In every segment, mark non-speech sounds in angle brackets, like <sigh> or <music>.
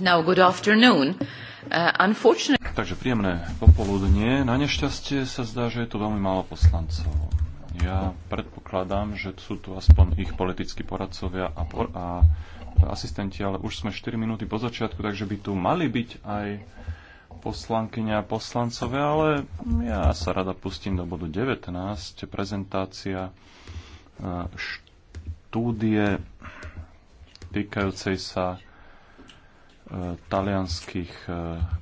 Now, good afternoon. Uh, unfortunately... Takže príjemné popoludnie. Na nešťastie sa zdá, že je tu veľmi málo poslancov. Ja predpokladám, že sú tu aspoň ich politickí poradcovia a, por- a asistenti, ale už sme 4 minúty po začiatku, takže by tu mali byť aj poslankyňa a poslancovia, ale ja sa rada pustím do bodu 19, prezentácia e, štúdie týkajúcej sa talianských e,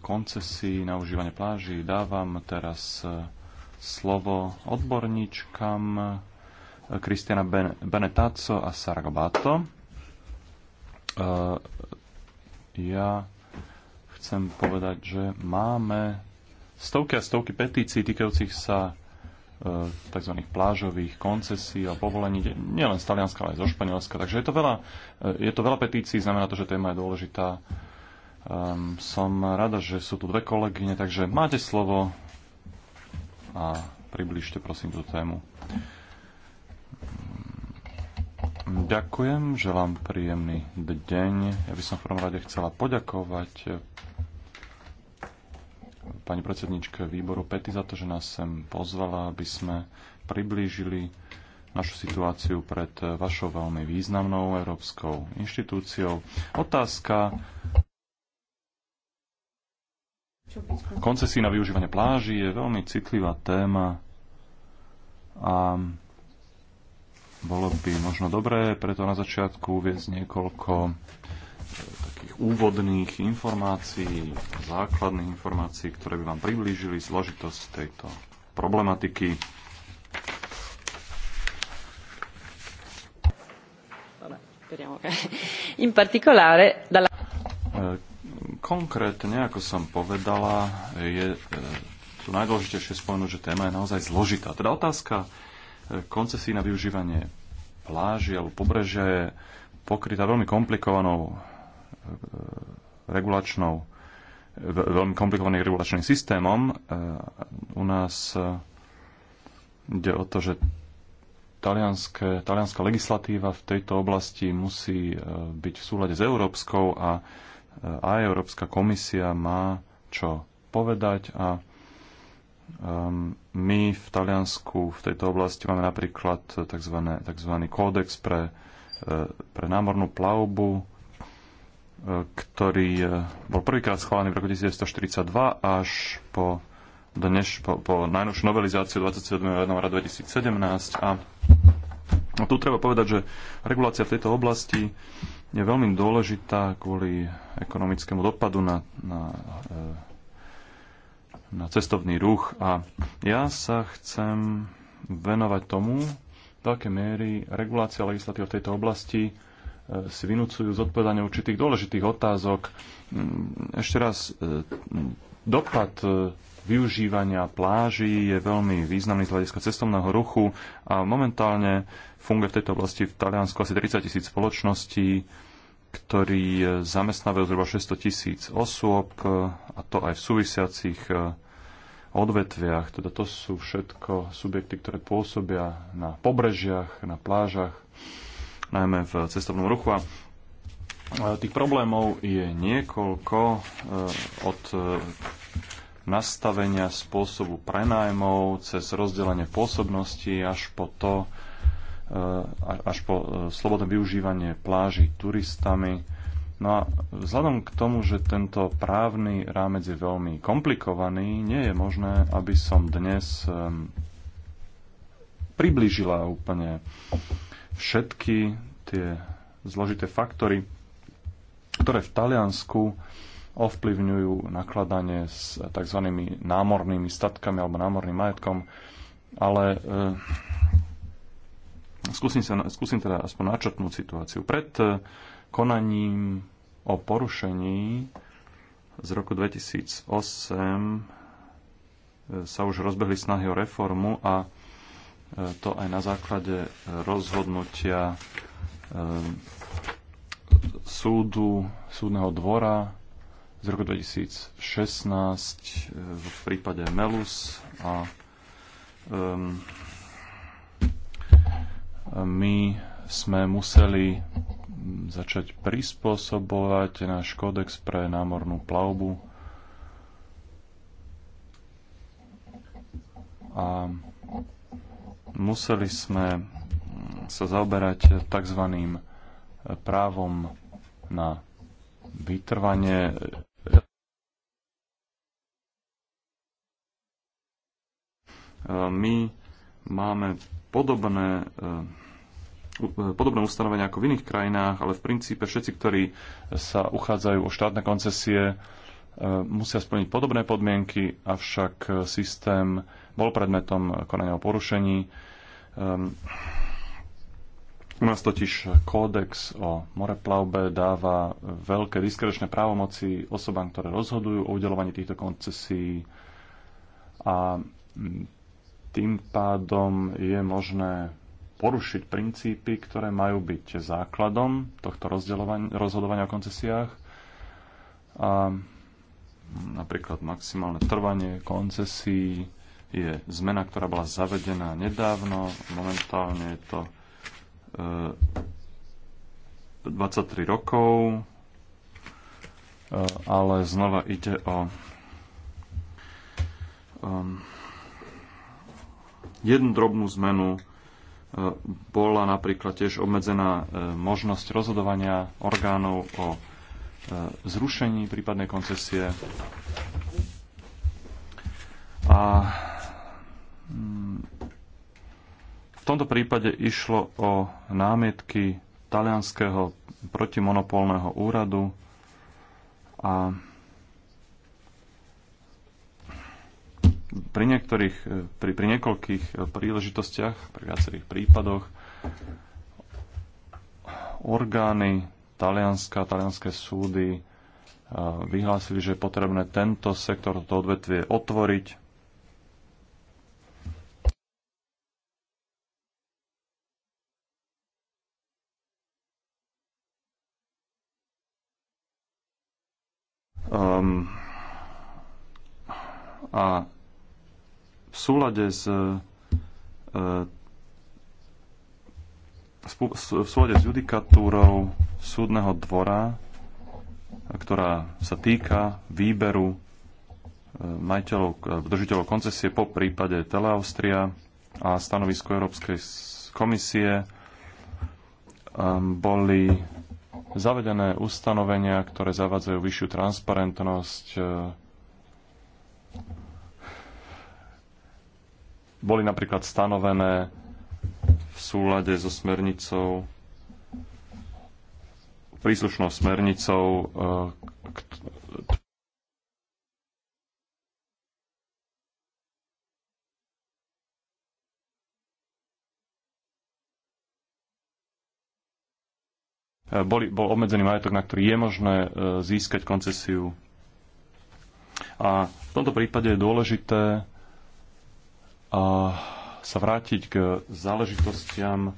koncesí na užívanie pláží. Dávam teraz e, slovo odborníčkam e, Kristiana Benetáco a Sargabato. Ja chcem povedať, že máme stovky a stovky petícií týkajúcich sa tzv. plážových koncesí a povolení, nielen z Talianska, ale aj zo Španielska. Takže je to veľa, je to veľa petícií, znamená to, že téma je dôležitá Um, som rada, že sú tu dve kolegyne, takže máte slovo a približte prosím tú tému. Ďakujem, želám príjemný deň. Ja by som v prvom rade chcela poďakovať pani predsedničke výboru Pety za to, že nás sem pozvala, aby sme priblížili našu situáciu pred vašou veľmi významnou európskou inštitúciou. Otázka Koncesí na využívanie pláži je veľmi citlivá téma a bolo by možno dobré preto na začiatku uviezť niekoľko e, takých úvodných informácií, základných informácií, ktoré by vám priblížili zložitosť tejto problematiky. In particolare dalla e, Konkrétne, ako som povedala, je tu e, najdôležitejšie spomenúť, že téma je naozaj zložitá. Teda otázka e, koncesí na využívanie pláži alebo pobrežia je pokrytá veľmi komplikovanou e, regulačnou veľmi komplikovaným regulačným systémom. U nás ide o to, že talianská legislatíva v tejto oblasti musí byť v súlade s európskou a aj Európska komisia má čo povedať a um, my v Taliansku v tejto oblasti máme napríklad tzv. tzv. kódex pre, e, pre námornú plavbu, e, ktorý e, bol prvýkrát schválený v roku 1942 až po, dneš, po, po najnovšiu novelizáciu 27. januára 2017. A tu treba povedať, že regulácia v tejto oblasti je veľmi dôležitá kvôli ekonomickému dopadu na, na, e, na cestovný ruch. A ja sa chcem venovať tomu, v akej miery regulácia legislatív v tejto oblasti e, si vynúcujú zodpovedanie určitých dôležitých otázok. Mm, ešte raz, e, dopad využívania pláží je veľmi významný z hľadiska cestovného ruchu a momentálne funguje v tejto oblasti v Taliansku asi 30 tisíc spoločností, ktorí eh, zamestnávajú zhruba 600 tisíc osôb eh, a to aj v súvisiacich eh, odvetviach. Teda to sú všetko subjekty, ktoré pôsobia na pobrežiach, na plážach, najmä v cestovnom ruchu. A Tých problémov je niekoľko od nastavenia spôsobu prenájmov cez rozdelenie pôsobnosti až po to, eh, až po eh, slobodné využívanie pláží turistami. No a vzhľadom k tomu, že tento právny rámec je veľmi komplikovaný, nie je možné, aby som dnes eh, priblížila úplne všetky tie zložité faktory, ktoré v Taliansku ovplyvňujú nakladanie s tzv. námornými statkami alebo námorným majetkom, ale e, skúsim, sa, skúsim teda aspoň načrtnúť situáciu. Pred e, konaním o porušení z roku 2008 e, sa už rozbehli snahy o reformu a e, to aj na základe rozhodnutia súdu, súdneho dvora z roku 2016 e, v prípade Melus a um, my sme museli začať prispôsobovať náš kódex pre námornú plavbu a museli sme sa zaoberať tzv. právom na vytrvanie E, my máme podobné, e, e, podobné ustanovenia ako v iných krajinách, ale v princípe všetci, ktorí sa uchádzajú o štátne koncesie, musia splniť podobné podmienky, avšak systém bol predmetom konania o porušení. Ehm, u nás totiž kódex o moreplavbe dáva veľké diskrečné právomoci osobám, ktoré rozhodujú o udelovaní týchto koncesí a tým pádom je možné porušiť princípy, ktoré majú byť základom tohto rozhodovania o koncesiách. A napríklad maximálne trvanie koncesí je zmena, ktorá bola zavedená nedávno. Momentálne je to 23 e, rokov, e, ale znova ide o um, jednu drobnú zmenu. E, bola napríklad tiež obmedzená e, možnosť rozhodovania orgánov o e, zrušení prípadnej koncesie. A mm, v tomto prípade išlo o námietky talianského protimonopolného úradu a pri niektorých, e, pri, pri niekoľkých e, príležitostiach, pri viacerých prípadoch orgány Talianska, talianské súdy e, vyhlásili, že je potrebné tento sektor, toto odvetvie otvoriť. Um, a v súlade e, e, s v súlade s judikatúrou súdneho dvora, ktorá sa týka výberu e, majiteľov, držiteľov koncesie po prípade Teleaustria a stanovisko Európskej komisie boli zavedené ustanovenia, ktoré zavádzajú vyššiu transparentnosť boli napríklad stanovené v súlade so smernicou príslušnou smernicou e, boli, bol obmedzený majetok, na ktorý je možné e, získať koncesiu. A v tomto prípade je dôležité a sa vrátiť k záležitostiam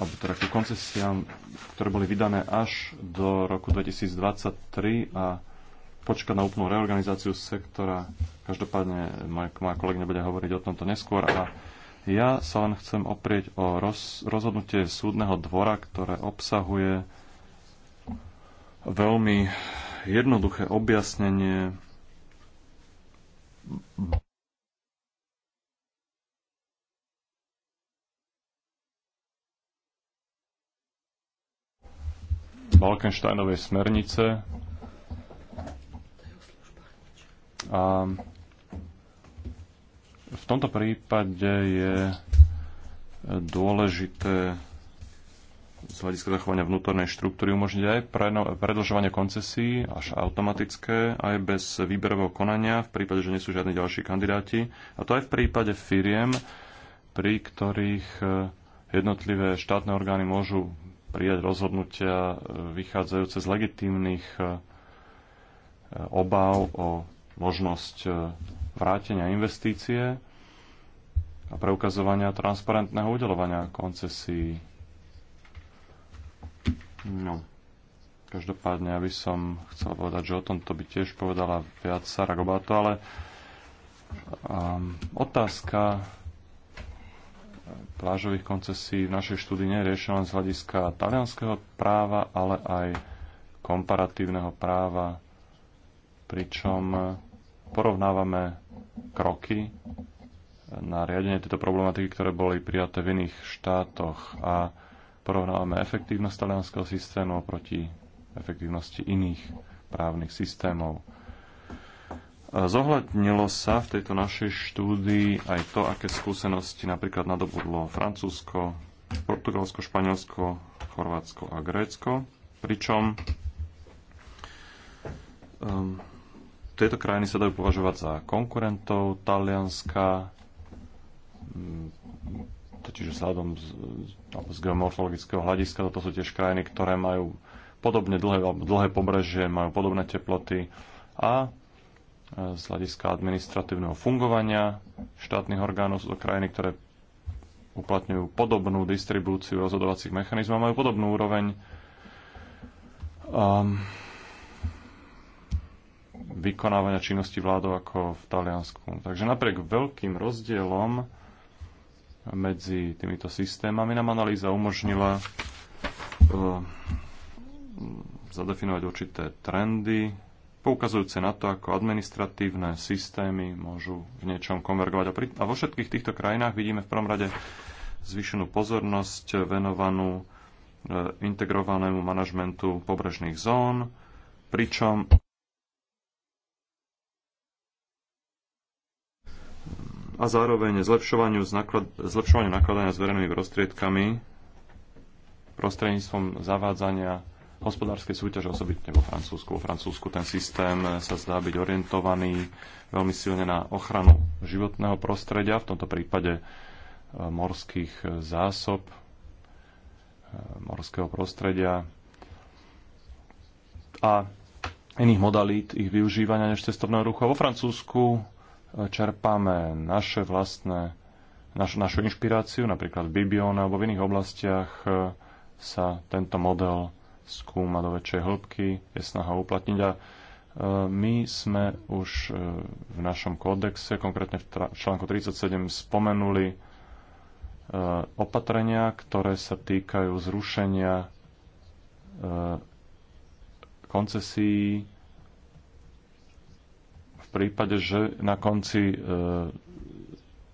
alebo teda ku koncesiám, ktoré boli vydané až do roku 2023 a počkať na úplnú reorganizáciu sektora. Každopádne moja, moja kolegyňa bude hovoriť o tomto neskôr a ja sa len chcem oprieť o roz, rozhodnutie súdneho dvora, ktoré obsahuje veľmi jednoduché objasnenie Balkensteinovej smernice. A v tomto prípade je dôležité z hľadiska zachovania vnútornej štruktúry umožniť aj predlžovanie koncesí až automatické, aj bez výberového konania, v prípade, že nie sú žiadni ďalší kandidáti. A to aj v prípade firiem, pri ktorých e, jednotlivé štátne orgány môžu prijať rozhodnutia e, vychádzajúce z legitímnych e, obav o možnosť vrátenia investície a preukazovania transparentného udelovania koncesí No, každopádne, aby som chcel povedať, že o tomto by tiež povedala viac Sara Gobato, ale um, otázka eh, plážových koncesí v našej štúdii nie je riešená len z hľadiska talianského práva, ale aj komparatívneho práva, pričom eh, porovnávame kroky eh, na riadenie tejto problematiky, ktoré boli prijaté v iných štátoch a porovnávame efektívnosť talianského systému oproti efektívnosti iných právnych systémov. Zohľadnilo sa v tejto našej štúdii aj to, aké skúsenosti napríklad nadobudlo Francúzsko, Portugalsko, Španielsko, Chorvátsko a Grécko, pričom um, tieto krajiny sa dajú považovať za konkurentov Talianska, totiž vzhľadom z, z geomorfologického hľadiska, toto sú tiež krajiny, ktoré majú podobne dlhé, dlhé pobrežie, majú podobné teploty a e, z hľadiska administratívneho fungovania štátnych orgánov sú to krajiny, ktoré uplatňujú podobnú distribúciu rozhodovacích mechanizmov, majú podobnú úroveň um, vykonávania činnosti vládov ako v Taliansku. Takže napriek veľkým rozdielom medzi týmito systémami. Nám analýza umožnila e, zadefinovať určité trendy, poukazujúce na to, ako administratívne systémy môžu v niečom konvergovať. A, pri, a vo všetkých týchto krajinách vidíme v prvom rade zvýšenú pozornosť venovanú e, integrovanému manažmentu pobrežných zón, pričom a zároveň zlepšovaniu, naklad- zlepšovaniu nakladania s verejnými prostriedkami prostredníctvom zavádzania hospodárskej súťaže, osobitne vo Francúzsku. Vo Francúzsku ten systém eh, sa zdá byť orientovaný veľmi silne na ochranu životného prostredia, v tomto prípade eh, morských eh, zásob, morského prostredia a iných modalít ich využívania než cestovného ruchu. vo Francúzsku čerpáme naše vlastné, naš, našu inšpiráciu, napríklad v Bibione alebo v iných oblastiach e, sa tento model skúma do väčšej hĺbky, je snaha uplatniť a e, my sme už e, v našom kódexe, konkrétne v článku 37, spomenuli opatrenia, ktoré sa týkajú zrušenia koncesií prípade, že na konci e,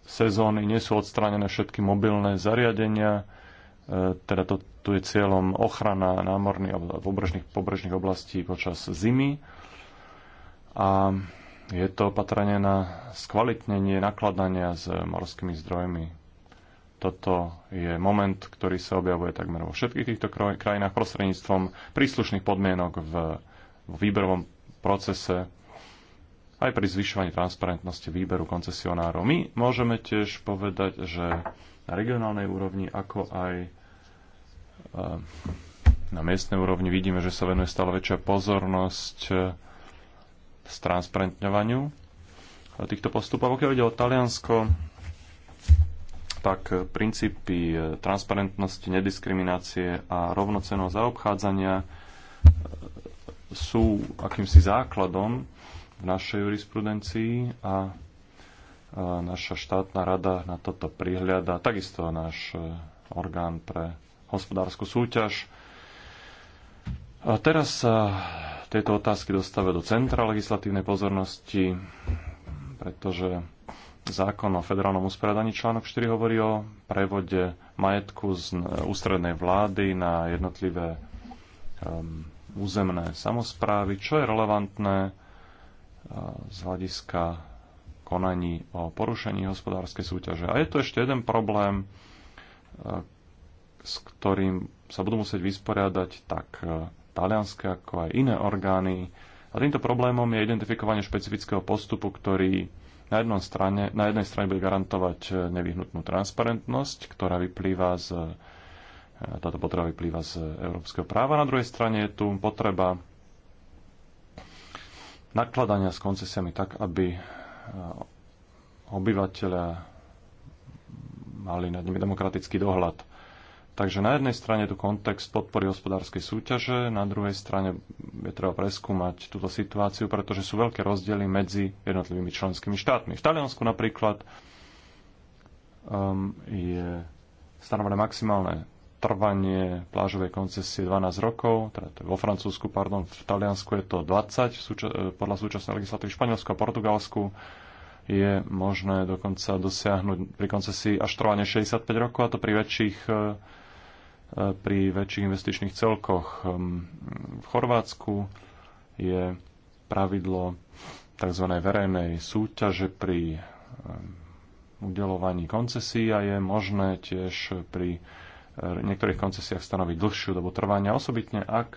sezóny nie sú odstránené všetky mobilné zariadenia, e, teda to, tu je cieľom ochrana námorných a pobrežných, pobrežných oblastí počas zimy. A je to opatrenie na skvalitnenie nakladania s morskými zdrojmi. Toto je moment, ktorý sa objavuje takmer vo všetkých týchto krajinách prostredníctvom príslušných podmienok v výberovom procese aj pri zvyšovaní transparentnosti výberu koncesionárov. My môžeme tiež povedať, že na regionálnej úrovni, ako aj eh, na miestnej úrovni vidíme, že sa venuje stále väčšia pozornosť eh, transparentňovaniu týchto postupov. Pokiaľ ide o Taliansko, tak princípy eh, transparentnosti, nediskriminácie a rovnocenného zaobchádzania sú akýmsi základom v našej jurisprudencii a naša štátna rada na toto prihliada, takisto náš e, orgán pre hospodárskú súťaž. A teraz sa tieto otázky dostávajú do centra legislatívnej pozornosti, pretože zákon o federálnom usporiadaní článok 4 hovorí o prevode majetku z e, ústrednej vlády na jednotlivé um, územné samozprávy, čo je relevantné z hľadiska konaní o porušení hospodárskej súťaže. A je to ešte jeden problém, e, s ktorým sa budú musieť vysporiadať tak e, talianské ako aj iné orgány. A týmto problémom je identifikovanie špecifického postupu, ktorý na, jednom strane, na jednej strane bude garantovať e, nevyhnutnú transparentnosť, ktorá vyplýva z táto potreba vyplýva z európskeho práva. Na druhej strane je tu potreba nakladania s koncesiami tak, aby eh, obyvateľia mali nad nimi demokratický dohľad. Takže na jednej strane je tu kontext podpory hospodárskej súťaže, na druhej strane je treba preskúmať túto situáciu, pretože sú veľké rozdiely medzi jednotlivými členskými štátmi. V Taliansku napríklad um, je stanovené maximálne trvanie plážovej koncesie 12 rokov, teda to je vo Francúzsku, pardon, v Taliansku je to 20 súča- e, podľa súčasnej legislatívy, v Španielsku a Portugalsku je možné dokonca dosiahnuť pri koncesii až trvanie 65 rokov, a to pri väčších e, e, pri väčších investičných celkoch. Ehm, v Chorvátsku je pravidlo tzv. verejnej súťaže pri ehm, udelovaní koncesí a je možné tiež pri v niektorých koncesiách stanoviť dlhšiu dobu trvania, osobitne ak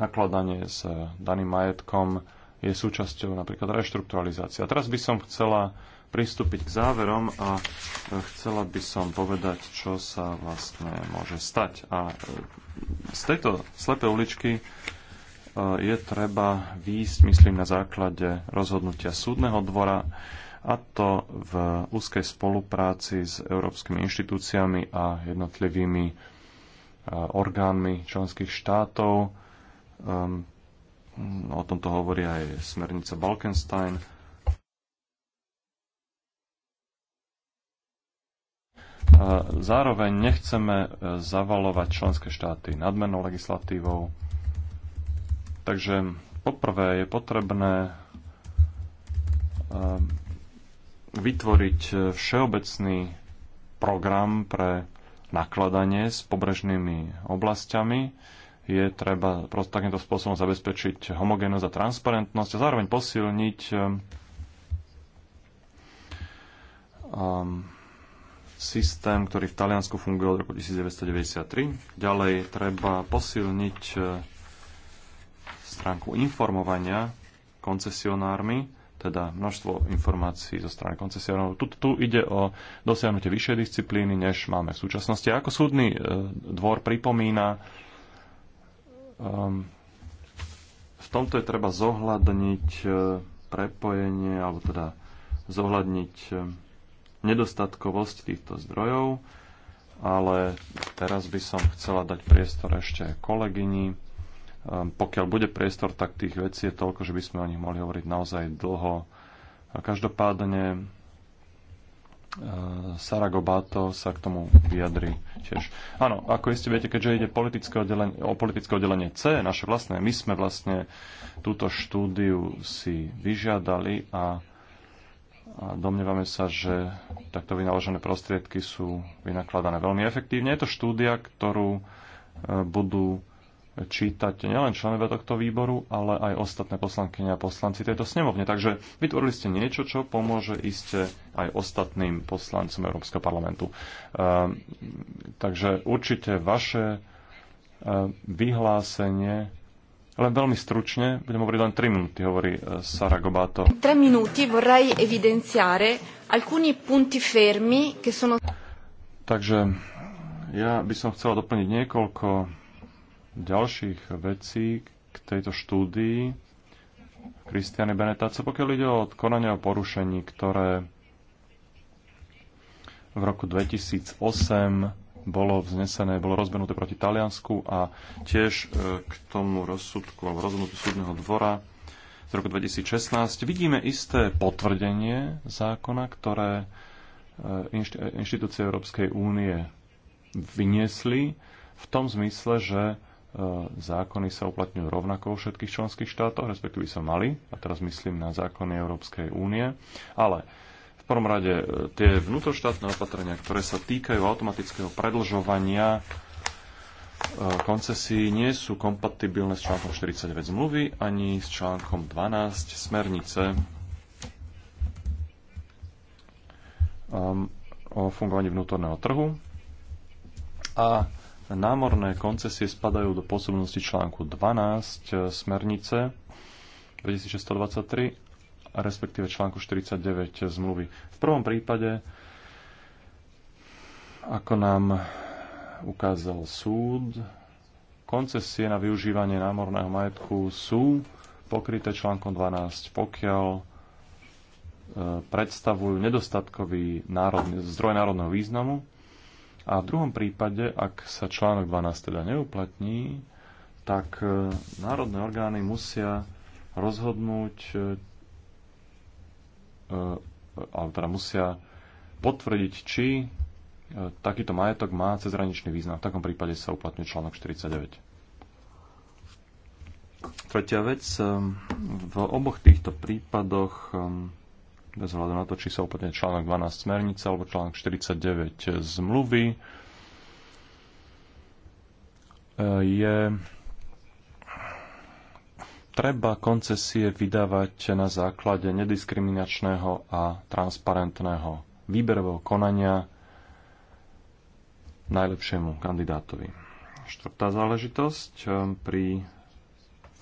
nakladanie s daným majetkom je súčasťou napríklad reštrukturalizácie. A teraz by som chcela pristúpiť k záverom a chcela by som povedať, čo sa vlastne môže stať. A z tejto slepej uličky e, je treba výjsť, myslím, na základe rozhodnutia súdneho dvora, a to v úzkej spolupráci s európskymi inštitúciami a jednotlivými e, orgánmi členských štátov. Ehm, o tomto hovorí aj smernica Balkenstein. Zároveň nechceme e, zavalovať členské štáty nadmenou legislatívou. Takže poprvé je potrebné ehm, vytvoriť e, všeobecný program pre nakladanie s pobrežnými oblastiami. Je treba prosto takýmto spôsobom zabezpečiť homogénnosť a transparentnosť a zároveň posilniť e, um, systém, ktorý v Taliansku funguje od roku 1993. Ďalej treba posilniť e, stránku informovania koncesionármi teda množstvo informácií zo strany koncesionárov. Tu, tu ide o dosiahnutie vyššej disciplíny, než máme v súčasnosti. ako súdny e, dvor pripomína, um, v tomto je treba zohľadniť e, prepojenie, alebo teda zohľadniť e, nedostatkovosť týchto zdrojov, ale teraz by som chcela dať priestor ešte kolegyni Ehm, pokiaľ bude priestor, tak tých vecí je toľko, že by sme o nich mohli hovoriť naozaj dlho. A každopádne ehm, Sara Gobato sa k tomu vyjadri tiež. Áno, ako iste viete, keďže ide politické oddelenie, o politické oddelenie C, naše vlastné, my sme vlastne túto štúdiu si vyžiadali a, a domnievame sa, že takto vynaložené prostriedky sú vynakladané veľmi efektívne. Je to štúdia, ktorú ehm, budú čítať nielen členovia tohto výboru, ale aj ostatné poslankyne a poslanci tejto snemovne. Takže vytvorili ste niečo, čo pomôže iste aj ostatným poslancom Európskeho parlamentu. Ehm, takže určite vaše e, vyhlásenie, len veľmi stručne, budem hovoriť len 3 minúty, hovorí e, Sara Gobato. 3 minúty vorrei evidenciare alcuni punti fermi, che sono... Takže ja by som chcela doplniť niekoľko ďalších vecí k tejto štúdii Kristiany Benetáce, pokiaľ ide o konanie o porušení, ktoré v roku 2008 bolo vznesené, bolo rozbenuté proti Taliansku a tiež e, k tomu rozsudku alebo rozhodnutiu súdneho dvora z roku 2016 vidíme isté potvrdenie zákona, ktoré e, inštitúcie Európskej únie vyniesli v tom zmysle, že E, zákony sa uplatňujú rovnako vo všetkých členských štátoch, respektíve sa mali, a teraz myslím na zákony Európskej únie, ale v prvom rade e, tie vnútroštátne opatrenia, ktoré sa týkajú automatického predlžovania e, koncesí, nie sú kompatibilné s článkom 49 zmluvy ani s článkom 12 smernice um, o fungovaní vnútorného trhu. A Námorné koncesie spadajú do pôsobnosti článku 12 e, smernice 2623, respektíve článku 49 zmluvy. V prvom prípade, ako nám ukázal súd, koncesie na využívanie námorného majetku sú pokryté článkom 12, pokiaľ e, predstavujú nedostatkový národný zdroj národného významu a v druhom prípade, ak sa článok 12 teda neuplatní, tak e, národné orgány musia rozhodnúť, e, e, alebo teda musia potvrdiť, či takýto majetok má cezhraničný význam. V takom prípade sa uplatňuje článok 49. Tretia vec, v oboch týchto prípadoch bez hľadu na to, či sa uplatňuje článok 12 smernice alebo článok 49 zmluvy, e, je treba koncesie vydávať na základe nediskriminačného a transparentného výberového konania najlepšiemu kandidátovi. Štvrtá záležitosť e, pri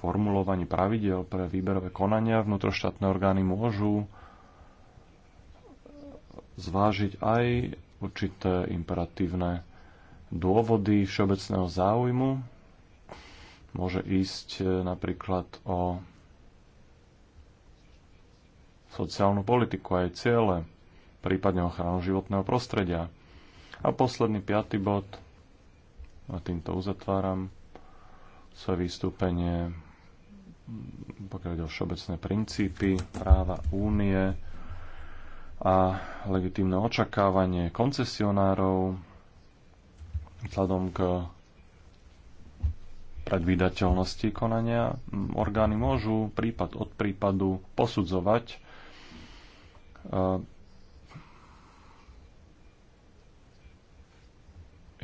formulovaní pravidel pre výberové konania vnútroštátne orgány môžu zvážiť aj určité imperatívne dôvody všeobecného záujmu. Môže ísť e, napríklad o sociálnu politiku aj ciele, prípadne ochranu životného prostredia. A posledný piatý bod, a týmto uzatváram svoje vystúpenie, pokiaľ ide o všeobecné princípy práva únie, a legitímne očakávanie koncesionárov vzhľadom k predvídateľnosti konania orgány môžu prípad od prípadu posudzovať e,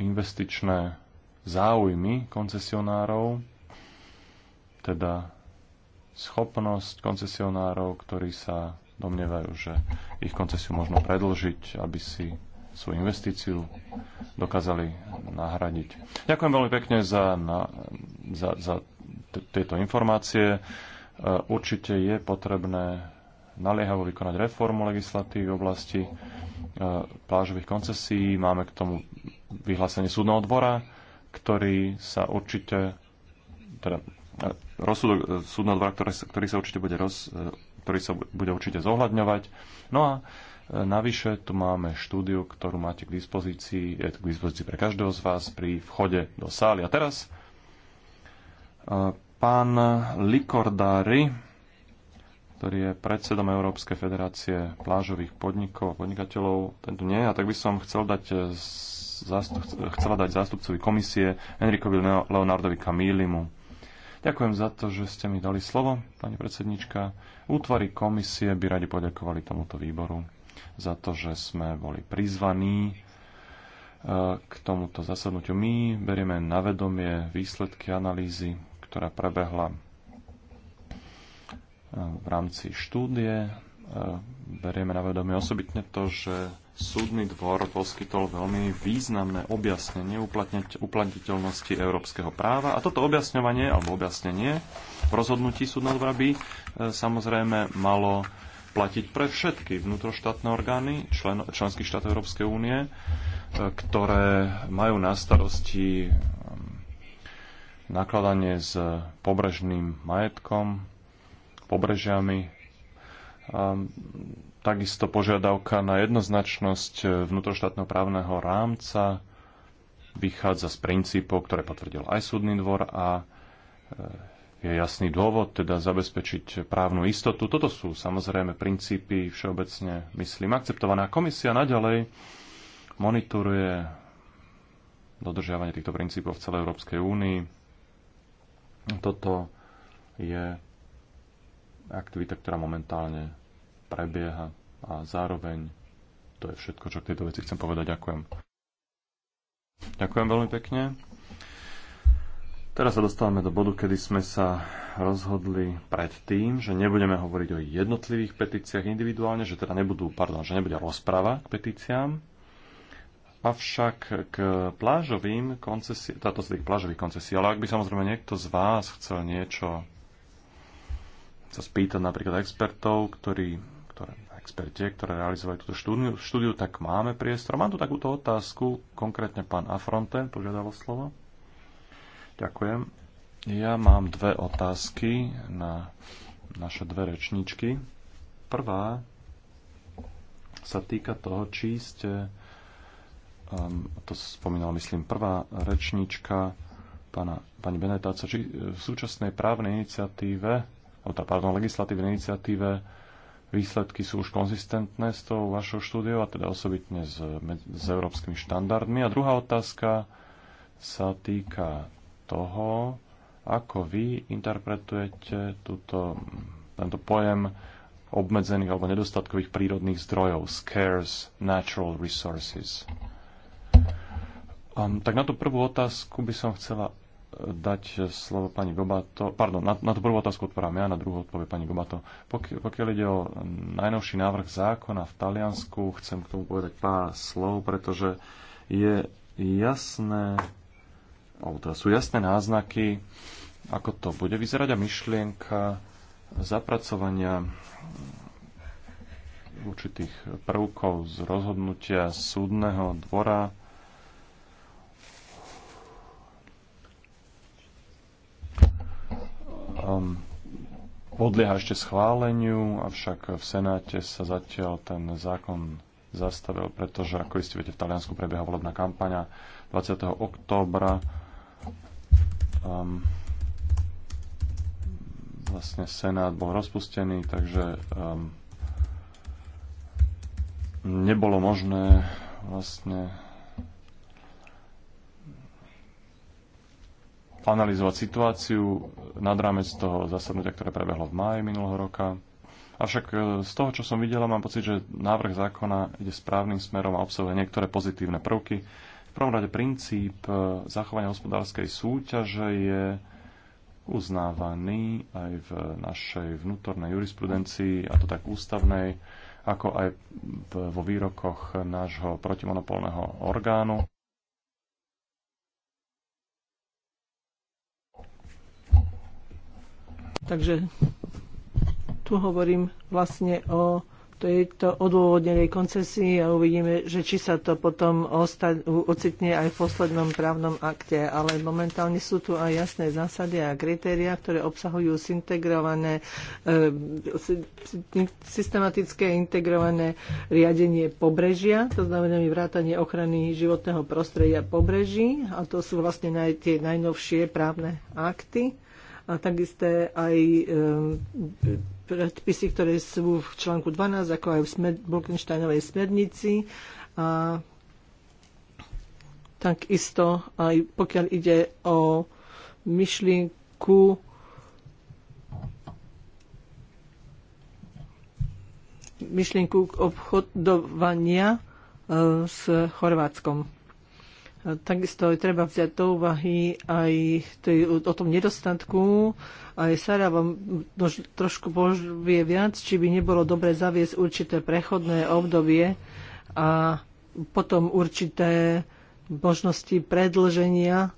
investičné záujmy koncesionárov, teda schopnosť koncesionárov, ktorí sa domnievajú, že ich koncesiu možno predlžiť, aby si svoju investíciu dokázali nahradiť. Ďakujem veľmi pekne za, na, za, za tieto informácie. E, určite je potrebné naliehavo vykonať reformu legislatívy v oblasti e, plážových koncesí. Máme k tomu vyhlásenie súdneho dvora, ktorý sa určite, teda e, rozsudok súdneho dvora, ktorý, ktorý sa určite bude roz, ktorý sa bude určite zohľadňovať. No a e, Navyše tu máme štúdiu, ktorú máte k dispozícii, je k dispozícii pre každého z vás pri vchode do sály. A teraz e, pán Likordári, ktorý je predsedom Európskej federácie plážových podnikov a podnikateľov, tento nie, a tak by som chcel dať, e, chcela dať zástupcovi komisie Enrikovi Leonardovi Camílimu Ďakujem za to, že ste mi dali slovo, pani predsednička. Útvary komisie by radi poďakovali tomuto výboru za to, že sme boli prizvaní e, k tomuto zasadnutiu. My berieme na vedomie výsledky analýzy, ktorá prebehla e, v rámci štúdie berieme na vedomie osobitne to, že súdny dvor poskytol veľmi významné objasnenie uplatniteľnosti európskeho práva a toto objasňovanie alebo objasnenie v rozhodnutí súdneho dvora by e, samozrejme malo platiť pre všetky vnútroštátne orgány člen, členských štátov Európskej únie, e, ktoré majú na starosti e, nakladanie s pobrežným majetkom, pobrežiami takisto požiadavka na jednoznačnosť vnútroštátneho právneho rámca vychádza z princípov, ktoré potvrdil aj súdny dvor a e, je jasný dôvod, teda zabezpečiť právnu istotu. Toto sú samozrejme princípy všeobecne, myslím, akceptované. Komisia naďalej monitoruje dodržiavanie týchto princípov v celej Európskej únii. Toto je aktivita, ktorá momentálne prebieha a zároveň to je všetko, čo k tejto veci chcem povedať. Ďakujem. Ďakujem veľmi pekne. Teraz sa dostávame do bodu, kedy sme sa rozhodli pred tým, že nebudeme hovoriť o jednotlivých petíciách individuálne, že teda nebudú, pardon, že nebude rozpráva k petíciám, Avšak k plážovým koncesi. táto teda sa plážových koncesí, ale ak by samozrejme niekto z vás chcel niečo sa spýtať napríklad expertov, ktorí ktoré, experte, ktoré realizovali túto štúdiu, štúdiu, tak máme priestor. Mám tu takúto otázku, konkrétne pán Afronte požiadal o slovo. Ďakujem. Ja mám dve otázky na naše dve rečničky. Prvá sa týka toho, či ste, um, to spomínala myslím prvá rečnička, pána, pani Benetáca, či v súčasnej právnej iniciatíve, alebo tá, teda, pardon, legislatívnej iniciatíve výsledky sú už konzistentné s tou vašou štúdiou a teda osobitne s, s európskymi štandardmi. A druhá otázka sa týka toho, ako vy interpretujete túto, tento pojem obmedzených alebo nedostatkových prírodných zdrojov, scarce natural resources. Um, tak na tú prvú otázku by som chcela dať slovo pani Gobato. Pardon, na, na tú prvú otázku odpoviem ja, na druhú odpovie pani Gobato. Pok, pokiaľ ide o najnovší návrh zákona v Taliansku, chcem k tomu povedať pár slov, pretože je jasné, alebo teda sú jasné náznaky, ako to bude vyzerať a myšlienka zapracovania určitých prvkov z rozhodnutia súdneho dvora Um, podlieha ešte schváleniu, avšak v Senáte sa zatiaľ ten zákon zastavil, pretože, ako iste viete, v Taliansku prebieha volebná kampaňa 20. októbra. Um, vlastne Senát bol rozpustený, takže um, nebolo možné vlastne analyzovať situáciu nad rámec toho zasadnutia, ktoré prebehlo v máji minulého roka. Avšak e, z toho, čo som videla, mám pocit, že návrh zákona ide správnym smerom a obsahuje niektoré pozitívne prvky. V prvom rade princíp e, zachovania hospodárskej súťaže je uznávaný aj v našej vnútornej jurisprudencii, a to tak ústavnej, ako aj vo výrokoch nášho protimonopolného orgánu. Takže tu hovorím vlastne o tejto odôvodnenej koncesii a uvidíme, že či sa to potom ocitne aj v poslednom právnom akte. Ale momentálne sú tu aj jasné zásady a kritéria, ktoré obsahujú integrované, e, systematické integrované riadenie pobrežia, to znamená vrátanie ochrany životného prostredia pobreží a to sú vlastne naj, tie najnovšie právne akty a takisté aj eh, predpisy, ktoré sú v článku 12, ako aj v smer, Bolkensteinovej smernici. A takisto aj pokiaľ ide o myšlienku myšlienku obchodovania eh, s Chorvátskom. Takisto treba vziať do úvahy aj o tom nedostatku. Aj Sara vám trošku povie viac, či by nebolo dobre zaviesť určité prechodné obdobie a potom určité možnosti predlženia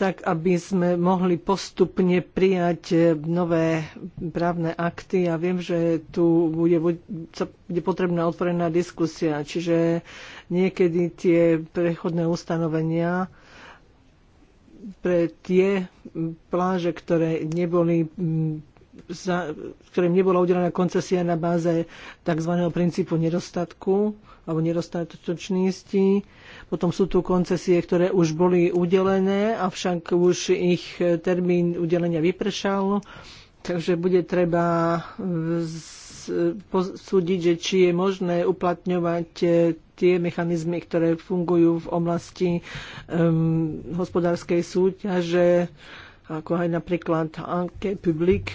tak aby sme mohli postupne prijať eh, nové právne akty. Ja viem, že tu bude, bude potrebná otvorená diskusia, čiže niekedy tie prechodné ustanovenia pre tie pláže, ktoré neboli mm, za, ktorým nebola udelená koncesia na báze tzv. princípu nedostatku alebo nedostatočnosti, potom sú tu koncesie, ktoré už boli udelené, avšak už ich e, termín udelenia vypršal. Takže bude treba e, e, posúdiť, že či je možné uplatňovať tie mechanizmy, ktoré fungujú v oblasti um, hospodárskej súťaže. Um, ako aj napríklad Anke Publik,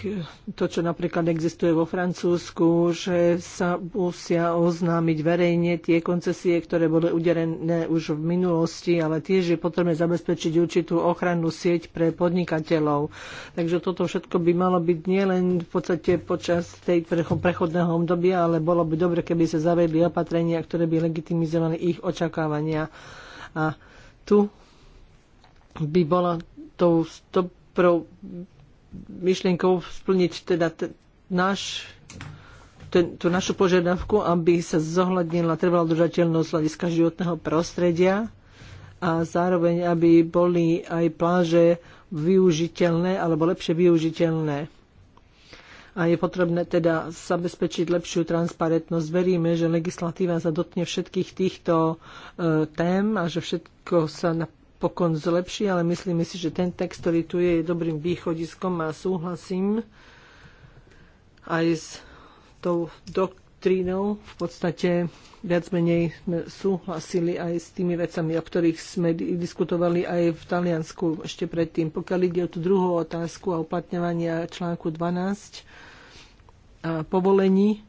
to, čo napríklad existuje vo Francúzsku, že sa musia oznámiť verejne tie koncesie, ktoré boli uderené už v minulosti, ale tiež je potrebné zabezpečiť určitú ochrannú sieť pre podnikateľov. Takže toto všetko by malo byť nielen v podstate počas tej prechodného obdobia, ale bolo by dobre, keby sa zavedli opatrenia, ktoré by legitimizovali ich očakávania. A tu by bola tou stop prvou myšlienkou splniť teda t- náš ten, tú našu požiadavku, aby sa zohľadnila trvalá udržateľnosť hľadiska životného prostredia a zároveň, aby boli aj pláže využiteľné alebo lepšie využiteľné. A je potrebné teda zabezpečiť lepšiu transparentnosť. Veríme, že legislatíva sa dotkne všetkých týchto e, tém a že všetko sa na, napokon zlepší, ale myslím si, že ten text, ktorý tu je, je dobrým východiskom a súhlasím aj s tou doktrínou. V podstate viac menej sme súhlasili aj s tými vecami, o ktorých sme diskutovali aj v Taliansku ešte predtým. Pokiaľ ide o tú druhú otázku a uplatňovania článku 12 a povolení,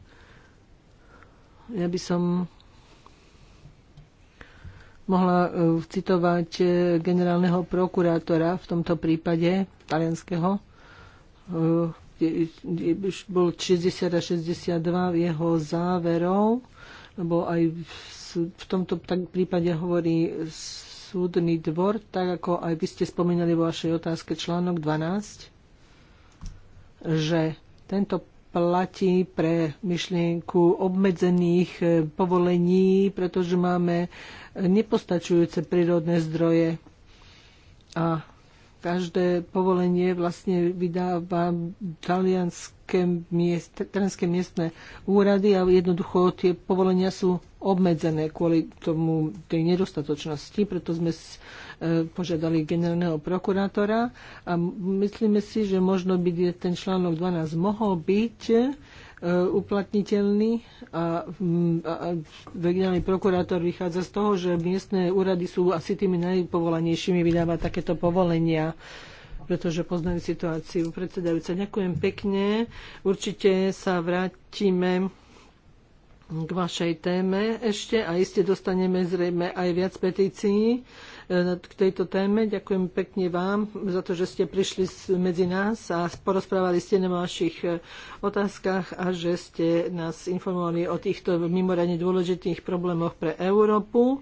ja by som mohla e, citovať e, generálneho prokurátora v tomto prípade, talianského, e, bol 60 a 62 jeho záverov, lebo aj v tomto prípade hovorí súdny dvor, tak ako aj vy ste spomínali vo vašej otázke článok 12, že tento platí pre myšlienku obmedzených e, povolení, pretože máme nepostačujúce prírodné zdroje. A každé povolenie vlastne vydáva talianské miest, miestne úrady a jednoducho tie povolenia sú obmedzené kvôli tomu tej nedostatočnosti, preto sme e, požiadali generálneho prokurátora a myslíme si, že možno by ten článok 12 mohol byť e, uplatniteľný a, a, a regionálny prokurátor vychádza z toho, že miestne úrady sú asi tými najpovolanejšími vydávať takéto povolenia pretože poznali situáciu. Predsedajúca, ďakujem pekne. Určite sa vrátime k vašej téme ešte a iste dostaneme zrejme aj viac petícií e, k tejto téme. Ďakujem pekne vám za to, že ste prišli medzi nás a porozprávali ste na vašich e, otázkach a že ste nás informovali o týchto mimoriadne dôležitých problémoch pre Európu.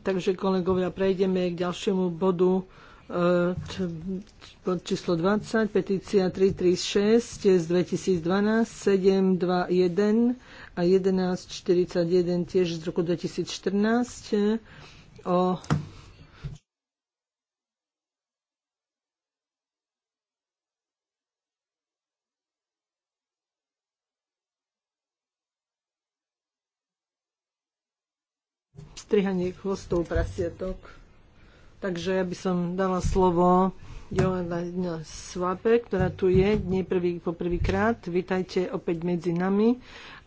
Takže kolegovia, prejdeme k ďalšiemu bodu pod e, číslo 20, petícia 336 z 2012 721 a 1141 tiež z roku 2014 eh, o strihanie chvostov prasietok. Takže ja by som dala slovo Joana Svape, ktorá tu je dne prvý, po prvýkrát. Vítajte opäť medzi nami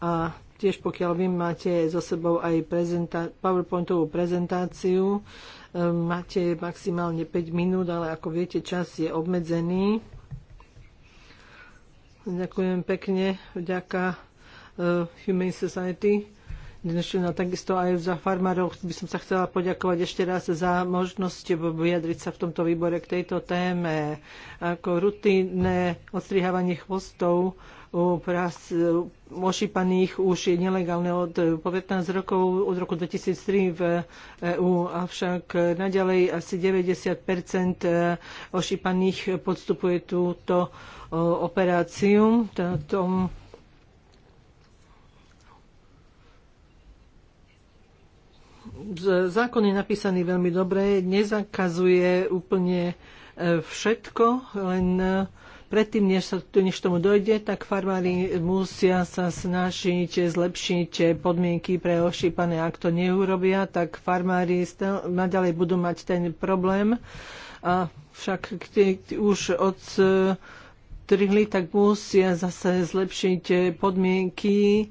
a tiež pokiaľ vy máte so sebou aj prezenta- PowerPointovú prezentáciu, ehm, máte maximálne 5 minút, ale ako viete, čas je obmedzený. Ďakujem pekne, vďaka uh, Humane Society No takisto aj za farmárov by som sa chcela poďakovať ešte raz za možnosť vyjadriť sa v tomto výbore k tejto téme. Ako rutinné odstrihávanie chvostov u prás ošípaných už je nelegálne od 15 rokov, od roku 2003 v EU, avšak naďalej asi 90 ošípaných podstupuje túto operáciu. Táto zákon je napísaný veľmi dobre, nezakazuje úplne e, všetko, len e, predtým, než, sa, než tomu dojde, tak farmári musia sa snažiť zlepšiť podmienky pre ošípané. Ak to neurobia, tak farmári stel, naďalej budú mať ten problém. A však keď už od e, trihli, tak musia zase zlepšiť podmienky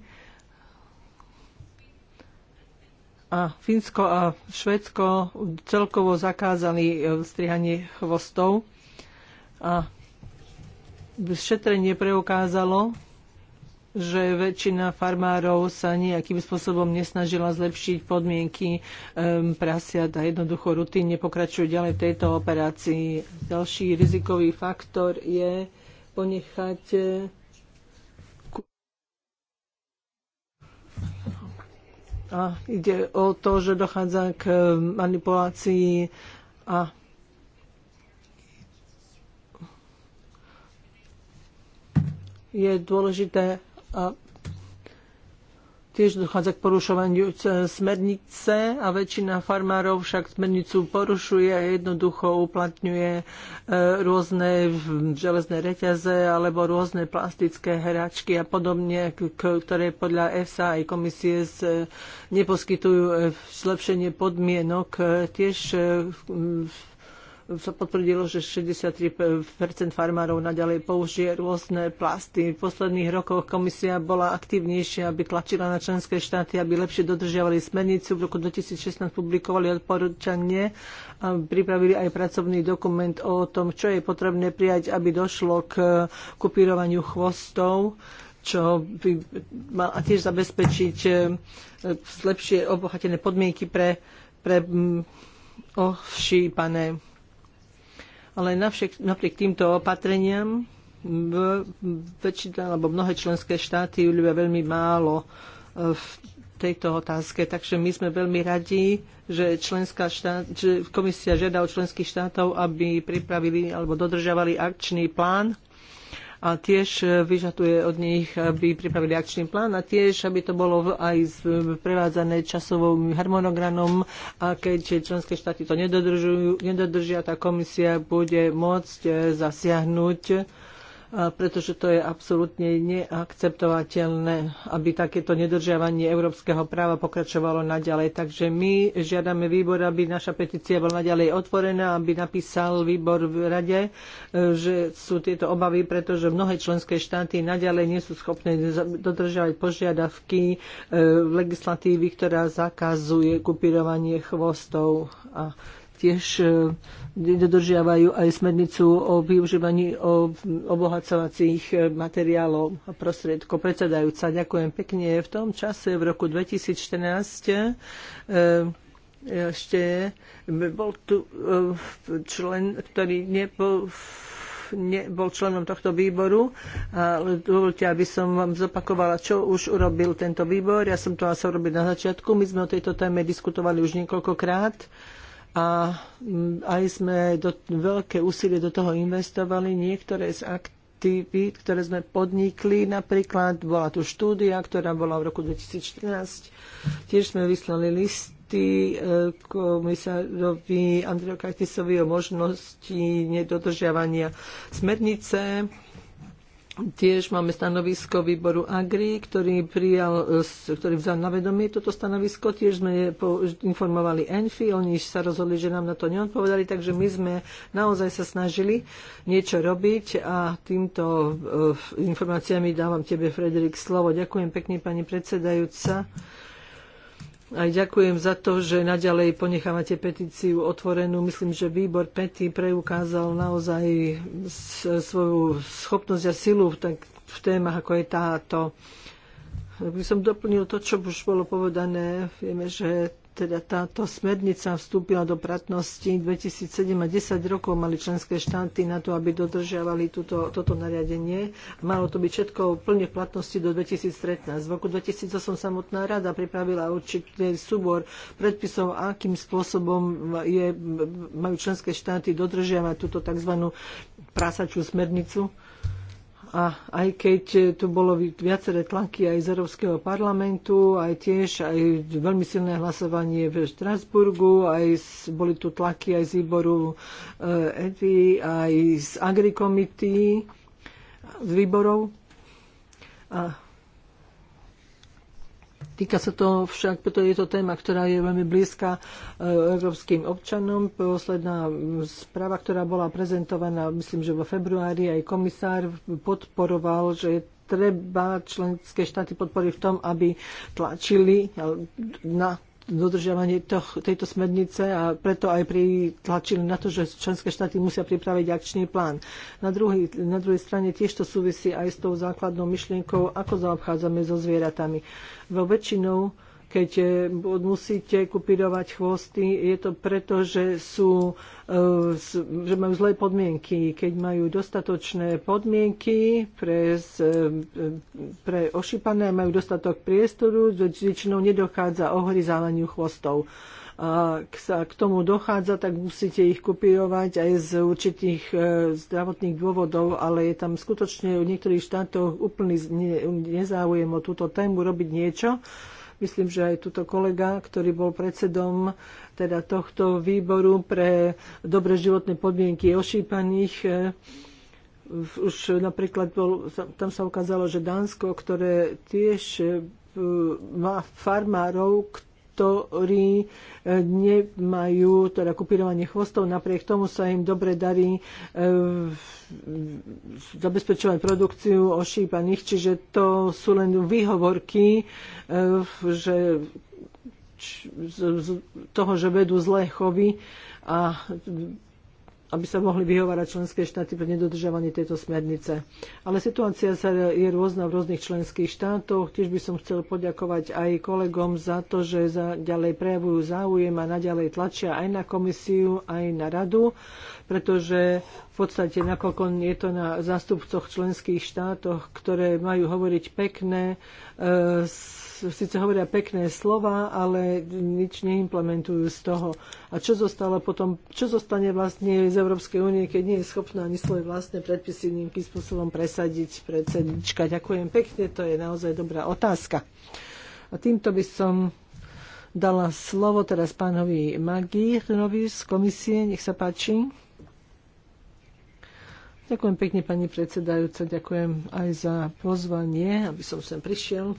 a Fínsko a Švedsko celkovo zakázali e, strihanie chvostov a šetrenie preukázalo, že väčšina farmárov sa nejakým spôsobom nesnažila zlepšiť podmienky um, e, prasiat a jednoducho rutíne pokračujú ďalej v tejto operácii. Ďalší rizikový faktor je ponechať e, a ide o to, že dochádza k um, manipulácii a je dôležité, tiež dochádza k porušovaniu e, smernice a väčšina farmárov však smernicu porušuje a jednoducho uplatňuje e, rôzne železné reťaze alebo rôzne plastické hračky a podobne, ktoré podľa EFSA aj komisie e, neposkytujú zlepšenie podmienok. Tiež sa potvrdilo, že 63% farmárov naďalej použije rôzne plasty. V posledných rokoch komisia bola aktívnejšia, aby tlačila na členské štáty, aby lepšie dodržiavali smernicu. V roku 2016 publikovali odporúčanie a pripravili aj pracovný dokument o tom, čo je potrebné prijať, aby došlo k kupírovaniu chvostov čo by mal a tiež zabezpečiť eh, lepšie obohatené podmienky pre, pre mm, ovšípané ale navšak, napriek týmto opatreniam väčšina alebo mnohé členské štáty ľudia veľmi málo e, v tejto otázke. Takže my sme veľmi radi, že, členská štát, že komisia žiada od členských štátov, aby pripravili alebo dodržavali akčný plán a tiež e, vyžaduje od nich, aby pripravili akčný plán a tiež, aby to bolo aj prevádzané časovým harmonogramom a keď členské štáty to nedodržia, tá komisia bude môcť e, zasiahnuť pretože to je absolútne neakceptovateľné, aby takéto nedržiavanie európskeho práva pokračovalo naďalej. Takže my žiadame výbor, aby naša petícia bola naďalej otvorená, aby napísal výbor v rade, e, že sú tieto obavy, pretože mnohé členské štáty naďalej nie sú schopné dodržiavať požiadavky e, legislatívy, ktorá zakazuje kupírovanie chvostov a tiež e, dodržiavajú aj smernicu o využívaní obohacovacích e, materiálov a prostriedkov. Predsedajúca, ďakujem pekne. V tom čase, v roku 2014, e, ešte bol tu člen, ktorý nebol nebol členom tohto výboru. ale Dovolte, aby som vám zopakovala, čo už urobil tento výbor. Ja som to asi urobil na začiatku. My sme o tejto téme diskutovali už niekoľkokrát a mm, aj sme do, veľké úsilie do toho investovali. Niektoré z aktivít, ktoré sme podnikli, napríklad bola tu štúdia, ktorá bola v roku 2014. Tiež sme vyslali listy e, komisárovi Andreju Kajtisovi o možnosti nedodržiavania smernice Tiež máme stanovisko výboru AGRI, ktorý, prijal, ktorý vzal na vedomie toto stanovisko. Tiež sme informovali ENFI, oni sa rozhodli, že nám na to neodpovedali, takže my sme naozaj sa snažili niečo robiť a týmto eh, informáciami dávam tebe, Frederik, slovo. Ďakujem pekne, pani predsedajúca. Aj ďakujem za to, že naďalej ponechávate petíciu otvorenú. Myslím, že výbor Pety preukázal naozaj svoju schopnosť a silu tak v témach, ako je táto. By som doplnil to, čo už bolo povedané. Vieme, že teda táto smernica vstúpila do platnosti 2007 a 10 rokov mali členské štáty na to, aby dodržiavali túto, toto nariadenie. Malo to byť všetko plne v platnosti do 2013. V roku 2008 samotná rada pripravila určitý súbor predpisov, akým spôsobom je, majú členské štáty dodržiavať túto tzv. prasačú smernicu a aj keď tu bolo viaceré tlaky aj z Európskeho parlamentu, aj tiež aj veľmi silné hlasovanie v Štrasburgu, aj z, boli tu tlaky aj z výboru EDI, aj z agrikomity, z výborov. A Týka sa to však, preto je to téma, ktorá je veľmi blízka e, európskym občanom. Posledná správa, ktorá bola prezentovaná, myslím, že vo februári, aj komisár podporoval, že treba členské štáty podporiť v tom, aby tlačili na dodržiavanie tejto smernice a preto aj pritlačili na to, že členské štáty musia pripraviť akčný plán. Na, druhý, na druhej strane tiež to súvisí aj s tou základnou myšlienkou, ako zaobchádzame so zvieratami. Vo väčšinou keď e, musíte kupidovať chvosty, je to preto, že, sú, e, že majú zlé podmienky. Keď majú dostatočné podmienky pre, e, pre ošípané, majú dostatok priestoru, väčšinou nedochádza ohryzávaniu chvostov a k, sa k tomu dochádza, tak musíte ich kopírovať aj z určitých zdravotných dôvodov, ale je tam skutočne v niektorých štátoch úplný nezáujem o túto tému robiť niečo, Myslím, že aj tuto kolega, ktorý bol predsedom teda tohto výboru pre dobre životné podmienky ošípaných, e, už napríklad bol, tam sa ukázalo, že Dánsko, ktoré tiež e, má farmárov, ktorí e, nemajú teda kupírovanie chvostov, napriek tomu sa im dobre darí e, zabezpečovať produkciu ošípaných, čiže to sú len výhovorky, e, že z toho, že vedú zlé chovy a aby sa mohli vyhovárať členské štáty pre nedodržovanie tejto smernice. Ale situácia sa je rôzna v rôznych členských štátoch. Tiež by som chcel poďakovať aj kolegom za to, že za, ďalej prejavujú záujem a naďalej tlačia aj na komisiu, aj na radu, pretože v podstate nakoľko je to na zástupcoch členských štátoch, ktoré majú hovoriť pekné, e, síce hovoria pekné slova, ale nič neimplementujú z toho. A čo zostalo potom, čo zostane vlastne z Európskej únie, keď nie je schopná ani svoje vlastné predpisy nejakým spôsobom presadiť predsednička? Ďakujem pekne, to je naozaj dobrá otázka. A týmto by som dala slovo teraz pánovi Magírnovi z komisie. Nech sa páči. Ďakujem pekne, pani predsedajúca. Ďakujem aj za pozvanie, aby som sem prišiel.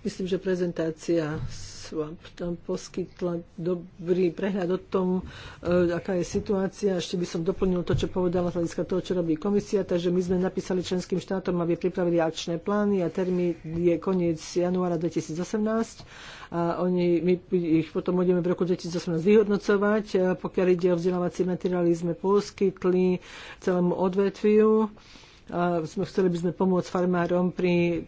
Myslím, že prezentácia s Swap tam poskytla dobrý prehľad o tom, e, aká je situácia. Ešte by som doplnil to, čo povedala z hľadiska toho, čo robí komisia. Takže my sme napísali členským štátom, aby pripravili akčné plány a termín je koniec januára 2018 a oni, my ich potom budeme v roku 2018 vyhodnocovať. A pokiaľ ide o vzdelávacie materiály, sme poskytli celému odvetviu chceli by sme pomôcť farmárom pri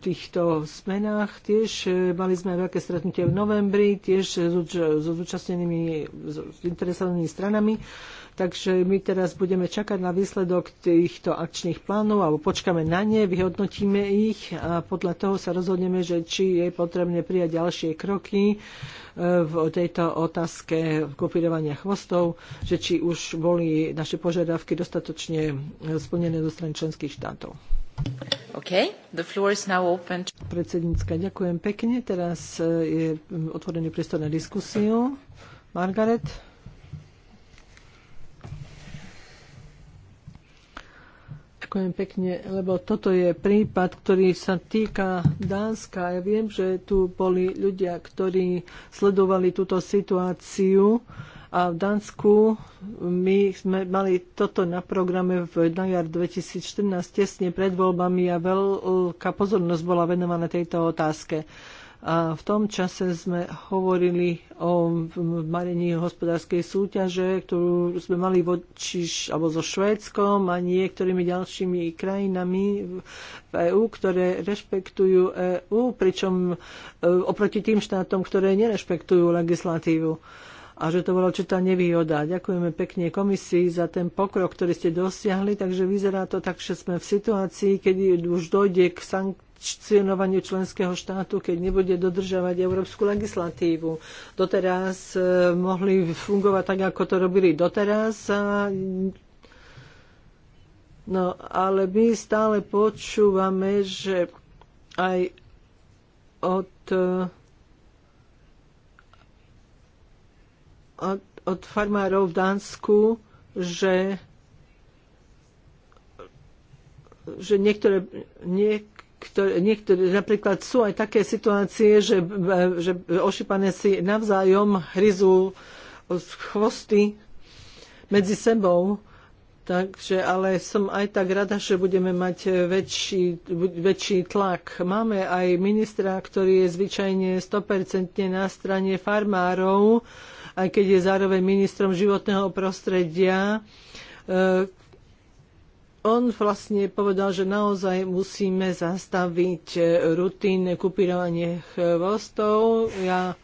týchto zmenách. Tiež e, mali sme veľké stretnutie v novembri, tiež so zúčastnenými, s interesovanými stranami Takže my teraz budeme čakať na výsledok týchto akčných plánov alebo počkáme na ne, vyhodnotíme ich a podľa toho sa rozhodneme, že či je potrebné prijať ďalšie kroky e, v tejto otázke kopírovania chvostov, že či už boli naše požiadavky dostatočne e, splnené zo strany členských štátov. Okay. The floor is now open. Predsednícka, ďakujem pekne. Teraz e, je otvorený priestor na diskusiu. Margaret? Ďakujem pekne, lebo toto je prípad, ktorý sa týka Dánska. Ja viem, že tu boli ľudia, ktorí sledovali túto situáciu a v Dánsku my sme mali toto na programe v na jar 2014 tesne pred voľbami a veľká pozornosť bola venovaná tejto otázke. A v tom čase sme hovorili o marení hospodárskej súťaže, ktorú sme mali voči, alebo so Švédskom a niektorými ďalšími krajinami v EÚ, ktoré rešpektujú EÚ, pričom e, oproti tým štátom, ktoré nerešpektujú legislatívu a že to bola určitá nevýhoda. Ďakujeme pekne komisii za ten pokrok, ktorý ste dosiahli, takže vyzerá to tak, že sme v situácii, kedy už dojde k sank- sankcionovaniu členského štátu, keď nebude dodržiavať európsku legislatívu. Doteraz e, mohli fungovať tak, ako to robili doteraz. A No, ale my stále počúvame, že aj od, e, od, od farmárov v Dánsku, že, že niektoré, niek- ktoré, niektoré, napríklad sú aj také situácie, že, že ošipané si navzájom hryzú chvosty medzi sebou. Takže, ale som aj tak rada, že budeme mať väčší, väčší tlak. Máme aj ministra, ktorý je zvyčajne 100% na strane farmárov, aj keď je zároveň ministrom životného prostredia on vlastne povedal, že naozaj musíme zastaviť e, rutínne kupírovanie chvostov. Ja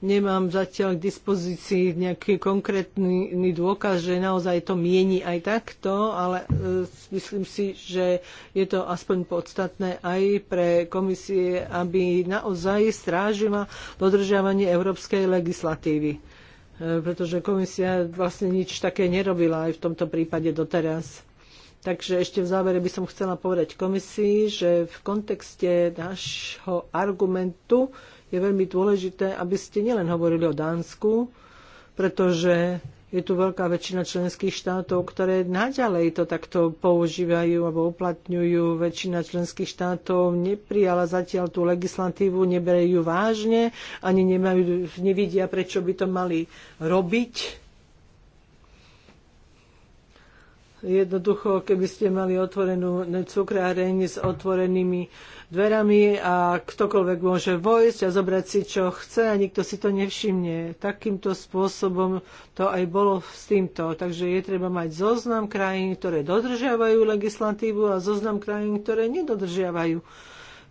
nemám zatiaľ k dispozícii nejaký konkrétny dôkaz, že naozaj to mieni aj takto, ale e, myslím si, že je to aspoň podstatné aj pre komisie, aby naozaj strážila dodržiavanie európskej legislatívy. E, pretože komisia vlastne nič také nerobila aj v tomto prípade doteraz. Takže ešte v závere by som chcela povedať komisii, že v kontexte nášho argumentu je veľmi dôležité, aby ste nielen hovorili o Dánsku, pretože je tu veľká väčšina členských štátov, ktoré naďalej to takto používajú alebo uplatňujú. Väčšina členských štátov neprijala zatiaľ tú legislatívu, neberajú vážne, ani nemajú, nevidia, prečo by to mali robiť Jednoducho, keby ste mali otvorenú cukráreň s otvorenými dverami a ktokoľvek môže vojsť a zobrať si, čo chce a nikto si to nevšimne. Takýmto spôsobom to aj bolo s týmto. Takže je treba mať zoznam krajín, ktoré dodržiavajú legislatívu a zoznam krajín, ktoré nedodržiavajú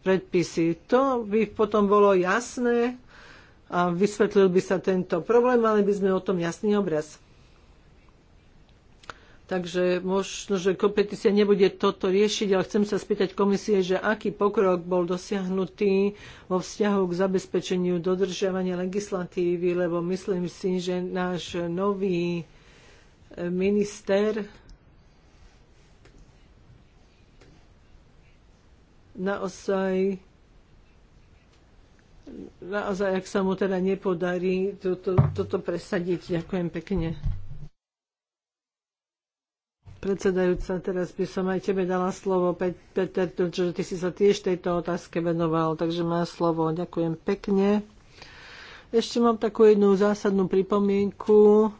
predpisy. To by potom bolo jasné a vysvetlil by sa tento problém, ale by sme o tom jasný obraz. Takže možno, že kompetícia nebude toto riešiť, ale chcem sa spýtať komisie, že aký pokrok bol dosiahnutý vo vzťahu k zabezpečeniu dodržiavania legislatívy, lebo myslím si, že náš nový e, minister naozaj naozaj, ak sa mu teda nepodarí toto, toto presadiť. Ďakujem pekne predsedajúca, teraz by som aj tebe dala slovo, Peter, pretože ty si sa tiež tejto otázke venoval, takže má slovo. Ďakujem pekne. Ešte mám takú jednu zásadnú pripomienku.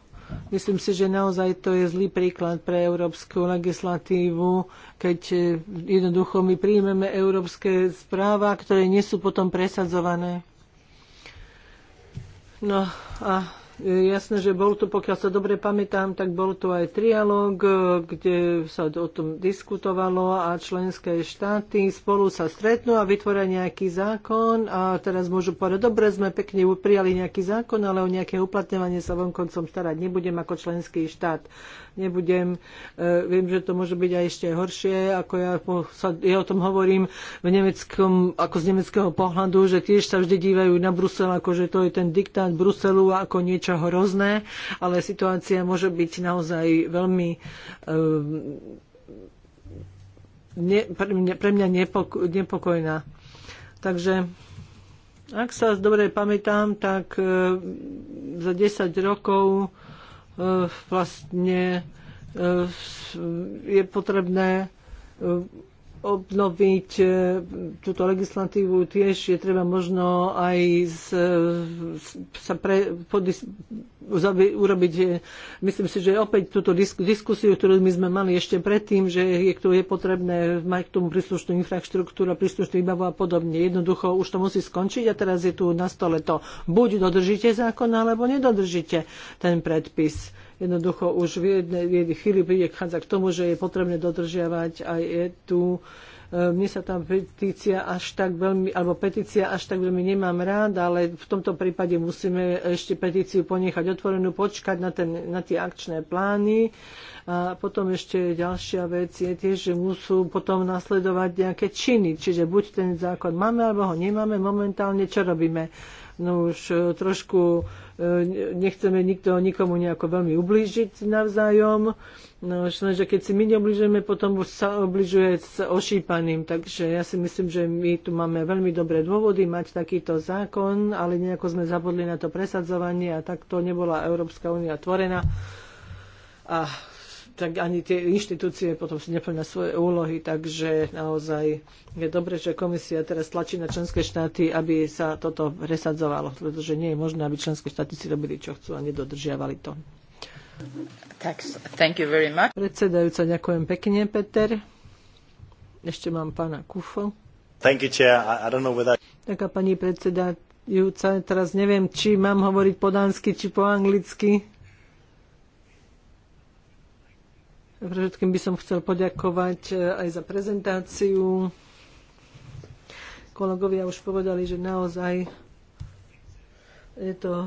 Myslím si, že naozaj to je zlý príklad pre európsku legislatívu, keď e, jednoducho my príjmeme európske správa, ktoré nie sú potom presadzované. No a Jasné, že bol tu, pokiaľ sa dobre pamätám, tak bol tu aj trialóg, e, kde sa o tom diskutovalo a členské štáty spolu sa stretnú a vytvoria nejaký zákon a teraz môžu povedať, dobre, sme pekne prijali nejaký zákon, ale o nejaké uplatňovanie sa vonkoncom starať nebudem ako členský štát nebudem, e, viem, že to môže byť aj ešte horšie, ako ja, ja o tom hovorím v nemeckom, ako z nemeckého pohľadu, že tiež sa vždy dívajú na Brusel, ako že to je ten diktát Bruselu ako niečo hrozné, ale situácia môže byť naozaj veľmi e, ne, pre, mňa, pre mňa nepoko, nepokojná. Takže ak sa dobre pamätám, tak e, za 10 rokov Eh, vlastne eh, je potrebné eh, obnoviť e, túto legislatívu, tiež je treba možno aj z, e, sa pre, podis, zavi, urobiť, e, myslím si, že opäť túto disk, diskusiu, ktorú my sme mali ešte predtým, že je, to je potrebné mať k tomu príslušnú infraštruktúru, príslušnú výbavu a podobne. Jednoducho už to musí skončiť a teraz je tu na stole to. Buď dodržíte zákon, alebo nedodržíte ten predpis jednoducho už v jednej, v jednej chvíli príde chádza k tomu, že je potrebné dodržiavať aj je tu mne sa tam petícia až tak veľmi, alebo petícia až tak veľmi nemám rád, ale v tomto prípade musíme ešte petíciu ponechať otvorenú, počkať na, ten, na tie akčné plány. A potom ešte ďalšia vec je tiež, že musú potom nasledovať nejaké činy. Čiže buď ten zákon máme, alebo ho nemáme momentálne, čo robíme no už e, trošku e, nechceme nikto, nikomu nejako veľmi ublížiť navzájom. No, že keď si my neoblížujeme, potom už sa obližuje s ošípaným. Takže ja si myslím, že my tu máme veľmi dobré dôvody mať takýto zákon, ale nejako sme zabudli na to presadzovanie a takto nebola Európska únia tvorená. A tak ani tie inštitúcie potom si neplňa svoje úlohy, takže naozaj je dobre, že komisia teraz tlačí na členské štáty, aby sa toto presadzovalo, pretože nie je možné, aby členské štáty si robili, čo chcú a nedodržiavali to. Tak, thank you very much. Predsedajúca, ďakujem pekne, Peter. Ešte mám pána Kufo. Thank you, chair. I, I don't know whether... Taká pani predsedajúca, teraz neviem, či mám hovoriť po dánsky, či po anglicky. Všetkým by som chcel poďakovať e, aj za prezentáciu. Kolegovia už povedali, že naozaj je to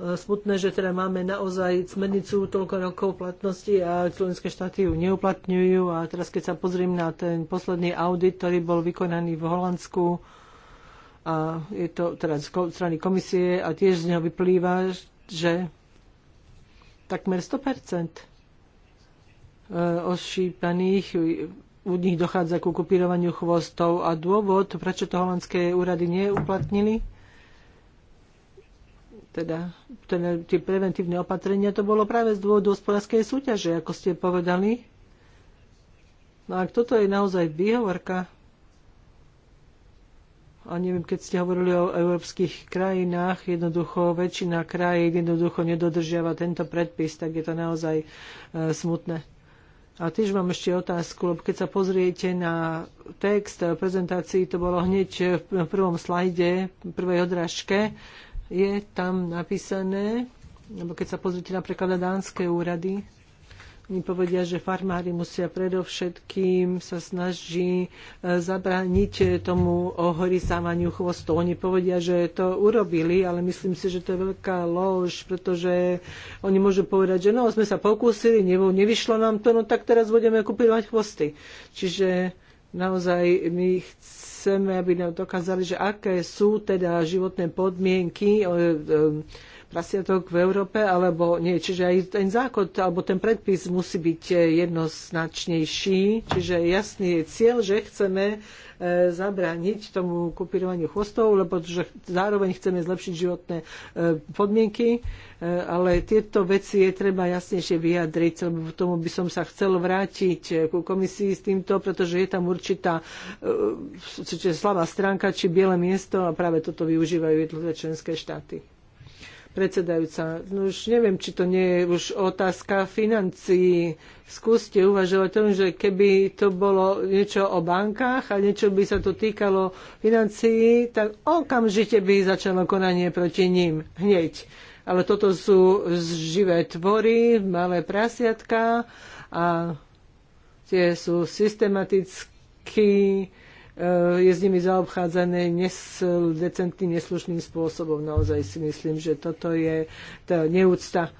e, smutné, že teda máme naozaj smernicu toľko rokov platnosti a členské štáty ju neuplatňujú. A teraz keď sa pozriem na ten posledný audit, ktorý bol vykonaný v Holandsku, a je to teda z strany komisie a tiež z neho vyplýva, že takmer 100 Eh, ošípaných u nich dochádza ku kopírovaniu chvostov. A dôvod, prečo to holandské úrady neuplatnili, teda, teda tie preventívne opatrenia, to bolo práve z dôvodu hospodárskej súťaže, ako ste povedali. No a toto je naozaj výhovorka, a neviem, keď ste hovorili o európskych krajinách, jednoducho väčšina krajín jednoducho nedodržiava tento predpis, tak je to naozaj e, smutné. A tiež mám ešte otázku, lebo keď sa pozriete na text prezentácií, to bolo hneď v prvom slajde, v prvej odrážke, je tam napísané, lebo keď sa pozriete napríklad na dánske úrady, oni povedia, že farmári musia predovšetkým sa snaží e, zabrániť e, tomu ohorizávaniu chvostov. Oni povedia, že to urobili, ale myslím si, že to je veľká lož, pretože oni môžu povedať, že no, sme sa pokúsili, nevyšlo nám to, no tak teraz budeme kúpiť chvosty. Čiže naozaj my chceme, aby nám dokázali, že aké sú teda životné podmienky e, prasiatok v Európe, alebo nie. Čiže aj ten zákon, alebo ten predpis musí byť eh, jednoznačnejší. Čiže jasný je cieľ, že chceme eh, zabrániť tomu kupírovaniu chvostov, lebo že zároveň chceme zlepšiť životné eh, podmienky, ale tieto veci je treba jasnejšie vyjadriť, lebo k tomu by som sa chcel vrátiť ku komisii s týmto, pretože je tam určitá slabá stránka či biele miesto a práve toto využívajú jednotlivé členské štáty predsedajúca. No už neviem, či to nie je už otázka financií. Skúste uvažovať tom, že keby to bolo niečo o bankách a niečo by sa to týkalo financií, tak okamžite by začalo konanie proti ním. Hneď. Ale toto sú živé tvory, malé prasiatka a tie sú systematicky Eh, je s nimi zaobchádzané decentným, neslušným spôsobom. Naozaj si myslím, že toto je tá neúcta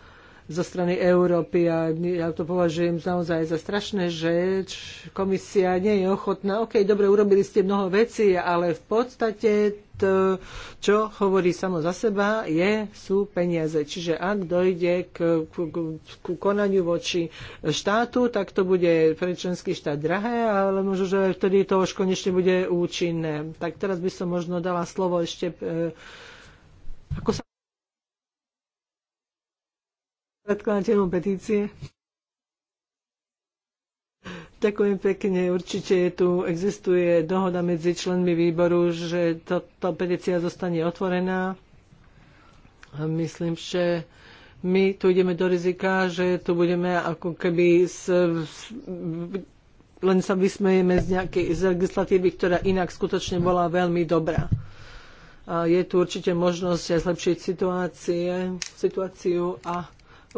zo strany Európy a ja to považujem naozaj za strašné, že komisia nie je ochotná, OK, dobre, urobili ste mnoho vecí, ale v podstate to, čo hovorí samo za seba, je, sú peniaze. Čiže ak dojde k, k, k konaniu voči štátu, tak to bude pre členský štát drahé, ale možno, že vtedy to už konečne bude účinné. Tak teraz by som možno dala slovo ešte. E, ako sa predkladateľom petície. Ďakujem pekne. Určite tu existuje dohoda medzi členmi výboru, že táto petícia zostane otvorená. A myslím, že my tu ideme do rizika, že tu budeme ako keby s, len sa vysmejeme z nejakej z legislatívy, ktorá inak skutočne bola veľmi dobrá. A je tu určite možnosť zlepšiť situácie, situáciu a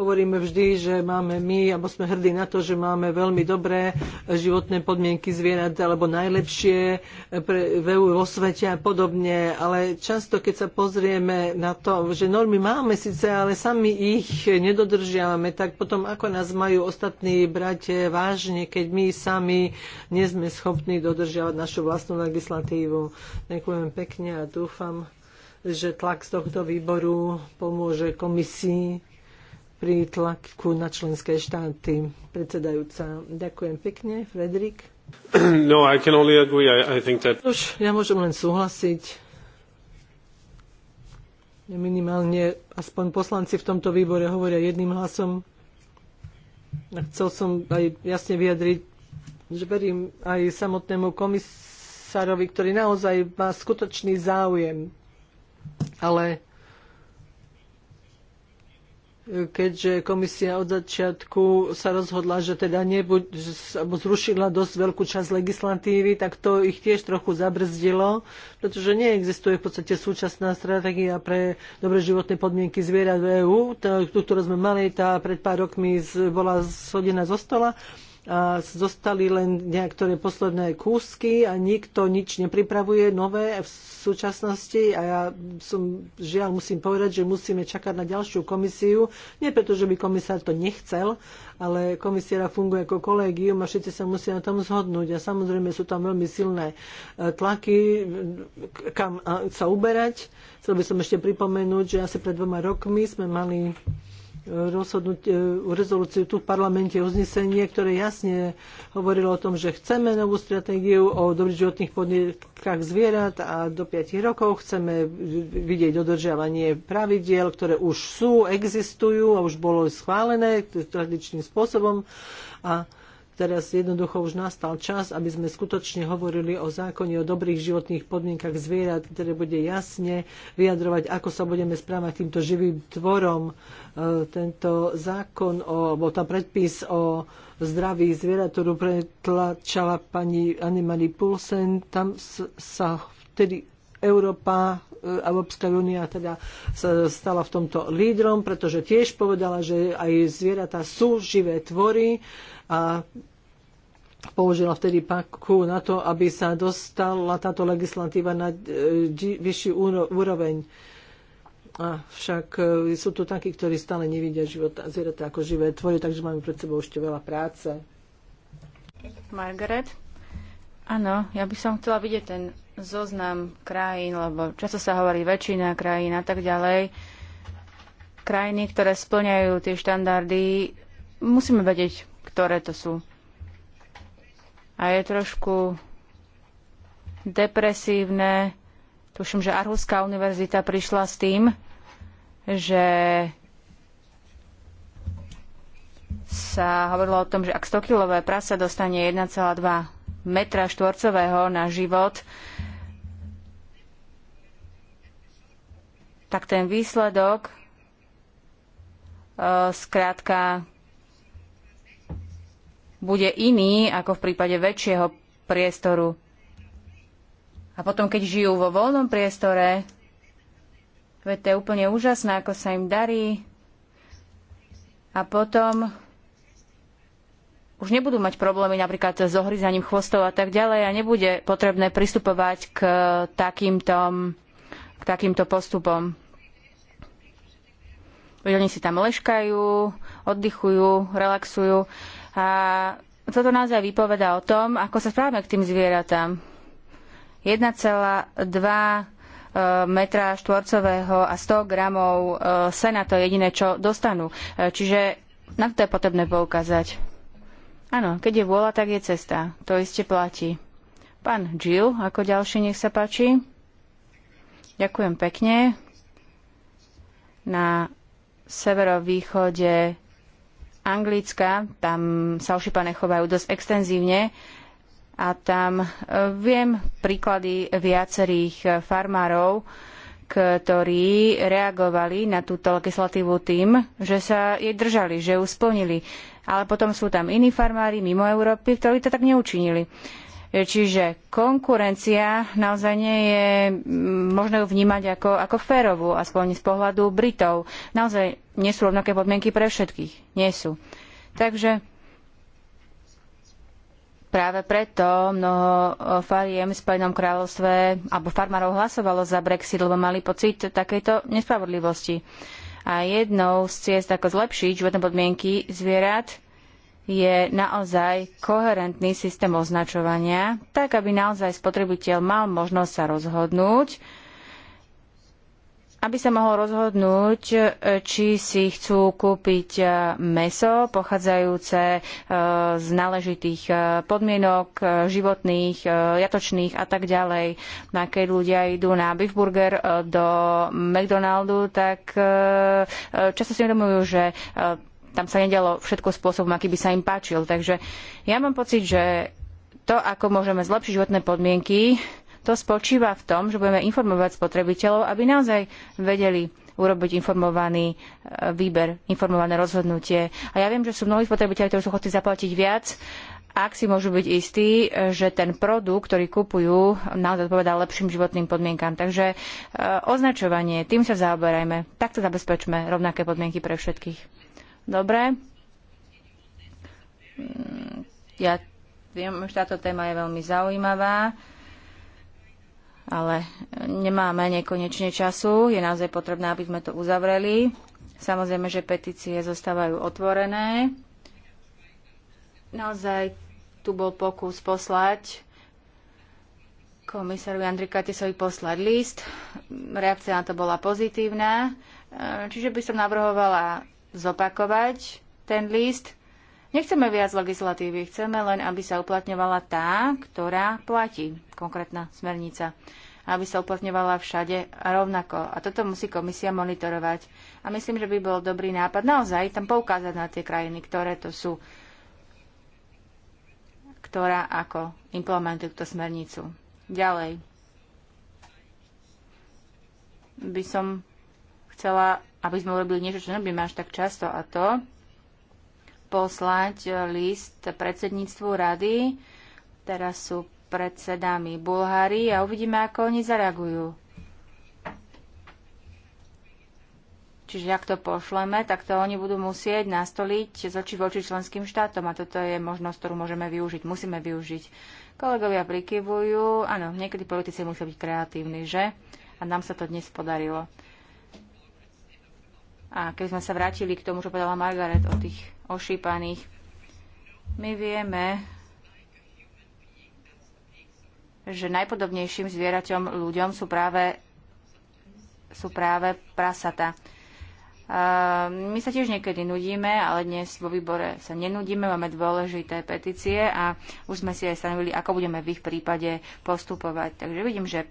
Hovoríme vždy, že máme my, alebo sme hrdí na to, že máme veľmi dobré životné podmienky zvierat, alebo najlepšie eh, pre, vo svete a podobne. Ale často, keď sa pozrieme na to, že normy máme síce, ale sami ich nedodržiavame, tak potom ako nás majú ostatní brať vážne, keď my sami nie sme schopní dodržiavať našu vlastnú legislatívu. Ďakujem pekne a dúfam, že tlak z tohto výboru pomôže komisii pri tlaku na členské štáty. Predsedajúca, ďakujem pekne. Fredrik? <clears throat> No, I can only agree. I, I think that... Už ja môžem len súhlasiť. Minimálne aspoň poslanci v tomto výbore hovoria jedným hlasom. A chcel som aj jasne vyjadriť, že verím aj samotnému komisárovi, ktorý naozaj má skutočný záujem. Ale keďže komisia od začiatku sa rozhodla, že teda nebuď, že zrušila dosť veľkú časť legislatívy, tak to ich tiež trochu zabrzdilo, pretože neexistuje v podstate súčasná stratégia pre dobre životné podmienky zvierat v EÚ. Tú, ktorú sme mali, tá pred pár rokmi bola shodená zo stola a zostali len niektoré posledné kúsky a nikto nič nepripravuje nové v súčasnosti a ja som, žiaľ musím povedať, že musíme čakať na ďalšiu komisiu, nie preto, že by komisár to nechcel, ale komisiera funguje ako kolégium a všetci sa musia na tom zhodnúť a samozrejme sú tam veľmi silné e, tlaky, kam sa uberať. Chcel by som ešte pripomenúť, že asi pred dvoma rokmi sme mali E, rezolúciu tu v parlamente uznesenie, ktoré jasne hovorilo o tom, že chceme novú stratégiu o dobrých životných podmienkach zvierat a do 5 rokov chceme vidieť dodržiavanie pravidiel, ktoré už sú, existujú a už bolo schválené tradičným spôsobom. A teraz jednoducho už nastal čas, aby sme skutočne hovorili o zákone o dobrých životných podmienkach zvierat, ktoré bude jasne vyjadrovať, ako sa budeme správať týmto živým tvorom. E, tento zákon, o, alebo tá predpis o zdraví zvierat, ktorú pretlačala pani Animali Pulsen, tam sa vtedy Európa, e, Európska únia teda sa stala v tomto lídrom, pretože tiež povedala, že aj zvieratá sú živé tvory a použila vtedy paku na to, aby sa dostala táto legislatíva na e, vyšší úroveň. A však e, sú tu takí, ktorí stále nevidia život zvieratá ako živé tvory, takže máme pred sebou ešte veľa práce. Margaret? Áno, ja by som chcela vidieť ten zoznam krajín, lebo často sa hovorí väčšina krajín a tak ďalej. Krajiny, ktoré splňajú tie štandardy, musíme vedieť, ktoré to sú. A je trošku depresívne. Tuším, že Arhuská univerzita prišla s tým, že sa hovorilo o tom, že ak 100-kilové prasa dostane 1,2 metra štvorcového na život, tak ten výsledok zkrátka e, bude iný ako v prípade väčšieho priestoru. A potom, keď žijú vo voľnom priestore, veď to je úplne úžasné, ako sa im darí. A potom už nebudú mať problémy napríklad s ohryzaním chvostov a tak ďalej a nebude potrebné pristupovať k takýmto, k takýmto postupom. Oni si tam leškajú, oddychujú, relaxujú. A toto naozaj vypoveda o tom, ako sa správame k tým zvieratám. 1,2 e, metra štvorcového a 100 gramov e, sena, to je jediné, čo dostanú. E, čiže na to je potrebné poukázať. Áno, keď je vôľa, tak je cesta. To iste platí. Pán Jill, ako ďalší, nech sa páči. Ďakujem pekne. Na severovýchode Anglicka, tam sa ošípané chovajú dosť extenzívne a tam e, viem príklady viacerých e, farmárov, ktorí reagovali na túto legislatívu tým, že sa jej držali, že ju splnili. Ale potom sú tam iní farmári mimo Európy, ktorí to tak neučinili. Čiže konkurencia naozaj nie je možné ju vnímať ako, ako férovú, aspoň z pohľadu Britov. Naozaj nie sú rovnaké podmienky pre všetkých. Nie sú. Takže práve preto mnoho fariem v Spojenom kráľovstve alebo farmárov hlasovalo za Brexit, lebo mali pocit takejto nespravodlivosti. A jednou z ciest, ako zlepšiť životné podmienky zvierat, je naozaj koherentný systém označovania, tak aby naozaj spotrebiteľ mal možnosť sa rozhodnúť, aby sa mohol rozhodnúť, e, či si chcú kúpiť e, meso pochádzajúce e, z náležitých podmienok životných, jatočných a tak ďalej. A keď ľudia idú na beef burger do McDonaldu, tak často si uvedomujú, že tam sa nedalo všetko spôsobom, aký by sa im páčil. Takže ja mám pocit, že to, ako môžeme zlepšiť životné podmienky to spočíva v tom, že budeme informovať spotrebiteľov, aby naozaj vedeli urobiť informovaný e, výber, informované rozhodnutie. A ja viem, že sú mnohí spotrebiteľi, ktorí sú ochotní zaplatiť viac, ak si môžu byť istí, že ten produkt, ktorý kupujú, naozaj odpovedá lepším životným podmienkám. Takže e, označovanie, tým sa zaoberajme. Takto zabezpečme rovnaké podmienky pre všetkých. Dobre. Mm, ja viem, že táto téma je veľmi zaujímavá ale nemáme nekonečne času. Je naozaj potrebné, aby sme to uzavreli. Samozrejme, že petície zostávajú otvorené. Naozaj tu bol pokus poslať komisárovi Andrika Tisovi poslať list. Reakcia na to bola pozitívna. E, čiže by som navrhovala zopakovať ten list. Nechceme viac legislatívy, chceme len, aby sa uplatňovala tá, ktorá platí konkrétna smernica aby sa uplatňovala všade a rovnako. A toto musí komisia monitorovať. A myslím, že by bol dobrý nápad naozaj tam poukázať na tie krajiny, ktoré to sú, ktorá ako implementujú túto smernicu. Ďalej by som chcela, aby sme urobili niečo, čo nerobíme až tak často, a to poslať list predsedníctvu rady. Teraz sú predsedami Bulhári a uvidíme, ako oni zareagujú. Čiže ak to pošleme, tak to oni budú musieť nastoliť z oči voči členským štátom a toto je možnosť, ktorú môžeme využiť, musíme využiť. Kolegovia prikyvujú, áno, niekedy politici musia byť kreatívni, že? A nám sa to dnes podarilo. A keby sme sa vrátili k tomu, čo povedala Margaret o tých ošípaných, my vieme, že najpodobnejším zvieraťom ľuďom sú práve, sú práve prasata. E, my sa tiež niekedy nudíme, ale dnes vo výbore sa nenudíme, máme dôležité petície a už sme si aj stanovili, ako budeme v ich prípade postupovať. Takže vidím, že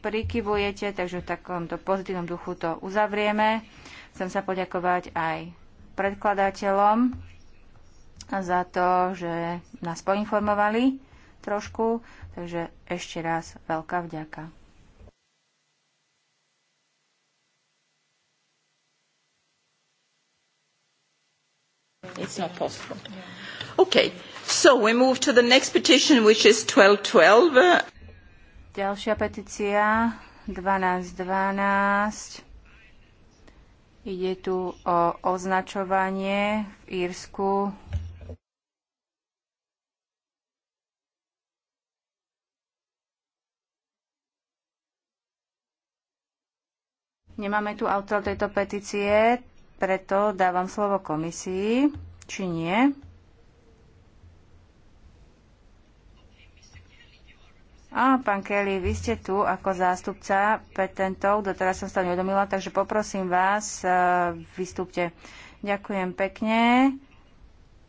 prikyvujete, takže v takomto pozitívnom duchu to uzavrieme. Chcem sa poďakovať aj predkladateľom za to, že nás poinformovali trošku, takže ešte raz veľká vďaka. It's not possible. Okay, so we move to the next petition, which is 1212. Ďalšia petícia 1212. Ide tu o označovanie v Írsku Nemáme tu autor tejto petície, preto dávam slovo komisii, či nie. A pán Kelly, vy ste tu ako zástupca petentov, doteraz som sa neodomila, takže poprosím vás, e, vystúpte. Ďakujem pekne.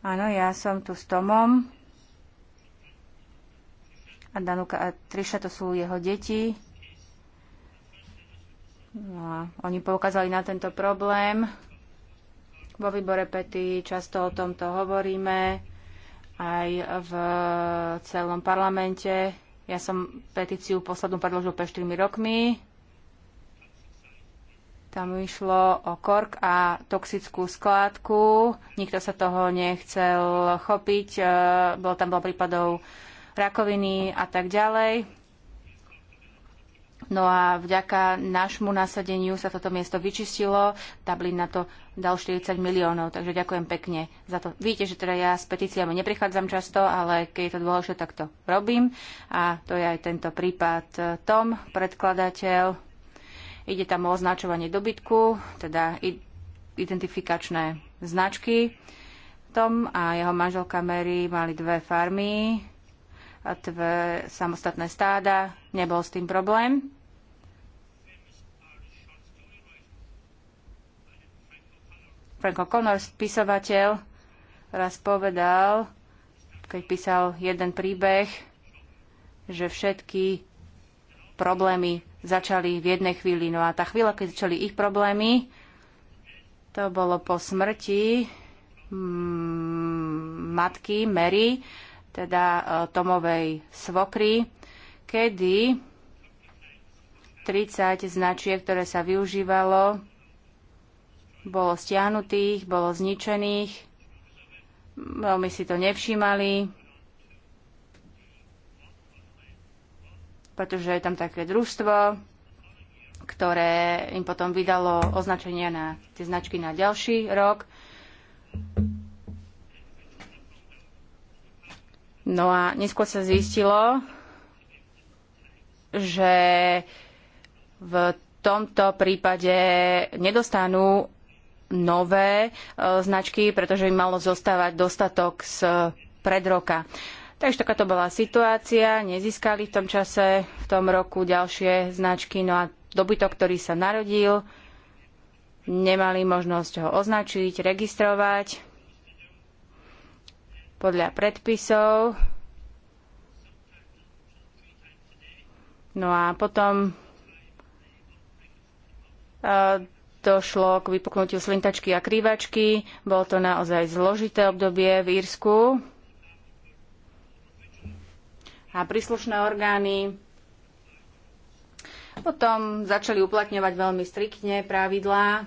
Áno, ja som tu s Tomom. A Danuka a Triša, to sú jeho deti. No a oni poukázali na tento problém. Vo výbore Pety často o tomto hovoríme, aj v celom parlamente. Ja som petíciu poslednú predložil pre 4 rokmi. Tam išlo o kork a toxickú skládku. Nikto sa toho nechcel chopiť. E, bolo tam bolo prípadov rakoviny a tak ďalej. No a vďaka nášmu nasadeniu sa toto miesto vyčistilo. Dublin na to dal 40 miliónov, takže ďakujem pekne za to. Víte, že teda ja s petíciami neprichádzam často, ale keď je to dôležité, tak to robím. A to je aj tento prípad e, Tom, predkladateľ. Ide tam o označovanie dobytku, teda identifikačné značky. Tom a jeho manželka Mary mali dve farmy, dve samostatné stáda, nebol s tým problém. Frank O'Connor, spisovateľ, raz povedal, keď písal jeden príbeh, že všetky problémy začali v jednej chvíli. No a tá chvíľa, keď začali ich problémy, to bolo po smrti mm, matky Mary, teda e, Tomovej svokry, kedy 30 značiek, ktoré sa využívalo bolo stiahnutých, bolo zničených, veľmi si to nevšímali, pretože je tam také družstvo, ktoré im potom vydalo označenia na tie značky na ďalší rok. No a neskôr sa zistilo, že v tomto prípade nedostanú nové e, značky, pretože im malo zostávať dostatok z e, pred roka. Takže takáto bola situácia, nezískali v tom čase, v tom roku ďalšie značky, no a dobytok, ktorý sa narodil, nemali možnosť ho označiť, registrovať podľa predpisov. No a potom e, došlo k vypuknutiu slintačky a krývačky. Bolo to naozaj zložité obdobie v Írsku. A príslušné orgány potom začali uplatňovať veľmi striktne pravidlá.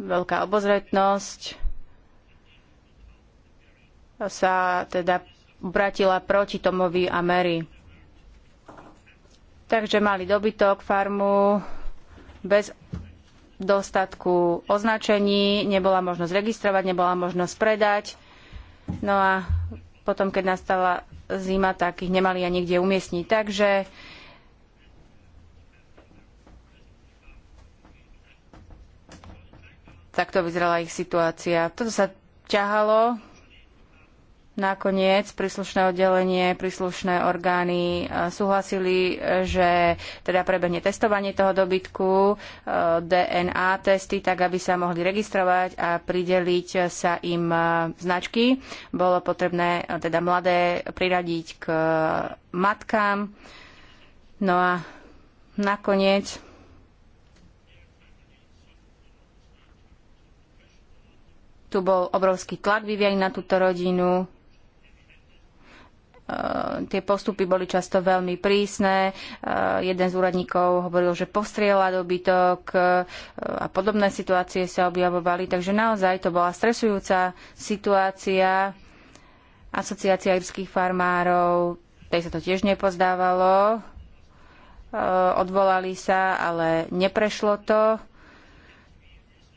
Veľká obozretnosť sa teda obratila proti Tomovi a Mary. Takže mali dobytok, farmu bez dostatku označení, nebola možnosť registrovať, nebola možnosť predať. No a potom, keď nastala zima, tak ich nemali ani kde umiestniť. Takže takto vyzerala ich situácia. Toto sa ťahalo Nakoniec príslušné oddelenie, príslušné orgány e, súhlasili, že teda prebehne testovanie toho dobytku, e, DNA testy, tak aby sa mohli registrovať a prideliť sa im e, značky. Bolo potrebné teda mladé priradiť k matkám. No a nakoniec tu bol obrovský tlak vyvíjaný na túto rodinu. Ehm, tie postupy boli často veľmi prísne. Ehm, jeden z úradníkov hovoril, že postriela dobytok ehm, a podobné situácie sa objavovali. Takže naozaj to bola stresujúca situácia. Asociácia irských farmárov, tej sa to tiež nepozdávalo. Odvolali sa, ale neprešlo to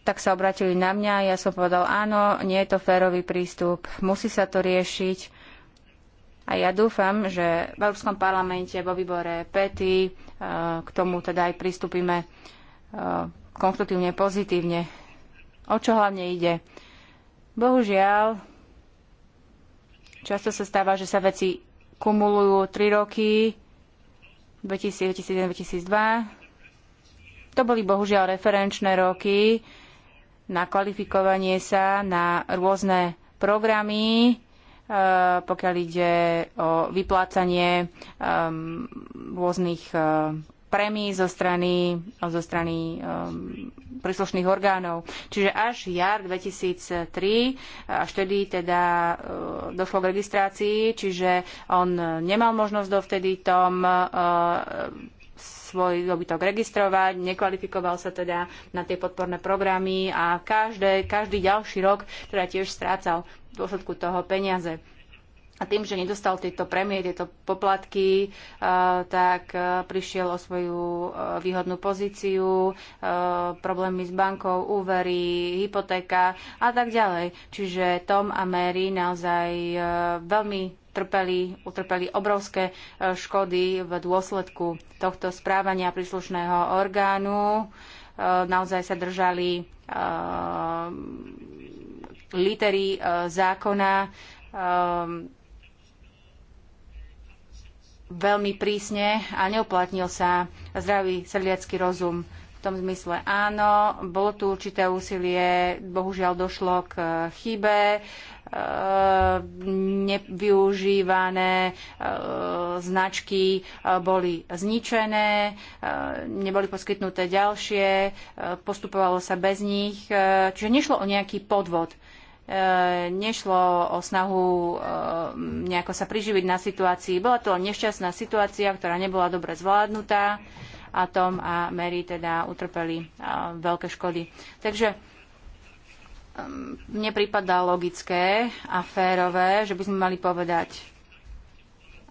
tak sa obratili na mňa a ja som povedal, áno, nie je to férový prístup, musí sa to riešiť a ja dúfam, že v Európskom parlamente, vo výbore PETI, eh, k tomu teda aj pristúpime eh, konstruktívne, pozitívne. O čo hlavne ide? Bohužiaľ, často sa stáva, že sa veci kumulujú 3 roky, 2001, 2002. To boli bohužiaľ referenčné roky na kvalifikovanie sa na rôzne programy, Eh, pokiaľ ide o vyplácanie ehm, rôznych eh, premí zo strany, zo strany um, príslušných orgánov. Čiže až jar 2003, až tedy teda uh, došlo k registrácii, čiže on nemal možnosť dovtedy tom uh, svoj dobytok registrovať, nekvalifikoval sa teda na tie podporné programy a každé, každý ďalší rok teda tiež strácal v dôsledku toho peniaze. A tým, že nedostal tieto premie, tieto poplatky, eh, tak eh, prišiel o svoju eh, výhodnú pozíciu, problémy s bankou, úvery, hypotéka a tak ďalej. Čiže Tom a Mary naozaj veľmi trpeli, utrpeli obrovské škody v dôsledku tohto správania príslušného orgánu. Naozaj sa držali litery e, zákona ehm, veľmi prísne a neuplatnil sa zdravý srdiacký rozum. V tom zmysle áno, bolo tu určité úsilie, bohužiaľ došlo k e, chybe, e, nevyužívané značky boli zničené, neboli poskytnuté ďalšie, postupovalo sa bez nich, čiže nešlo o nejaký podvod. E, nešlo o snahu e, nejako sa priživiť na situácii. Bola to nešťastná situácia, ktorá nebola dobre zvládnutá a Tom a Mary teda utrpeli e, veľké škody. Takže mne prípada logické a férové, že by sme mali povedať,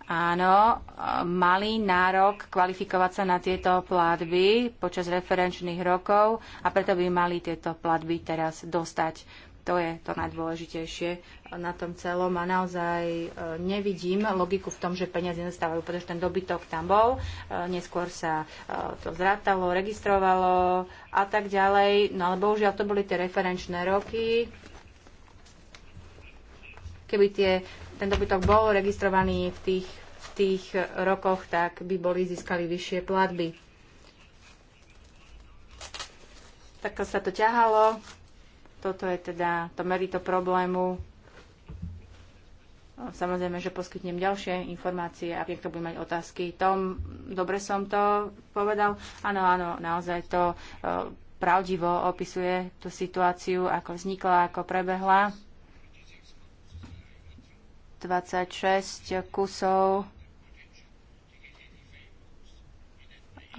áno, mali nárok kvalifikovať sa na tieto platby počas referenčných rokov a preto by mali tieto platby teraz dostať. To je to najdôležitejšie na tom celom a naozaj e, nevidím logiku v tom, že peniaze nestávajú, pretože ten dobytok tam bol, e, neskôr sa e, to zrátalo, registrovalo a tak ďalej. No ale bohužiaľ to boli tie referenčné roky. Keby tie, ten dobytok bol registrovaný v tých, v tých rokoch, tak by boli získali vyššie platby. Tak sa to ťahalo toto je teda to merito problému. Samozrejme, že poskytnem ďalšie informácie, ak niekto bude mať otázky. Tom, dobre som to povedal? Áno, áno, naozaj to e, pravdivo opisuje tú situáciu, ako vznikla, ako prebehla. 26 kusov 85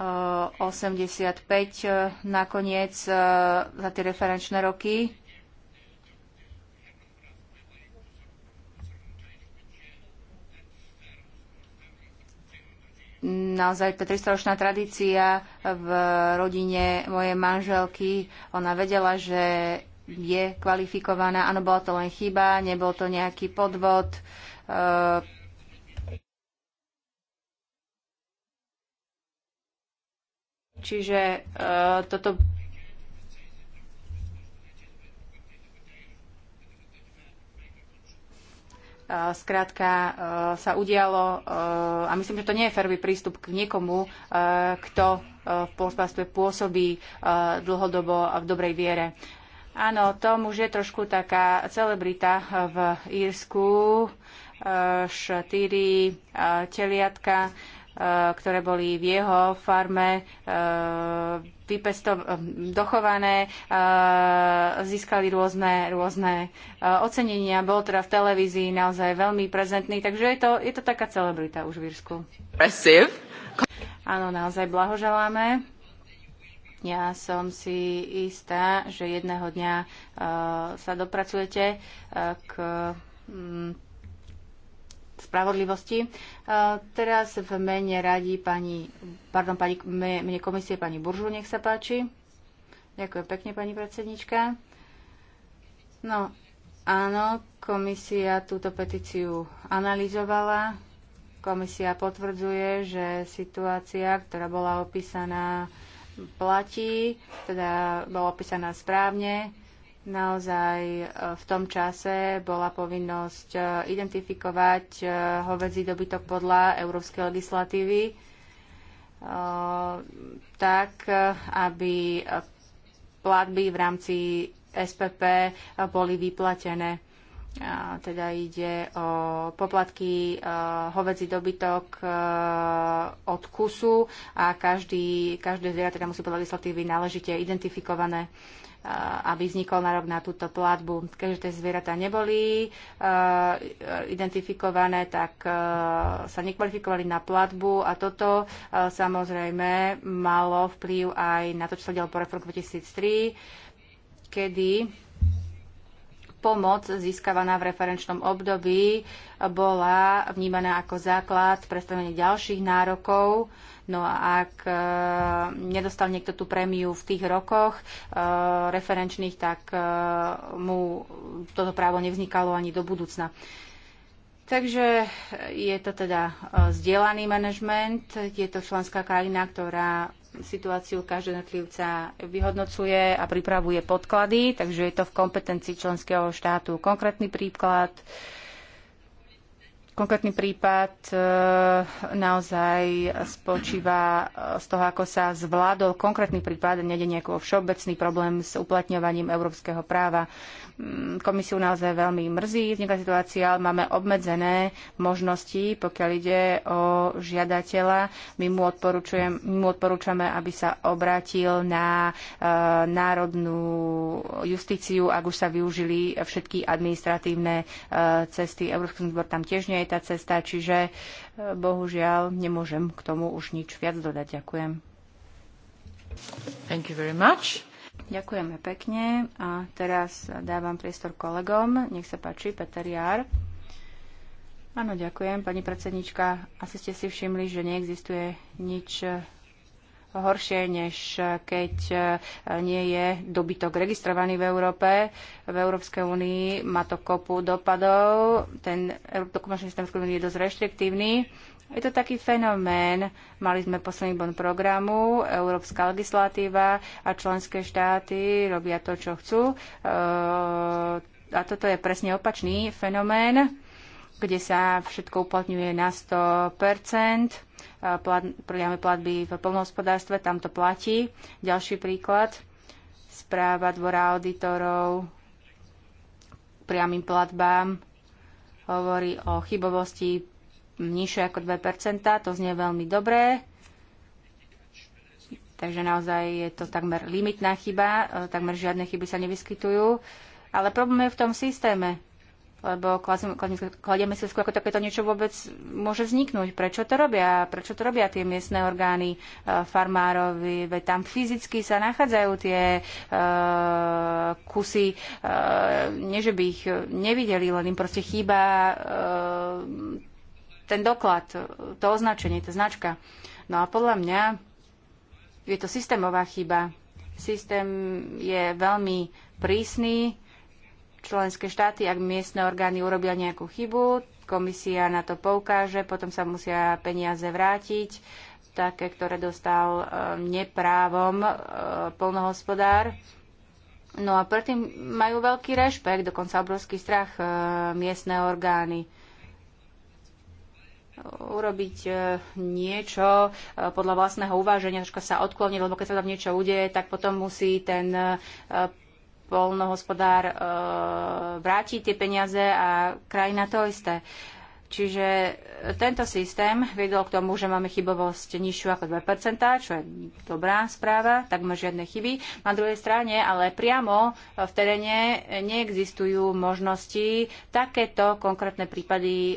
eh, eh, nakoniec eh, za tie referenčné roky. naozaj tá 300-ročná tradícia v rodine mojej manželky. Ona vedela, že je kvalifikovaná. Áno, bola to len chyba, nebol to nejaký podvod. Čiže uh, toto e, Skrátka e, sa udialo, a myslím, že to nie je fervý prístup k niekomu, kto v pospastve pôsobí dlhodobo a v dobrej viere. Áno, Tom už je trošku taká celebrita v Írsku, štyri teliatka Eh, ktoré boli v jeho farme eh, eh, dochované, získali rôzne, rôzne ocenenia, bol teda v televízii naozaj veľmi prezentný, takže je to, je to taká celebrita už v Írsku. Áno, naozaj blahoželáme. Ja som si istá, že jedného dňa sa dopracujete k mm, spravodlivosti. E, teraz v mene radí pani, pardon, pani, mene komisie pani Buržu, nech sa páči. Ďakujem pekne, pani predsednička. No, áno, komisia túto petíciu analyzovala. Komisia potvrdzuje, že situácia, ktorá bola opísaná, platí, teda bola opísaná správne naozaj e, v tom čase bola povinnosť e, identifikovať e, hovedzí dobytok podľa európskej legislatívy tak, aby platby v rámci SPP boli vyplatené. Teda ide o poplatky hovedzí dobytok od kusu a každý, každé zviera teda musí podľa legislatívy náležite identifikované. Eh, aby vznikol nárok na túto platbu. Keďže tie zvieratá neboli eh, identifikované, tak eh, sa nekvalifikovali na platbu a toto samozrejme malo vplyv aj na to, čo sa dialo po reform 2003, kedy pomoc získavaná v referenčnom období bola vnímaná ako základ pre stanovenie ďalších nárokov No a ak e, nedostal niekto tú prémiu v tých rokoch e, referenčných, tak e, mu toto právo nevznikalo ani do budúcna. Takže je to teda zdieľaný manažment, je to členská krajina, ktorá situáciu každého jednotlivca vyhodnocuje a pripravuje podklady, takže je to v kompetencii členského štátu. Konkrétny príklad, uh, Konkrétny prípad e, naozaj spočíva e, z toho, ako sa zvládol konkrétny prípad, nejde nejaký všeobecný problém s uplatňovaním európskeho práva. Mm, komisiu naozaj veľmi mrzí vzniká situácia, ale máme obmedzené možnosti, pokiaľ ide o žiadateľa. My mu, my mu odporúčame, aby sa obrátil na e, národnú justíciu, ak už sa využili všetky administratívne e, cesty. Európsky zbor tam tiež nie je tá cesta, čiže e, bohužiaľ nemôžem k tomu už nič viac dodať. Ďakujem. Thank you very much. Ďakujeme pekne a teraz dávam priestor kolegom. Nech sa páči, Peter Jár. Áno, ďakujem, pani predsednička. Asi ste si všimli, že neexistuje nič horšie, než keď eh, nie je dobytok registrovaný v Európe. V Európskej únii má to kopu dopadov. Ten dokumentačný systém je dosť reštriktívny je to taký fenomén. Mali sme posledný bon programu, európska legislatíva a členské štáty robia to, čo chcú. E, a toto je presne opačný fenomén, kde sa všetko uplatňuje na 100 priame platby v plnohospodárstve, tam to platí. Ďalší príklad, správa dvora auditorov priamým platbám hovorí o chybovosti nižšie ako 2%, to znie veľmi dobré. Takže naozaj je to takmer limitná chyba, e, takmer žiadne chyby sa nevyskytujú. Ale problém je v tom systéme, lebo kladieme si skôr, ako takéto niečo vôbec môže vzniknúť. Prečo to robia? Prečo to robia tie miestne orgány e, farmárovi? Veď tam fyzicky sa nachádzajú tie uh, kusy. Uh, nie, že by ich nevideli, len im proste chýba uh, ten doklad, to označenie, tá značka. No a podľa mňa je to systémová chyba. Systém je veľmi prísny. Členské štáty, ak miestne orgány urobia nejakú chybu, komisia na to poukáže, potom sa musia peniaze vrátiť, také, ktoré dostal e, neprávom e, polnohospodár. No a predtým majú veľký rešpekt, dokonca obrovský strach e, miestne orgány urobiť e, niečo e, podľa vlastného uváženia, troška sa odkloní, lebo keď sa tam niečo udeje, tak potom musí ten e, polnohospodár vrátiť tie peniaze a krajina to isté. Čiže e, tento systém viedol k tomu, že máme chybovosť nižšiu ako 2%, čo je dobrá správa, tak takmer žiadne chyby. Na druhej strane, ale priamo e, v teréne neexistujú možnosti takéto konkrétne prípady e,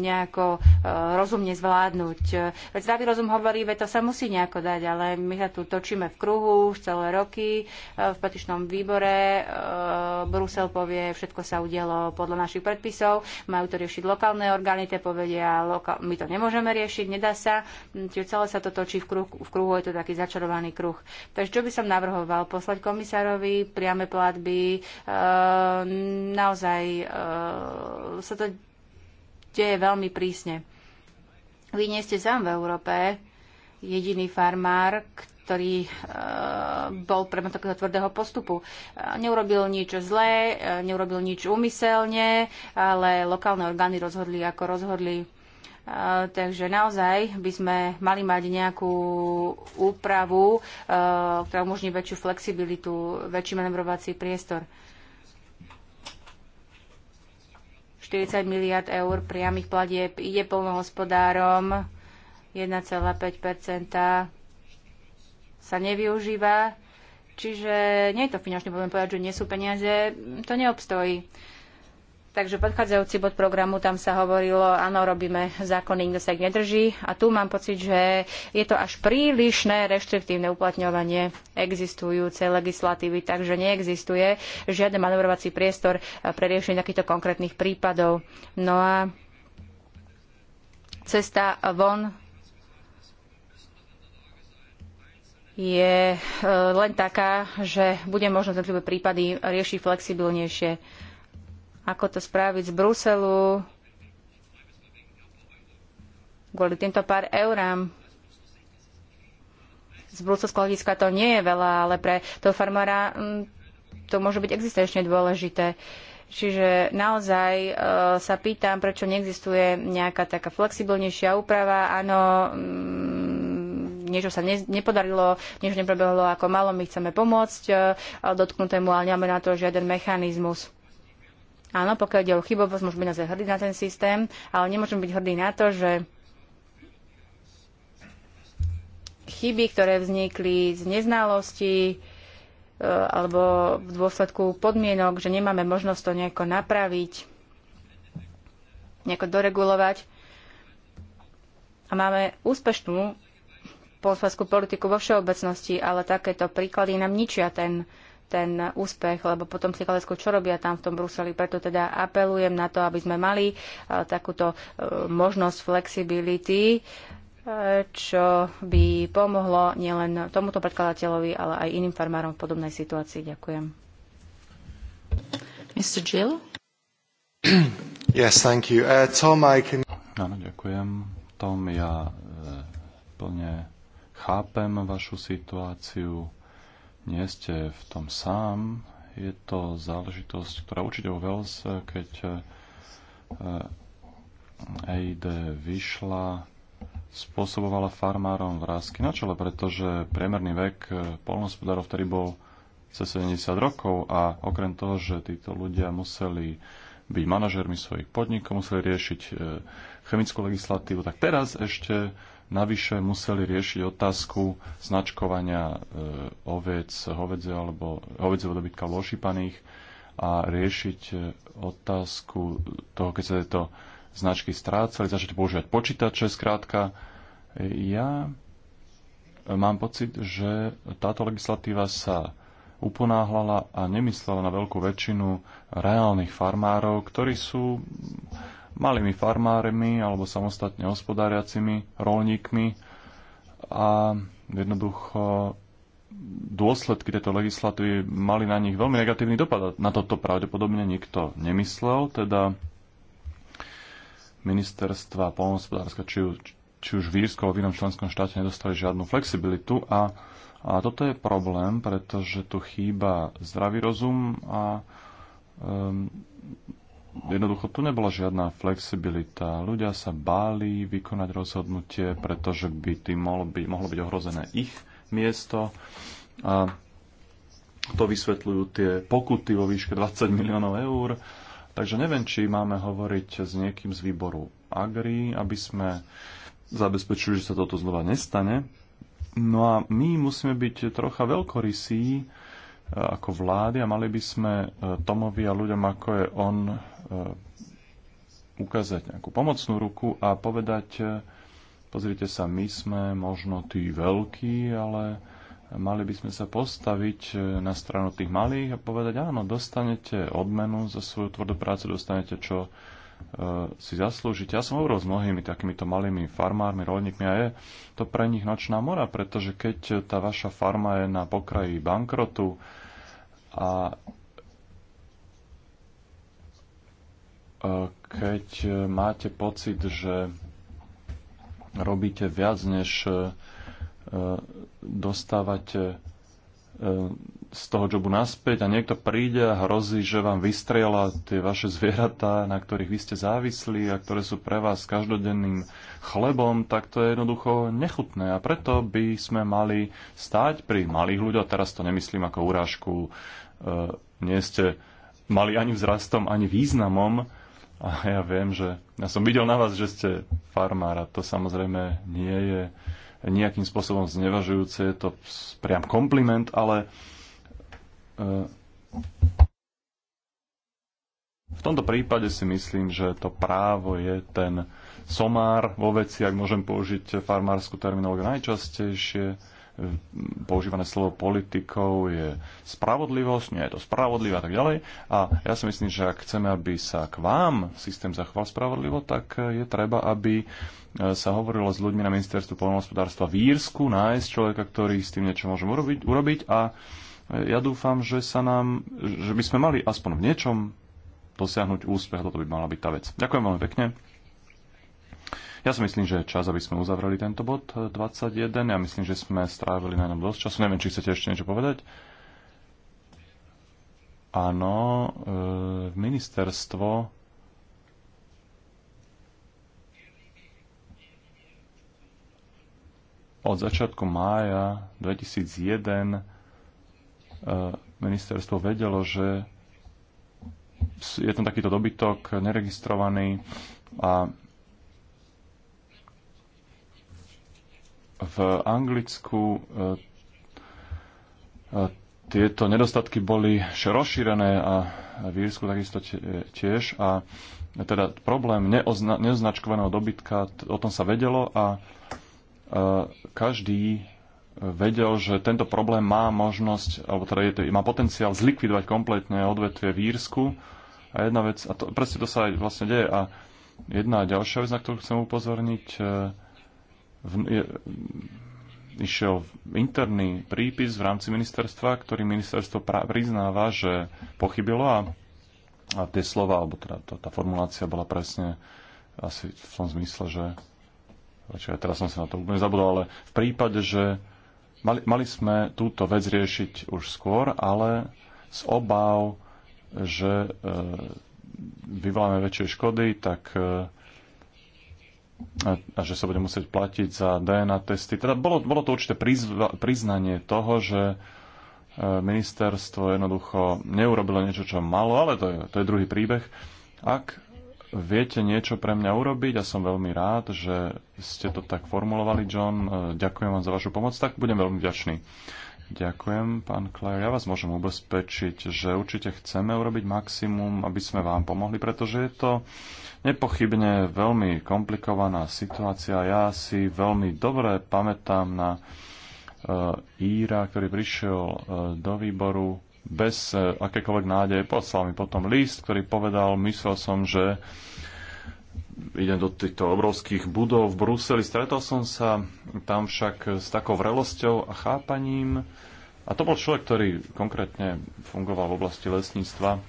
nejako rozumne zvládnuť. Veď zdravý rozum hovorí, že to sa musí nejako dať, ale my sa tu točíme v kruhu už celé roky v petičnom výbore. Brusel povie, všetko sa udialo podľa našich predpisov, majú to riešiť lokálne lokálne orgány te povedia, lokál, my to nemôžeme riešiť, nedá sa, čiže celé sa to točí v kruhu, v kruhu je to taký začarovaný kruh. Takže čo by som navrhoval? Poslať komisárovi priame platby, e, naozaj e, sa to deje veľmi prísne. Vy nie ste sám v Európe, jediný farmár, ktorý ktorý e, bol predmet takého tvrdého postupu. E, neurobil nič zlé, e, neurobil nič úmyselne, ale lokálne orgány rozhodli, ako rozhodli. Takže naozaj by sme mali mať nejakú úpravu, ktorá umožní väčšiu flexibilitu, väčší manevrovací priestor. 40 miliard eur priamých platieb ide polnohospodárom, 1,5 sa nevyužíva. Čiže nie je to finančný problém povedať, že nie sú peniaze, to neobstojí. Takže podchádzajúci bod programu, tam sa hovorilo, áno, robíme zákony, nikto sa ich nedrží. A tu mám pocit, že je to až prílišné reštriktívne uplatňovanie existujúcej legislatívy, takže neexistuje žiaden manevrovací priestor eh, pre riešenie takýchto konkrétnych prípadov. No a cesta von je e, len taká, že bude možno jednotlivé prípady riešiť flexibilnejšie. Ako to spraviť z Bruselu kvôli týmto pár eurám. Z bruselského hľadiska to nie je veľa, ale pre toho farmára to môže byť existenčne dôležité. Čiže naozaj e, sa pýtam, prečo neexistuje nejaká taká flexibilnejšia úprava. Áno, mm, niečo sa ne, nepodarilo, niečo neprebehlo ako malo, my chceme pomôcť e, dotknutému, ale nemáme na to žiaden mechanizmus. Áno, pokiaľ ide o chybovosť, môžeme byť naozaj hrdí na ten systém, ale nemôžeme byť hrdí na to, že chyby, ktoré vznikli z neznalosti e, alebo v dôsledku podmienok, že nemáme možnosť to nejako napraviť, nejako doregulovať. A máme úspešnú polsvarskú politiku vo všeobecnosti, ale takéto príklady nám ničia ten, ten úspech, lebo potom si hľadajú, čo robia tam v tom Bruseli. Preto teda apelujem na to, aby sme mali e, takúto e, možnosť flexibility, e, čo by pomohlo nielen tomuto predkladateľovi, ale aj iným farmárom v podobnej situácii. Ďakujem. Mr. Jill? <clears throat> yes, thank you. Uh, Tom, I can... Áno, ďakujem. Tom, ja e, plne chápem vašu situáciu, nie ste v tom sám. Je to záležitosť, ktorá určite Wales, keď eh, eh, EID vyšla, spôsobovala farmárom vrázky na čele, pretože priemerný vek eh, polnospodárov vtedy bol cez 70 rokov a okrem toho, že títo ľudia museli byť manažermi svojich podnikov, museli riešiť chemickú legislatívu, tak teraz ešte Navyše museli riešiť otázku značkovania e, ovec, hovedze alebo hovedzieho dobytka lošipaných a riešiť e, otázku toho, keď sa tieto značky strácali, začali používať počítače, zkrátka. E, ja mám pocit, že táto legislatíva sa uponáhlala a nemyslela na veľkú väčšinu reálnych farmárov, ktorí sú malými farmármi alebo samostatne hospodáriacimi rolníkmi a jednoducho dôsledky tejto legislatívy mali na nich veľmi negatívny dopad. Na toto pravdepodobne nikto nemyslel, teda ministerstva polnohospodárska, či, už, či už v Írsku alebo v inom členskom štáte nedostali žiadnu flexibilitu a, a toto je problém, pretože tu chýba zdravý rozum a um, jednoducho tu nebola žiadna flexibilita. Ľudia sa báli vykonať rozhodnutie, pretože by tým mohlo, by, mohlo byť ohrozené ich miesto. A to vysvetľujú tie pokuty vo výške 20 miliónov eur. Takže neviem, či máme hovoriť s niekým z výboru Agri, aby sme zabezpečili, že sa toto znova nestane. No a my musíme byť trocha veľkorysí, Eh, ako vlády a mali by sme eh, Tomovi a ľuďom, ako je on, eh, ukázať nejakú pomocnú ruku a povedať, pozrite sa, my sme možno tí veľkí, ale mali by sme sa postaviť na stranu tých malých a povedať, áno, dostanete odmenu za svoju tvrdú prácu, dostanete čo si zaslúžite. Ja som hovoril s mnohými takýmito malými farmármi, rolníkmi a je to pre nich nočná mora, pretože keď tá vaša farma je na pokraji bankrotu, a keď máte pocit, že robíte viac, než e, dostávate e, z toho jobu naspäť a niekto príde a hrozí, že vám vystrela tie vaše zvieratá, na ktorých vy ste závislí a ktoré sú pre vás každodenným chlebom, tak to je jednoducho nechutné a preto by sme mali stáť pri malých ľuďoch, teraz to nemyslím ako urážku, e, nie ste mali ani vzrastom, ani významom a ja viem, že ja som videl na vás, že ste farmár a to samozrejme nie je nejakým spôsobom znevažujúce, je to priam kompliment, ale e, v tomto prípade si myslím, že to právo je ten somár vo veci, ak môžem použiť farmárskú terminológiu. Najčastejšie používané slovo politikov je spravodlivosť, nie je to spravodlivé a tak ďalej. A ja si myslím, že ak chceme, aby sa k vám systém zachoval spravodlivo, tak je treba, aby e, sa hovorilo s ľuďmi na ministerstvu poľnohospodárstva v Írsku, nájsť človeka, ktorý s tým niečo môže urobiť, urobiť a e, ja dúfam, že sa nám, že by sme mali aspoň v niečom dosiahnuť úspech, toto by mala byť tá vec. Ďakujem veľmi pekne. Ja si myslím, že je čas, aby sme uzavreli tento bod 21. Eh, ja myslím, že sme strávili na ňom dosť času. Neviem, či chcete ešte niečo povedať. Áno, eh, ministerstvo od začiatku mája 2001 eh, ministerstvo vedelo, že je tam takýto dobytok neregistrovaný a v Anglicku eh, eh, tieto nedostatky boli rozšírené a v Írsku takisto tiež. A teda problém neozna- neoznačkovaného dobytka, o tom sa vedelo a eh, každý vedel, že tento problém má možnosť, alebo teda je, má potenciál zlikvidovať kompletne odvetvie v Írsku. A jedna vec, a to, presne to sa aj vlastne deje, a jedna ďalšia vec, na ktorú chcem upozorniť, v, je, išiel interný prípis v rámci ministerstva, ktorý ministerstvo pra, priznáva, že pochybilo a, a tie slova, alebo teda tá, tá formulácia bola presne asi v tom zmysle, že čo ja teraz som sa na to úplne zabudol, ale v prípade, že mali, mali sme túto vec riešiť už skôr, ale s obáv, že e, vyvoláme väčšie škody, tak e, a že sa bude musieť platiť za DNA testy. Teda bolo, bolo to určité prizva, priznanie toho, že e, ministerstvo jednoducho neurobilo niečo, čo malo, ale to je, to je druhý príbeh. Ak viete niečo pre mňa urobiť a som veľmi rád, že ste to tak formulovali, John, e, ďakujem vám za vašu pomoc, tak budem veľmi vďačný. Ďakujem, pán Claire. Ja vás môžem ubezpečiť, že určite chceme urobiť maximum, aby sme vám pomohli, pretože je to nepochybne veľmi komplikovaná situácia. Ja si veľmi dobre pamätám na eh, Íra, ktorý prišiel eh, do výboru bez eh, akékoľvek nádeje. Poslal mi potom list, ktorý povedal, myslel som, že idem do týchto obrovských budov v Bruseli. Stretol som sa tam však s takou vrelosťou a chápaním. A to bol človek, ktorý konkrétne fungoval v oblasti lesníctva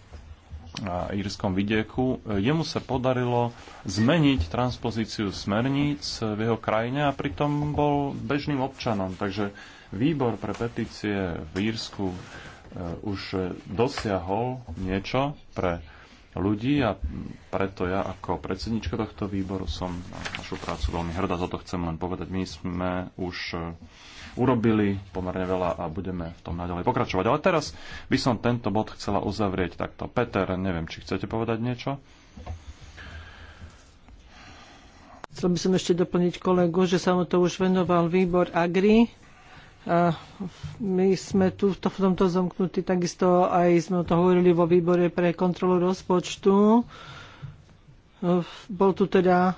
na írskom vidieku. Jemu sa podarilo zmeniť transpozíciu smerníc v jeho krajine a pritom bol bežným občanom. Takže výbor pre petície v Írsku e, už e, dosiahol niečo pre ľudí a preto ja ako predsednička tohto výboru som na našu prácu veľmi hrdá, za to chcem len povedať. My sme už eh, urobili pomerne veľa a budeme v tom naďalej pokračovať. Ale teraz by som tento bod chcela uzavrieť takto. Peter, neviem, či chcete povedať niečo? Chcel by som ešte doplniť kolegu, že sa mu to už venoval výbor Agri a my sme tu v tomto zomknutí, takisto aj sme o to hovorili vo výbore pre kontrolu rozpočtu. E, bol tu teda,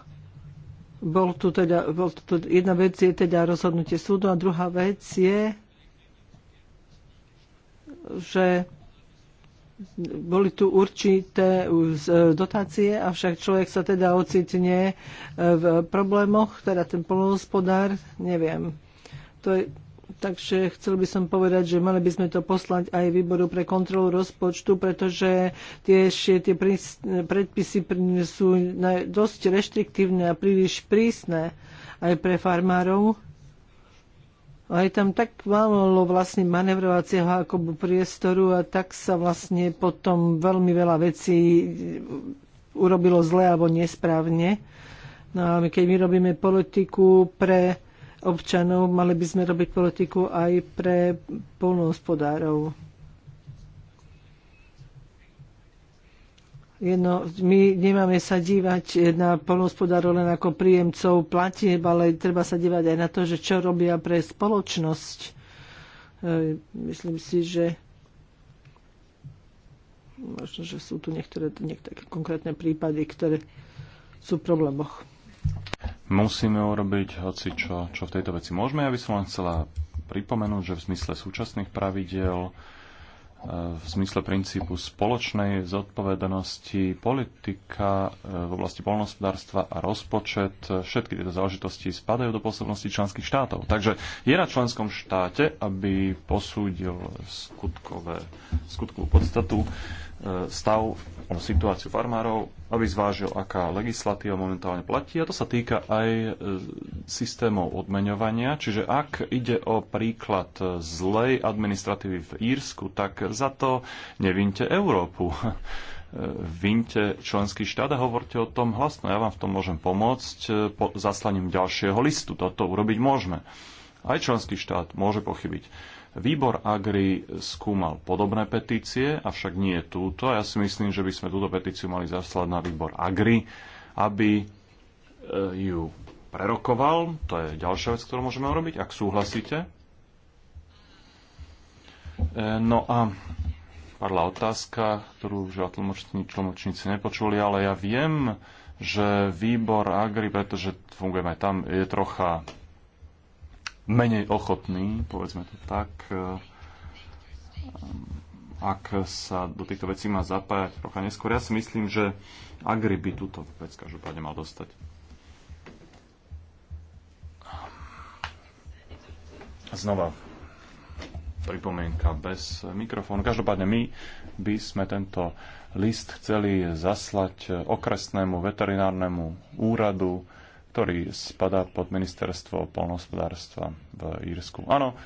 bol tu teda bol tu, jedna vec je teda rozhodnutie súdu a druhá vec je, že boli tu určité e, dotácie, avšak človek sa teda ocitne e, v problémoch, teda ten polnohospodár, neviem. To je, Takže chcel by som povedať, že mali by sme to poslať aj výboru pre kontrolu rozpočtu, pretože tie, tie predpisy sú dosť reštriktívne a príliš prísne aj pre farmárov. A je tam tak málo vlastne manevrovacieho ako priestoru a tak sa vlastne potom veľmi veľa vecí urobilo zle alebo nesprávne. No a keď my robíme politiku pre občanov, mali by sme robiť politiku aj pre polnohospodárov. Jedno, my nemáme sa dívať na polnohospodárov len ako príjemcov platieb, ale treba sa dívať aj na to, že čo robia pre spoločnosť. E, myslím si, že možno, že sú tu niektoré, niektoré konkrétne prípady, ktoré sú v problémoch musíme urobiť hoci čo, čo v tejto veci môžeme. Ja by som len chcela pripomenúť, že v zmysle súčasných pravidel, e, v zmysle princípu spoločnej zodpovednosti politika e, v oblasti polnospodárstva a rozpočet, e, všetky tieto záležitosti spadajú do pôsobnosti členských štátov. Takže je na členskom štáte, aby posúdil skutkové, skutkovú podstatu stav situáciu farmárov, aby zvážil, aká legislatíva momentálne platí. A to sa týka aj e, systémov odmeňovania. Čiže ak ide o príklad zlej administratívy v Írsku, tak za to nevinte Európu. <laughs> E, vinte členský štát a hovorte o tom hlasno. Ja vám v tom môžem pomôcť e, po zaslaním ďalšieho listu. Toto urobiť môžeme. Aj členský štát môže pochybiť. Výbor Agri skúmal podobné petície, avšak nie túto. Ja si myslím, že by sme túto petíciu mali zaslať na výbor Agri, aby e, ju prerokoval. To je ďalšia vec, ktorú môžeme urobiť, ak súhlasíte. E, no a padla otázka, ktorú už tlmočníci, nepočuli, ale ja viem, že výbor Agri, pretože fungujeme tam, je trocha menej ochotní, povedzme to tak, eh, eh, ak sa do týchto vecí má zapájať trocha neskôr. Ja si myslím, že Agri by túto vec každopádne mal dostať. Znova pripomienka bez mikrofónu. Každopádne my by sme tento list chceli zaslať eh, okresnému veterinárnemu úradu ktorý spadá pod ministerstvo polnohospodárstva v Írsku. Áno,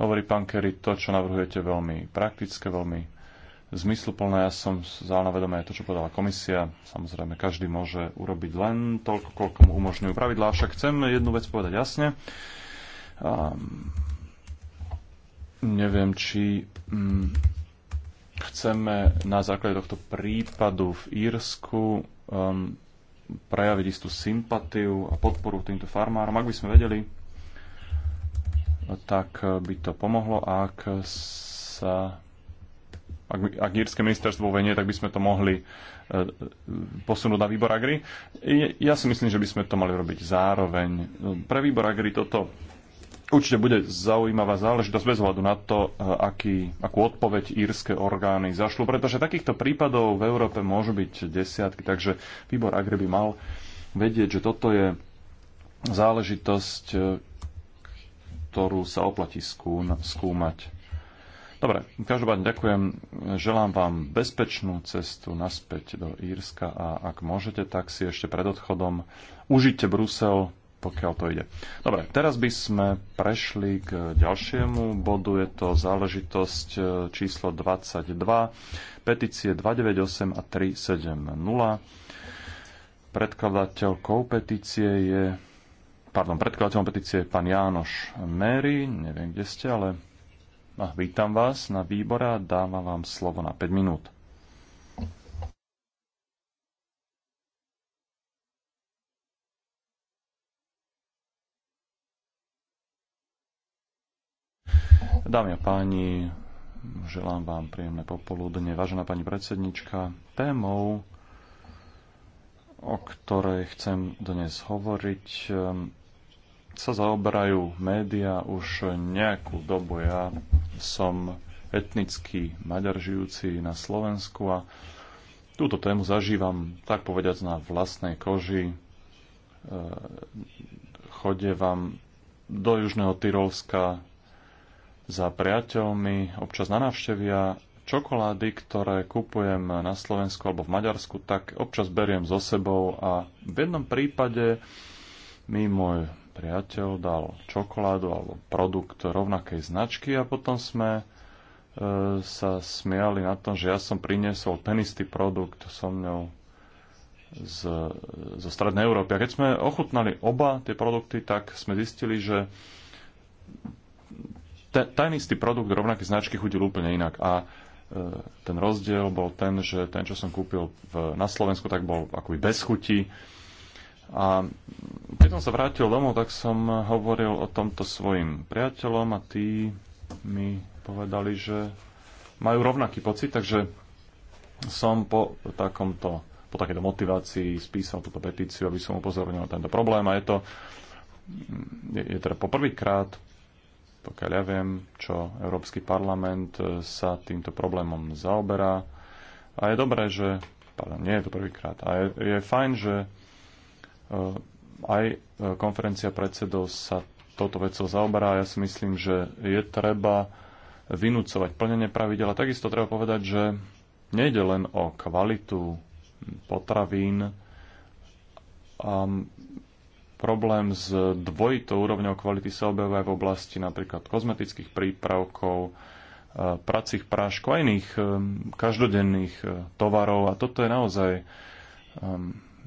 hovorí pán Kerry, to, čo navrhujete, veľmi praktické, veľmi zmysluplné. Ja som vzal na vedomé to, čo povedala komisia. Samozrejme, každý môže urobiť len toľko, koľko mu umožňujú pravidlá. Však chcem jednu vec povedať jasne. Um, neviem, či um, chceme na základe tohto prípadu v Írsku um, prejaviť istú sympatiu a podporu týmto farmárom. Ak by sme vedeli, tak by to pomohlo ak sa ak, ak írske ministerstvo venie, tak by sme to mohli e, posunúť na výbor Agri. Ja si myslím, že by sme to mali robiť zároveň. Pre výbor Agri toto určite bude zaujímavá záležitosť bez hľadu na to, eh, aký, akú odpoveď írske orgány zašlo. pretože takýchto prípadov v Európe môžu byť desiatky, takže výbor Agri by mal vedieť, že toto je záležitosť, eh, ktorú sa oplatí skúmať. Dobre, každopádne ďakujem. Želám vám bezpečnú cestu naspäť do Írska a ak môžete, tak si ešte pred odchodom užite Brusel pokiaľ to ide. Dobre, teraz by sme prešli k ďalšiemu bodu. Je to záležitosť e, číslo 22, petície 298 a 370. Predkladateľkou petície je pardon, predkladateľom petície je pán Jánoš Mery, neviem, kde ste, ale ah, vítam vás na výbora, dávam vám slovo na 5 minút. Dámy a páni, želám vám príjemné popoludne. Vážená pani predsednička, témou, o ktorej chcem dnes hovoriť, ehm, sa zaoberajú médiá už nejakú dobu. Ja som etnický maďar žijúci na Slovensku a túto tému zažívam, tak povedať, na vlastnej koži. Ehm, Chodie vám do Južného Tyrolska za priateľmi, občas na návštevia čokolády, ktoré kupujem na Slovensku alebo v Maďarsku, tak občas beriem so sebou a v jednom prípade mi môj priateľ dal čokoládu alebo produkt rovnakej značky a potom sme e, sa smiali na tom, že ja som priniesol ten istý produkt so mňou z, zo Strednej Európy. A keď sme ochutnali oba tie produkty, tak sme zistili, že ten istý produkt rovnaké značky chudil úplne inak. A e, ten rozdiel bol ten, že ten, čo som kúpil v, na Slovensku, tak bol akoby bez chuti. A keď som sa vrátil domov, tak som hovoril o tomto svojim priateľom a tí mi povedali, že majú rovnaký pocit, takže som po takomto po takéto motivácii spísal túto petíciu, aby som upozornil na tento problém a je to je, je teda poprvýkrát pokiaľ ja viem, čo Európsky parlament e, sa týmto problémom zaoberá. A je dobré, že, pardon, nie je to prvýkrát, a je, je fajn, že e, aj e, konferencia predsedov sa toto vecou zaoberá. Ja si myslím, že je treba vynúcovať plnenie pravidel. A takisto treba povedať, že nejde len o kvalitu potravín, A problém s dvojitou úrovňou kvality sa objavuje v oblasti napríklad kozmetických prípravkov, e, pracích práškov a iných e, každodenných e, tovarov. A toto je naozaj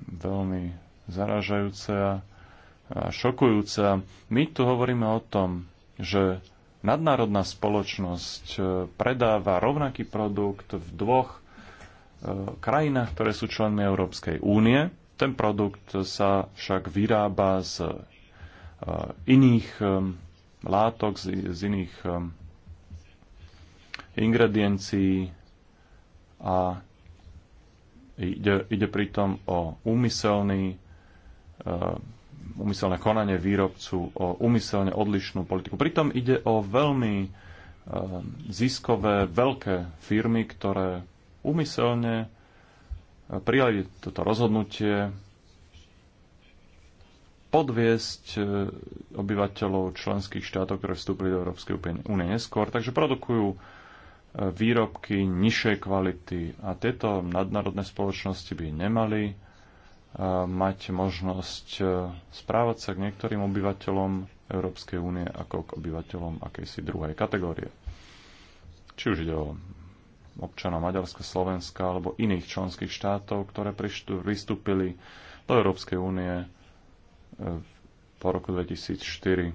veľmi zaražajúce a šokujúce. my tu hovoríme o tom, že nadnárodná spoločnosť predáva rovnaký produkt v dvoch krajinách, ktoré sú členmi Európskej únie ten produkt sa však vyrába z e, iných e, látok, z iných e, ingrediencií a ide, ide pritom o úmyselný úmyselné konanie výrobcu, o úmyselne odlišnú politiku. Pritom ide o veľmi ziskové veľké firmy, ktoré úmyselne prijali toto rozhodnutie podviesť e, obyvateľov členských štátov, ktoré vstúpili do Európskej únie neskôr, takže produkujú e, výrobky nižšej kvality a tieto nadnárodné spoločnosti by nemali e, mať možnosť správať sa k niektorým obyvateľom Európskej únie ako k obyvateľom akejsi druhej kategórie. Či už ide o občanov Maďarska, Slovenska alebo iných členských štátov, ktoré pristúpili do Európskej únie e, po roku 2004.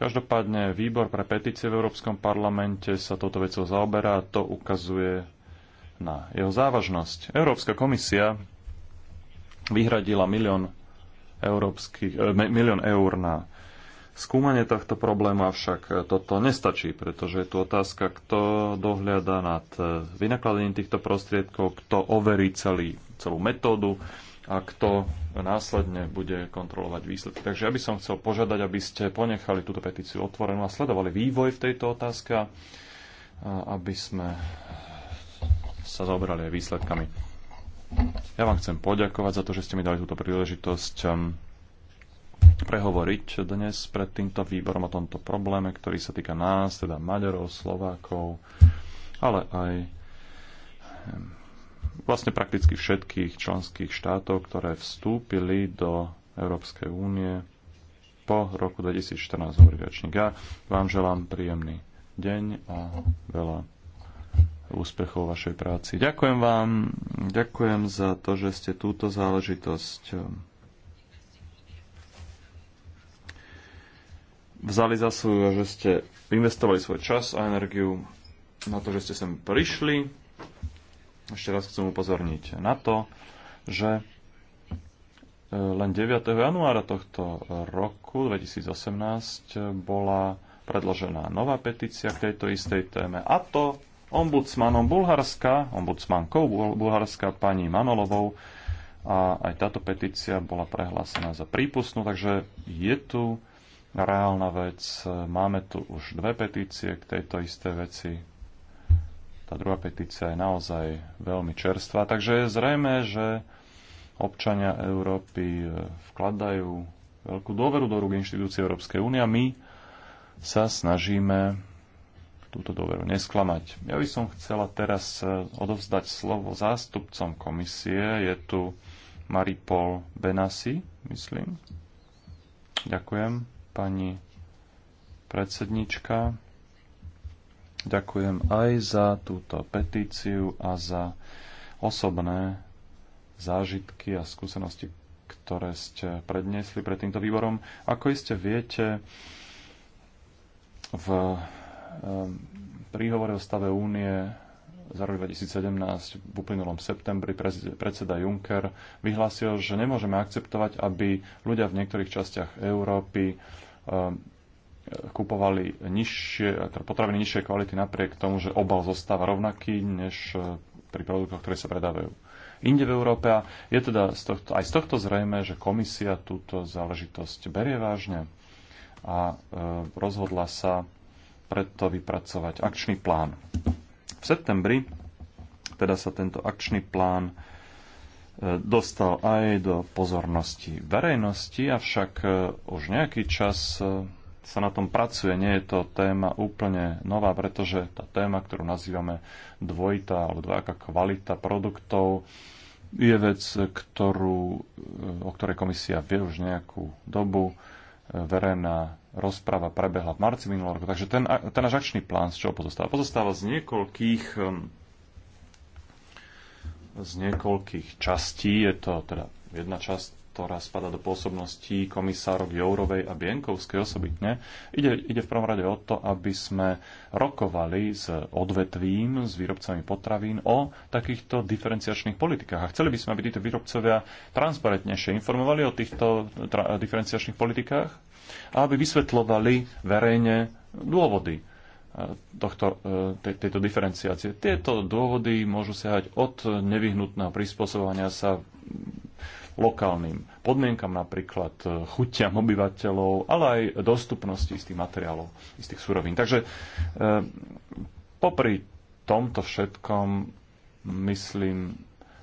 Každopádne výbor pre petície v Európskom parlamente sa toto vecou zaoberá a to ukazuje na jeho závažnosť. Európska komisia vyhradila milión, európskych, e, milión eur na Skúmanie tohto problému avšak e, toto nestačí, pretože je tu otázka, kto dohľada nad e, vynakladaním týchto prostriedkov, kto overí celý, celú metódu a kto následne bude kontrolovať výsledky. Takže ja by som chcel požiadať, aby ste ponechali túto petíciu otvorenú a sledovali vývoj v tejto otázke, aby sme sa zaoberali aj výsledkami. Ja vám chcem poďakovať za to, že ste mi dali túto príležitosť um, prehovoriť dnes pred týmto výborom o tomto probléme, ktorý sa týka nás, teda Maďarov, Slovákov, ale aj ehm, vlastne prakticky všetkých členských štátov, ktoré vstúpili do Európskej únie po roku 2014 hovorí Ja vám želám príjemný deň a veľa úspechov vašej práci. Ďakujem vám, ďakujem za to, že ste túto záležitosť ehm, vzali za svoju, že ste investovali svoj čas a energiu na to, že ste sem prišli. Ešte raz chcem upozorniť na to, že e, len 9. januára tohto roku 2018 bola predložená nová petícia k tejto istej téme. A to ombudsmanom Bulharska, ombudsmankou Bulharska pani Manolovou. A aj táto petícia bola prehlásená za prípustnú, takže je tu reálna vec. Máme tu už dve petície k tejto istej veci. Tá druhá petícia je naozaj veľmi čerstvá, takže je zrejme, že občania Európy eh, vkladajú veľkú dôveru do rúk inštitúcie Európskej únie a my sa snažíme túto dôveru nesklamať. Ja by som chcela teraz eh, odovzdať slovo zástupcom komisie. Je tu Maripol Benasi, myslím. Ďakujem pani predsednička. Ďakujem aj za túto petíciu a za osobné zážitky a skúsenosti, ktoré ste predniesli pred týmto výborom. Ako iste viete, v eh, príhovore o stave únie za rok 2017 v uplynulom septembri predseda Juncker vyhlásil, že nemôžeme akceptovať, aby ľudia v niektorých častiach Európy eh, kupovali nižšie, teda potraviny nižšej kvality napriek tomu, že obal zostáva rovnaký než eh, pri produktoch, ktoré sa predávajú inde v Európe. A je teda z tohto, aj z tohto zrejme, že komisia túto záležitosť berie vážne a eh, rozhodla sa preto vypracovať akčný plán. V septembri teda sa tento akčný plán e, dostal aj do pozornosti verejnosti, avšak e, už nejaký čas e, sa na tom pracuje. Nie je to téma úplne nová, pretože tá téma, ktorú nazývame dvojitá alebo dvojaká kvalita produktov, je vec, ktorú, o ktorej komisia vie už nejakú dobu. Verejná rozpráva prebehla v marci minulého roku. Takže ten, ten náš akčný plán z čoho pozostáva? Pozostáva z niekoľkých um, z niekoľkých častí. Je to teda jedna časť ktorá spada do pôsobností komisárok Jourovej a Bienkovskej osobitne. Ide, ide v prvom rade o to, aby sme rokovali s odvetvím, s výrobcami potravín o takýchto diferenciačných politikách. A chceli by sme, aby títo výrobcovia transparentnejšie informovali o týchto diferenciačných politikách a aby vysvetľovali verejne dôvody e, tohto, e, te, tejto diferenciácie. Tieto dôvody môžu siahať od nevyhnutného prispôsobovania sa lokálnym podmienkam, napríklad e, chutiam obyvateľov, ale aj dostupnosti istých materiálov, istých surovín. Takže e, popri tomto všetkom myslím,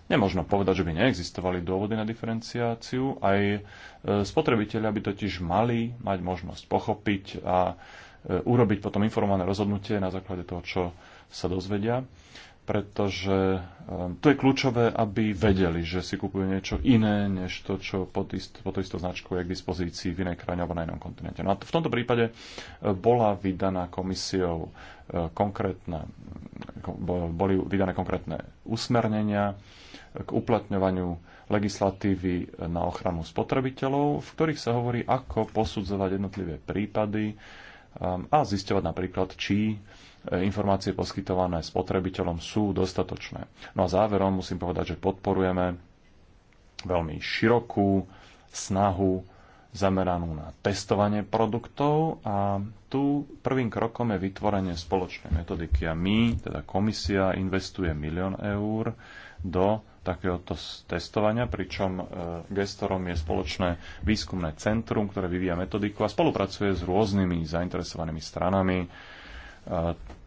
nemožno povedať, že by neexistovali dôvody na diferenciáciu. Aj e, spotrebitelia by totiž mali mať možnosť pochopiť a urobiť potom informované rozhodnutie na základe toho, čo sa dozvedia pretože ehm, to je kľúčové, aby vedeli, že si kupujú niečo iné, než to, čo pod, ist, pod istou značkou je k dispozícii v inej krajine alebo na inom kontinente. No a v tomto prípade e, bola vydaná komisiou e, konkrétne, boli vydané konkrétne usmernenia k uplatňovaniu legislatívy e, na ochranu spotrebiteľov, v ktorých sa hovorí, ako posudzovať jednotlivé prípady ehm, a zisťovať napríklad, či E, informácie poskytované spotrebiteľom sú dostatočné. No a záverom musím povedať, že podporujeme veľmi širokú snahu zameranú na testovanie produktov a tu prvým krokom je vytvorenie spoločnej metodiky a my, teda komisia, investuje milión eur do takéhoto testovania, pričom e, gestorom je spoločné výskumné centrum, ktoré vyvíja metodiku a spolupracuje s rôznymi zainteresovanými stranami,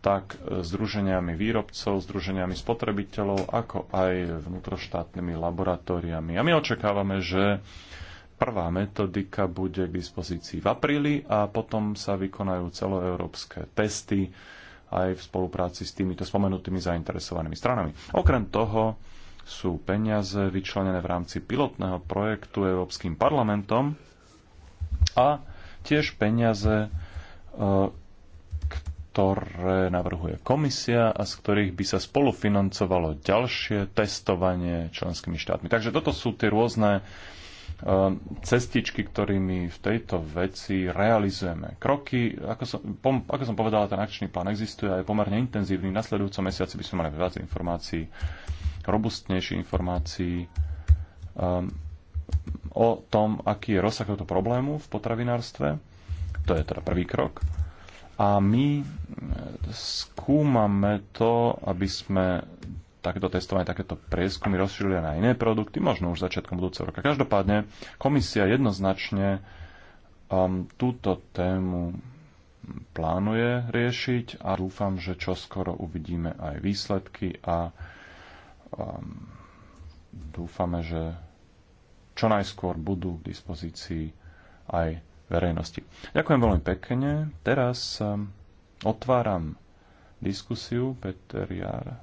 tak združeniami výrobcov, združeniami spotrebiteľov, ako aj vnútroštátnymi laboratóriami. A my očakávame, že prvá metodika bude k dispozícii v apríli a potom sa vykonajú celoeurópske testy aj v spolupráci s týmito spomenutými zainteresovanými stranami. Okrem toho sú peniaze vyčlenené v rámci pilotného projektu Európskym parlamentom a tiež peniaze, e, ktoré navrhuje komisia a z ktorých by sa spolufinancovalo ďalšie testovanie členskými štátmi. Takže toto sú tie rôzne e, cestičky, ktorými v tejto veci realizujeme kroky. Ako som, pom, ako som povedal, ten akčný plán existuje a je pomerne intenzívny. V nasledujúcom mesiaci by sme mali viac informácií, robustnejších informácií um, o tom, aký je rozsah tohto problému v potravinárstve. To je teda prvý krok. A my e, skúmame to, aby sme takéto testovanie, takéto prieskumy rozšírili na iné produkty, možno už začiatkom budúceho roka. Každopádne komisia jednoznačne um, túto tému plánuje riešiť a dúfam, že čoskoro uvidíme aj výsledky a um, dúfame, že čo najskôr budú k dispozícii aj verejnosti. Ďakujem veľmi pekne. Teraz ehm, otváram diskusiu. Peter Jar.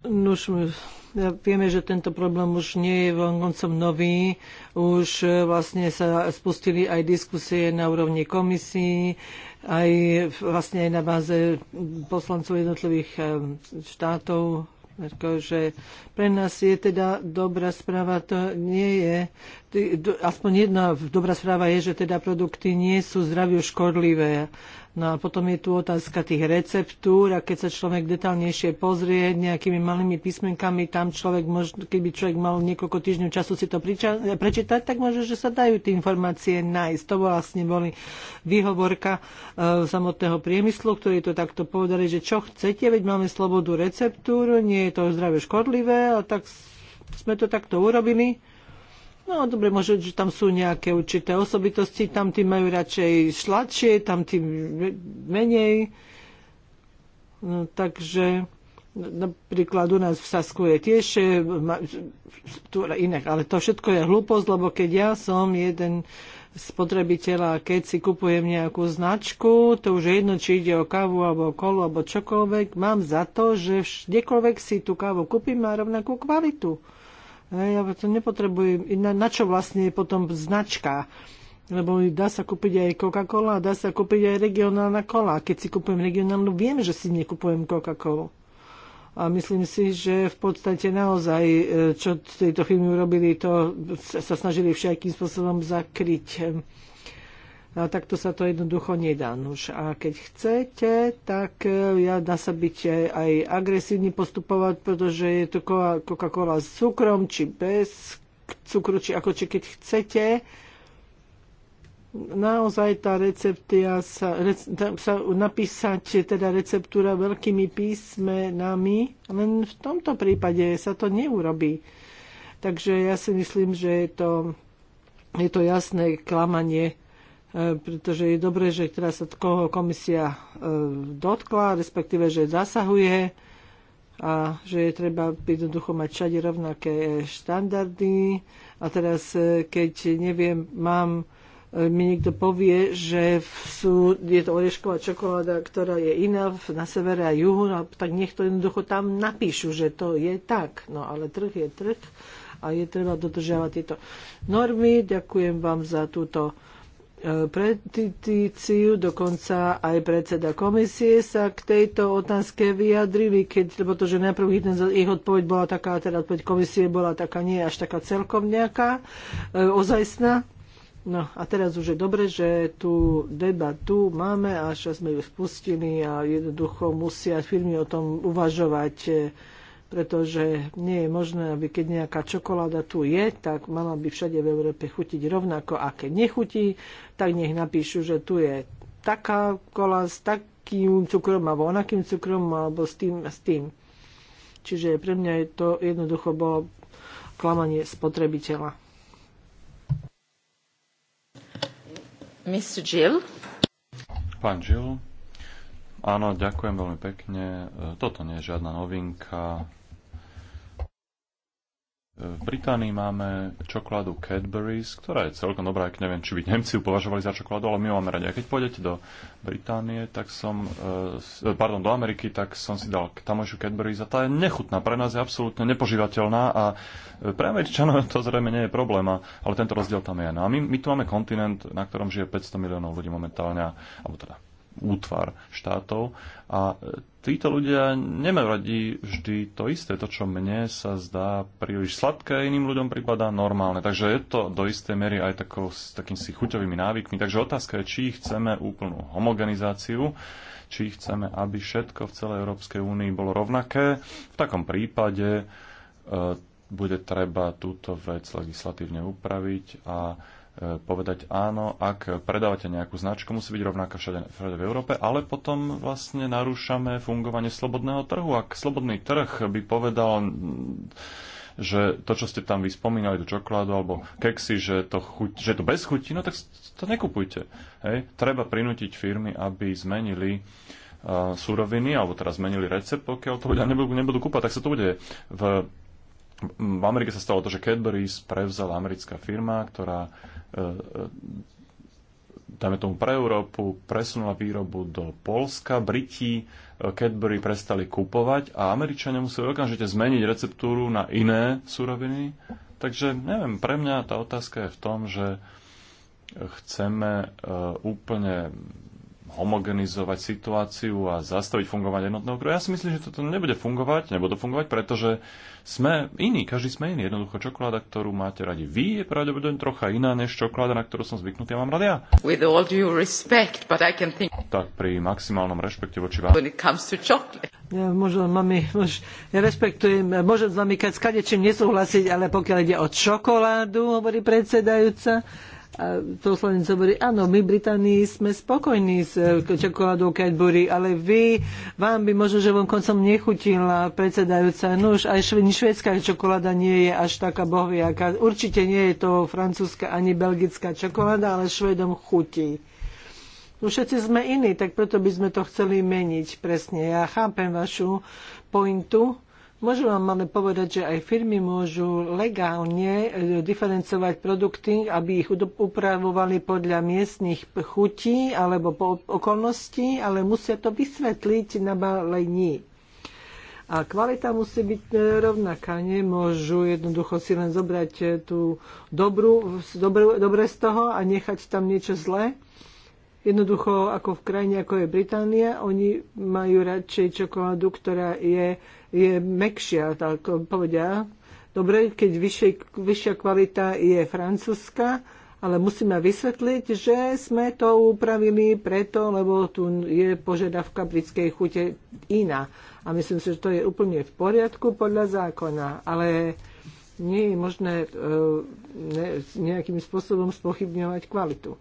No, ja vieme, že tento problém už nie je koncom nový. Už e, vlastne sa spustili aj diskusie na úrovni komisí, aj vlastne aj na báze poslancov jednotlivých ehm, štátov že pre nás je teda dobrá správa, to nie je aspoň jedna dobrá správa je, že teda produkty nie sú zdraviu škodlivé. No a potom je tu otázka tých receptúr a keď sa človek detálnejšie pozrie nejakými malými písmenkami, tam človek, mož, keby človek mal niekoľko týždňov času si to prečítať, tak môže, že sa dajú tie informácie nájsť. To vlastne boli výhovorka e, samotného priemyslu, ktorý to takto povedali, že čo chcete, veď máme slobodu receptúru, nie je to zdravé škodlivé, a tak sme to takto urobili No dobre, môže, že tam sú nejaké určité osobitosti, tam tí majú radšej šladšie, tam tí menej. No, takže no, napríklad u nás v Sasku je tiež e, inak, ale to všetko je hlúposť, lebo keď ja som jeden spotrebiteľa, keď si kupujem nejakú značku, to už je jedno, či ide o kávu alebo kolo alebo čokoľvek, mám za to, že kdekoľvek si tú kávu kúpim, má rovnakú kvalitu. Hej, ale to nepotrebujem. Na, na čo vlastne je potom značka? Lebo dá sa kúpiť aj Coca-Cola, dá sa kúpiť aj regionálna kola. Keď si kúpujem regionálnu, viem, že si nekupujem Coca-Colu. A myslím si, že v podstate naozaj, e, čo tejto firmy urobili, to sa snažili všakým spôsobom zakryť. A takto sa to jednoducho nedá. Nuž. A keď chcete, tak e, ja dá sa byť e, aj agresívne postupovať, pretože je to Coca-Cola s cukrom, či bez cukru, či ako či keď chcete. Naozaj tá receptia sa, rec, sa napísať teda receptúra veľkými písmenami, len v tomto prípade sa to neurobí. Takže ja si myslím, že je to, je to jasné klamanie E, pretože je dobré, že teraz sa koho komisia e, dotkla, respektíve, že zasahuje a že je treba jednoducho mať všade rovnaké štandardy. A teraz, e, keď neviem, mám, mi niekto povie, že sú, je to orešková čokoláda, ktorá je iná na severe a juhu, no, tak nech to jednoducho tam napíšu, že to je tak. No ale trh je trh a je treba dodržiavať tieto normy. Ďakujem vám za túto petíciu, dokonca aj predseda komisie sa k tejto otázke vyjadrili, keď, lebo to, že najprv ich odpoveď bola taká, teda odpoveď komisie bola taká, nie až taká celkom nejaká, e, ozajstná. No a teraz už je dobre, že tú debatu máme a že sme ju spustili a jednoducho musia firmy o tom uvažovať e, pretože nie je možné, aby keď nejaká čokoláda tu je, tak mala by všade v Európe chutiť rovnako a keď nechutí, tak nech napíšu, že tu je taká kola s takým cukrom alebo onakým cukrom alebo s tým a s tým. Čiže pre mňa je to jednoducho bolo klamanie spotrebiteľa. Miss Jill. Pán Jill. Áno, ďakujem veľmi pekne. Toto nie je žiadna novinka. V Británii máme čokoládu Cadbury's, ktorá je celkom dobrá, ak neviem, či by Nemci ju považovali za čokoládu, ale my ju máme radi. A keď pôjdete do Británie, tak som, e, e, pardon, do Ameriky, tak som si dal tamojšiu Cadbury's a tá je nechutná, pre nás je absolútne nepožívateľná a e, pre Američanov <laughs> to zrejme nie je problém, ale tento rozdiel tam je. No a my, my tu máme kontinent, na ktorom žije 500 miliónov ľudí momentálne, alebo teda útvar štátov. A e, títo ľudia nemajú radi vždy to isté. To, čo mne sa zdá príliš sladké, iným ľuďom prípada normálne. Takže je to do istej miery aj takou, s takým si chuťovými návykmi. Takže otázka je, či chceme úplnú homogenizáciu, či chceme, aby všetko v celej Európskej únii bolo rovnaké. V takom prípade e, bude treba túto vec legislatívne upraviť a E, povedať áno, ak predávate nejakú značku, musí byť rovnaká všade, všade v Európe, ale potom vlastne narúšame fungovanie slobodného trhu. Ak slobodný trh by povedal, že to, čo ste tam vyspomínali, tú čokoládu alebo keksy, že to, chuť, že to bez chutí, no tak to nekupujte. Hej? Treba prinútiť firmy, aby zmenili uh, e, suroviny, alebo teraz zmenili recept, pokiaľ to ľudia nebudú, nebudú kúpať, tak sa to bude v v Amerike sa stalo to, že Cadbury's prevzala americká firma, ktorá E, e, dajme tomu pre Európu, presunula výrobu do Polska, Briti e, Cadbury prestali kupovať a Američania museli okamžite zmeniť receptúru na iné suroviny. Takže neviem, pre mňa tá otázka je v tom, že chceme úplne homogenizovať situáciu a zastaviť fungovať jednotného kruhu. Ja si myslím, že toto nebude fungovať, nebude fungovať, pretože sme iní, každý sme iný. Jednoducho čokoláda, ktorú máte radi vy, je pravdepodobne trocha iná než čokoláda, na ktorú som zvyknutý a mám rada ja. respect, think... Tak pri maximálnom rešpekte voči vám. Ja môžem, mami, môž, ja rešpektujem, môžem s vami keď s kadečím nesúhlasiť, ale pokiaľ ide o čokoládu, hovorí predsedajúca, Poslanec hovorí, áno, my Británii sme spokojní s eh, čokoládou Cadbury, ale vy, vám by možno, že vám koncom nechutila predsedajúca. No už aj švedská čokoláda nie je až taká bohviaká. Určite nie je to francúzska ani belgická čokoláda, ale švedom chutí. No všetci sme iní, tak preto by sme to chceli meniť presne. Ja chápem vašu pointu, Môžem vám máme povedať, že aj firmy môžu legálne e, diferencovať produkty, aby ich upravovali podľa miestnych chutí alebo po okolností, ale musia to vysvetliť na balení. A kvalita musí byť e, rovnaká. Nemôžu jednoducho si len zobrať e, tú dobrú, dobré z toho a nechať tam niečo zlé. Jednoducho, ako v krajine, ako je Británia, oni majú radšej čokoládu, ktorá je, je mekšia, tak povedia. Dobre, keď vyššie, vyššia kvalita je francúzska, ale musíme vysvetliť, že sme to upravili preto, lebo tu je požiadavka britskej chute iná. A myslím si, že to je úplne v poriadku podľa zákona, ale nie je možné e, ne, nejakým spôsobom spochybňovať kvalitu.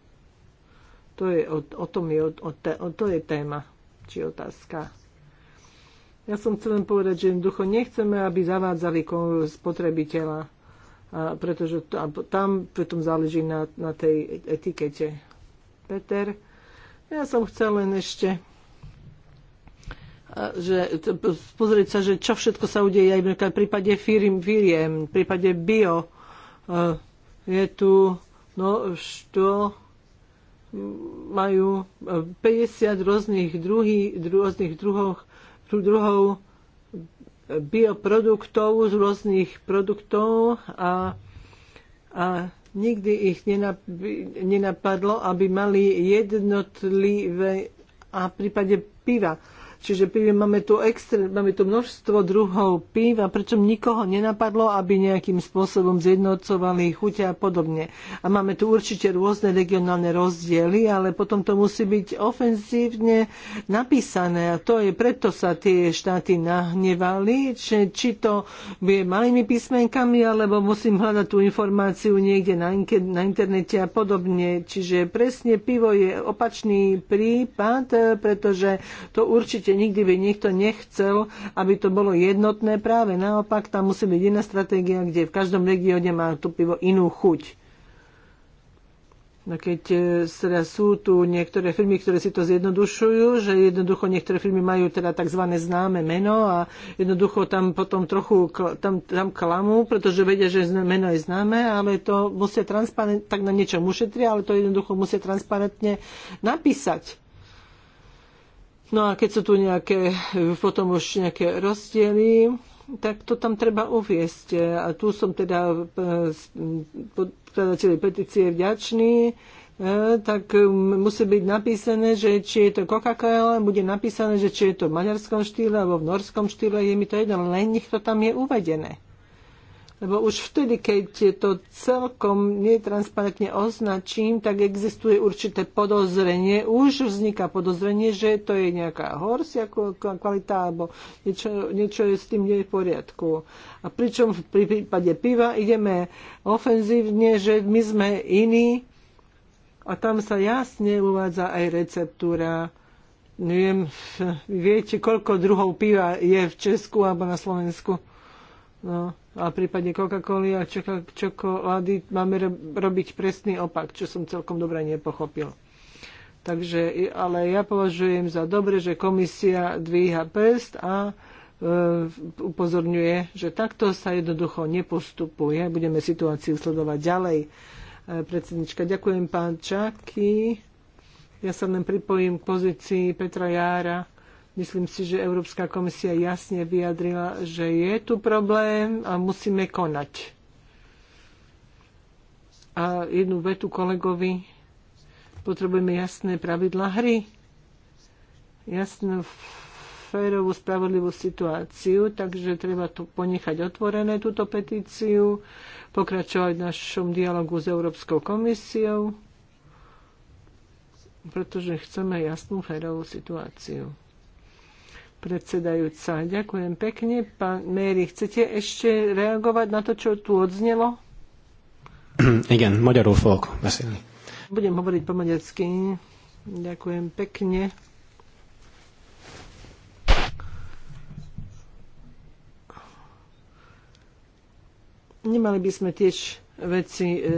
To je, o, o tom je, o, o, to je téma či otázka. Ja som chcel len povedať, že jednoducho nechceme, aby zavádzali spotrebiteľa, a pretože to, a tam potom záleží na, na tej etikete. Peter, ja som chcel len ešte že pozrieť sa, že čo všetko sa udeje aj v prípade firiem, firiem v prípade bio je tu no, što majú 50 e, rôznych, druhy, rôznych druhoch, druhov e, bioproduktov, z rôznych produktov a, a nikdy ich nenapadlo, aby mali jednotlivé a v prípade piva Čiže máme tu, extré, máme tu množstvo druhov pív a prečo nikoho nenapadlo, aby nejakým spôsobom zjednocovali chuťa a podobne. A máme tu určite rôzne regionálne rozdiely, ale potom to musí byť ofenzívne napísané. A to je preto sa tie štáty nahnevali, či, či to je malými písmenkami, alebo musím hľadať tú informáciu niekde na, na internete a podobne. Čiže presne pivo je opačný prípad, pretože to určite určite nikdy by niekto nechcel, aby to bolo jednotné. Práve naopak, tam musí byť iná stratégia, kde v každom regióne má to pivo inú chuť. No keď e, teda sú tu niektoré firmy, ktoré si to zjednodušujú, že jednoducho niektoré firmy majú teda tzv. známe meno a jednoducho tam potom trochu tam, tam klamú, pretože vedia, že meno je známe, ale to musia transparentne, tak na niečo ušetria, ale to jednoducho musia transparentne napísať No a keď sú tu nejaké, potom už nejaké rozdiely, tak to tam treba uviesť. A tu som teda e, podkladateľi petície vďačný, e, tak musí byť napísané, že či je to Coca-Cola, bude napísané, že či je to v maďarskom štýle alebo v norskom štýle, je mi to jedno, len nech to tam je uvedené lebo už vtedy, keď to celkom netransparentne označím, tak existuje určité podozrenie, už vzniká podozrenie, že to je nejaká horsia kvalita alebo niečo, niečo je s tým nie v poriadku. A pričom v prípade piva ideme ofenzívne, že my sme iní a tam sa jasne uvádza aj receptúra. Neviem, no viete, koľko druhov piva je v Česku alebo na Slovensku? No, a prípadne Coca-Coly a čokolády máme robiť presný opak, čo som celkom dobre nepochopil. Takže, ale ja považujem za dobre, že komisia dvíha prst a e, upozorňuje, že takto sa jednoducho nepostupuje. Budeme situáciu sledovať ďalej. E, predsednička, ďakujem pán Čaky. Ja sa len pripojím k pozícii Petra Jára Myslím si, že Európska komisia jasne vyjadrila, že je tu problém a musíme konať. A jednu vetu kolegovi. Potrebujeme jasné pravidla hry, jasnú férovú, spravodlivú situáciu, takže treba tu ponechať otvorené túto petíciu, pokračovať v našom dialogu s Európskou komisiou, pretože chceme jasnú férovú situáciu predsedajúca. Ďakujem pekne. Pán Méry, chcete ešte reagovať na to, čo tu odznelo? <clears throat> Igen, magyarul fogok beszélni. Budem hovoriť po maďarsky. Ďakujem pekne. Nemali by sme tiež veci e, e,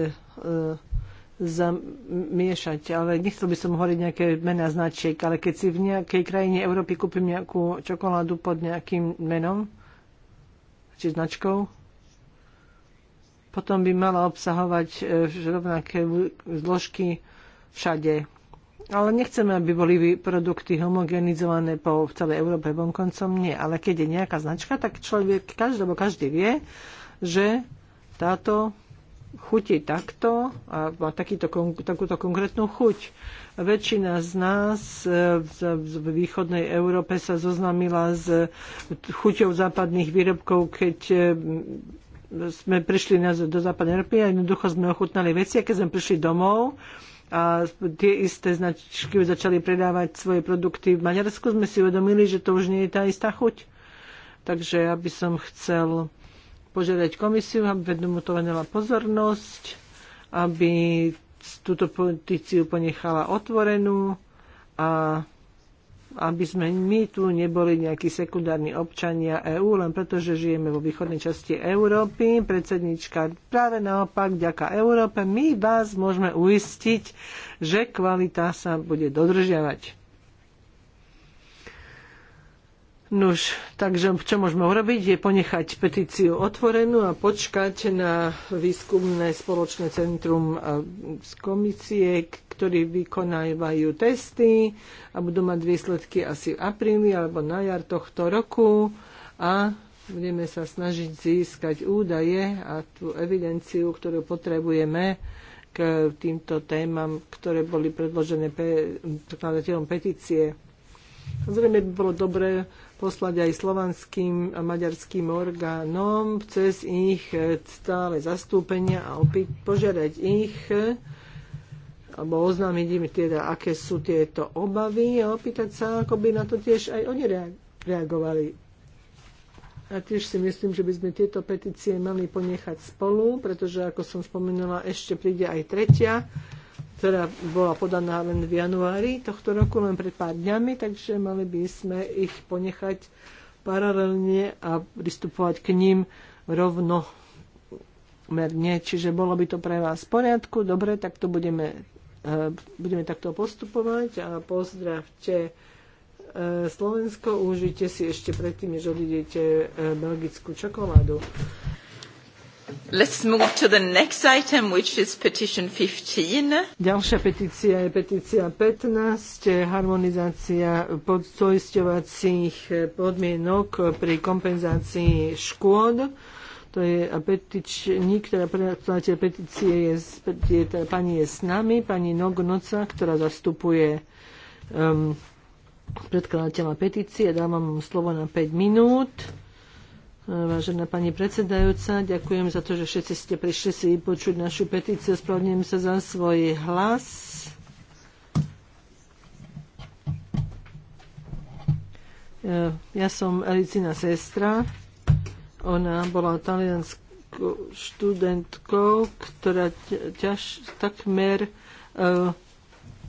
zamiešať, ale nechcel by som hovoriť nejaké mená značiek, ale keď si v nejakej krajine Európy kúpim nejakú čokoládu pod nejakým menom či značkou, potom by mala obsahovať e, rovnaké zložky všade. Ale nechceme, aby boli produkty homogenizované po celej Európe vonkoncom, nie. Ale keď je nejaká značka, tak človek, každý, každý vie, že táto chuti takto a má takýto, takúto konkrétnu chuť. Väčšina z nás v e, východnej Európe sa zoznamila s chuťou západných výrobkov, keď e, sme prišli do západnej Európy a jednoducho sme ochutnali veci a keď sme prišli domov, a tie isté značky začali predávať svoje produkty v Maďarsku, sme si uvedomili, že to už nie je tá istá chuť. Takže ja by som chcel požiadať komisiu, aby mu to venovala pozornosť, aby túto petíciu ponechala otvorenú a aby sme my tu neboli nejakí sekundárni občania EÚ, len pretože žijeme vo východnej časti Európy. Predsednička, práve naopak, ďaká Európe, my vás môžeme uistiť, že kvalita sa bude dodržiavať. Nuž, takže čo môžeme urobiť, je ponechať petíciu otvorenú a počkať na výskumné spoločné centrum z komisie, ktorí vykonávajú testy a budú mať výsledky asi v apríli alebo na jar tohto roku a budeme sa snažiť získať údaje a tú evidenciu, ktorú potrebujeme k týmto témam, ktoré boli predložené pe- predkladateľom petície. Zrejme by bolo dobré poslať aj slovanským a maďarským orgánom cez ich e, stále zastúpenia a opäť požiadať ich e, alebo oznámiť im teda, aké sú tieto obavy a opýtať sa, ako by na to tiež aj oni reagovali. A tiež si myslím, že by sme tieto petície mali ponechať spolu, pretože, ako som spomenula, ešte príde aj tretia ktorá bola podaná len v januári tohto roku, len pred pár dňami, takže mali by sme ich ponechať paralelne a pristupovať k ním rovno merne. Čiže bolo by to pre vás v poriadku, dobre, tak to budeme, e, budeme takto postupovať a pozdravte e, Slovensko, užite si ešte predtým, než odídete e, belgickú čokoládu. Let's move to the next item, which is petition 15. Ďalšia petícia je petícia 15, harmonizácia podstoisťovacích podmienok pri kompenzácii škôd. To je petičník, ktorá predkladateľ petície je, je teda pani je s nami, pani Nognoca, ktorá zastupuje um, predkladateľa petície. Dávam vám slovo na 5 minút. Vážená pani predsedajúca, ďakujem za to, že všetci ste prišli si vypočuť našu petíciu. Spravodlím sa za svoj hlas. Ja som Elicina sestra. Ona bola talianskou študentkou, ktorá ťaž, takmer e,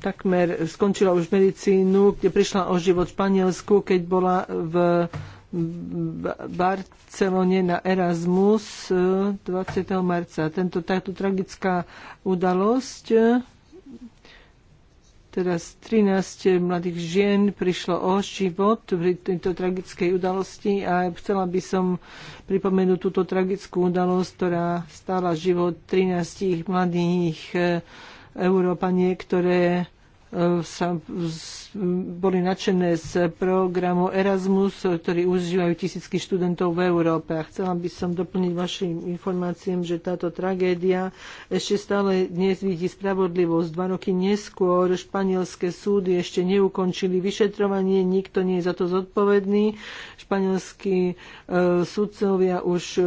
takmer skončila už medicínu, kde prišla o život v Španielsku, keď bola v Barcelone na Erasmus 20. E, marca. Tento, táto tragická udalosť e, Teraz 13 mladých žien prišlo o život pri tejto tragickej udalosti a chcela by som pripomenúť túto tragickú udalosť, ktorá stála život 13 mladých e, Európanie ktoré sa boli nadšené z programu Erasmus, ktorý užívajú tisícky študentov v Európe. A chcela by som doplniť vašim informáciám, že táto tragédia ešte stále dnes vidí spravodlivosť. Dva roky neskôr španielské súdy ešte neukončili vyšetrovanie, nikto nie je za to zodpovedný. Španielskí e, sudcovia už e,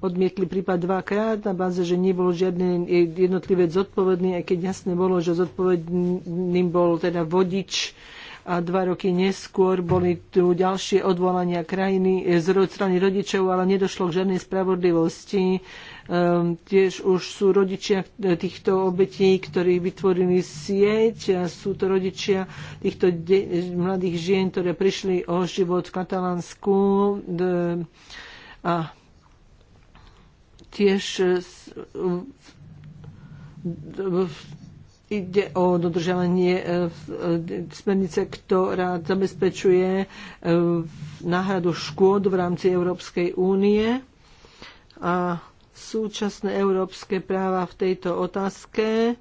odmietli prípad dvakrát na báze, že nebol žiadny jednotlivec zodpovedný, aj keď jasne bolo, že zodpovedným bol teda vodič a dva roky neskôr boli tu ďalšie odvolania krajiny e, z strany rodičov, ale nedošlo k žiadnej spravodlivosti. Um, tiež už sú rodičia e, týchto obetí, ktorí vytvorili sieť a sú to rodičia týchto mladých žien, ktoré prišli o život v Katalánsku. De- a tiež e, e, ide o dodržiavanie e, smernice, ktorá zabezpečuje náhradu škôd v rámci Európskej únie a súčasné európske práva v tejto otázke.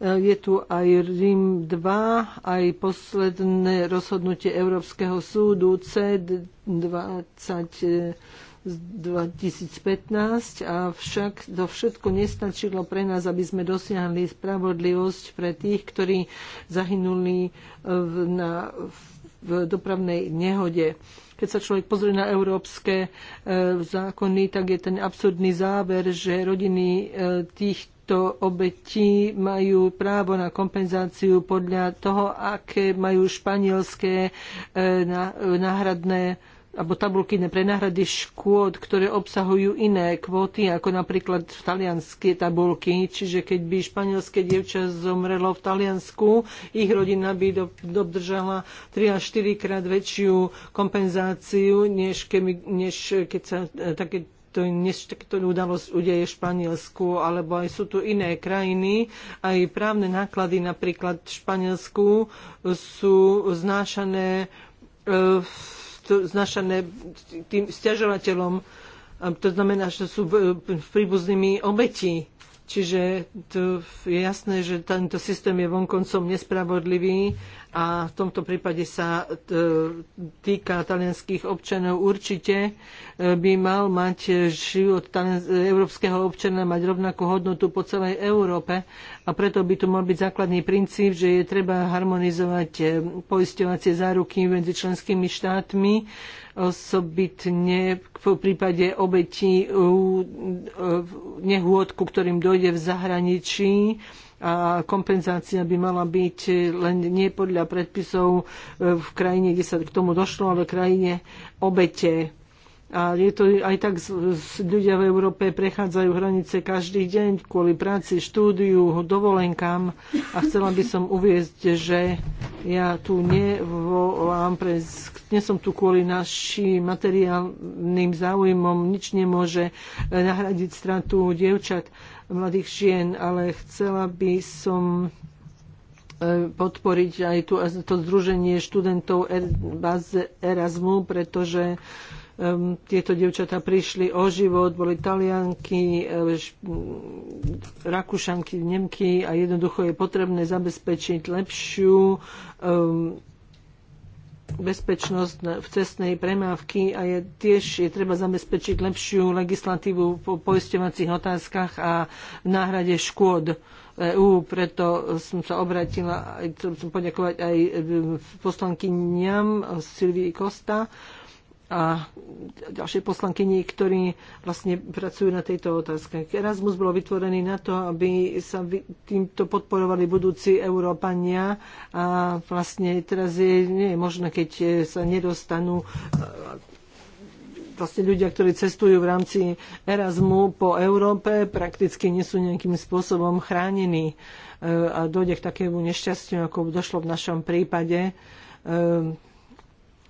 Je tu aj RIM 2, aj posledné rozhodnutie Európskeho súdu C20 2015, avšak to všetko nestačilo pre nás, aby sme dosiahli spravodlivosť pre tých, ktorí zahynuli eh, v, na, v dopravnej nehode. Keď sa človek pozrie na európske e, zákony, tak je ten absurdný záver, že rodiny e, tých, týchto obetí majú právo na kompenzáciu podľa toho, aké majú španielské eh, náhradné alebo tabulky na prenáhrady škôd, ktoré obsahujú iné kvóty, ako napríklad v talianské tabulky. Čiže keď by španielské dievča zomrelo v Taliansku, ich rodina by dobržala 3 až 4 krát väčšiu kompenzáciu, než, ke, než keď sa e, také to, než takéto udalosť udeje v Španielsku, alebo aj sú tu iné krajiny. Aj právne náklady napríklad v Španielsku sú znášané e, v znašané tým stiažovateľom. to znamená, že sú v príbuznými obeti. Čiže to je jasné, že tento systém je vonkoncom nespravodlivý a v tomto prípade sa e, týka talianských občanov, určite e, by mal mať život európskeho občana mať rovnakú hodnotu po celej Európe a preto by tu mal byť základný princíp, že je treba harmonizovať e, poisťovacie záruky medzi členskými štátmi, osobitne v prípade obetí nehôd, ku ktorým dojde v zahraničí a kompenzácia by mala byť len nie podľa predpisov e, v krajine, kde sa k tomu došlo, ale v krajine obete. A je to aj tak, ľudia v Európe prechádzajú hranice každý deň kvôli práci, štúdiu, dovolenkám. A chcela by som uviezť, že ja tu nevolám pre... Nie som tu kvôli našim materiálnym záujmom. Nič nemôže e, nahradiť stratu dievčat mladých žien, ale chcela by som e, podporiť aj tu, to združenie študentov e- báze Erasmu, pretože um, tieto devčatá prišli o život, boli talianky, e, rakúšanky, nemky a jednoducho je potrebné zabezpečiť lepšiu um, bezpečnosť v cestnej premávky a je, tiež je treba zabezpečiť lepšiu legislatívu po poisťovacích otázkach a v náhrade škôd EÚ. Preto som sa obratila, chcem poďakovať aj e, poslankyňam Silvii Kosta, a ďalšie poslankyni, ktorí vlastne pracujú na tejto otázke. Erasmus bolo vytvorený na to, aby sa týmto podporovali budúci Európania a vlastne teraz je, nie je možné, keď e, sa nedostanú e, vlastne ľudia, ktorí cestujú v rámci Erasmu po Európe, prakticky nie sú nejakým spôsobom chránení e, a dojde k takému nešťastiu, ako došlo v našom prípade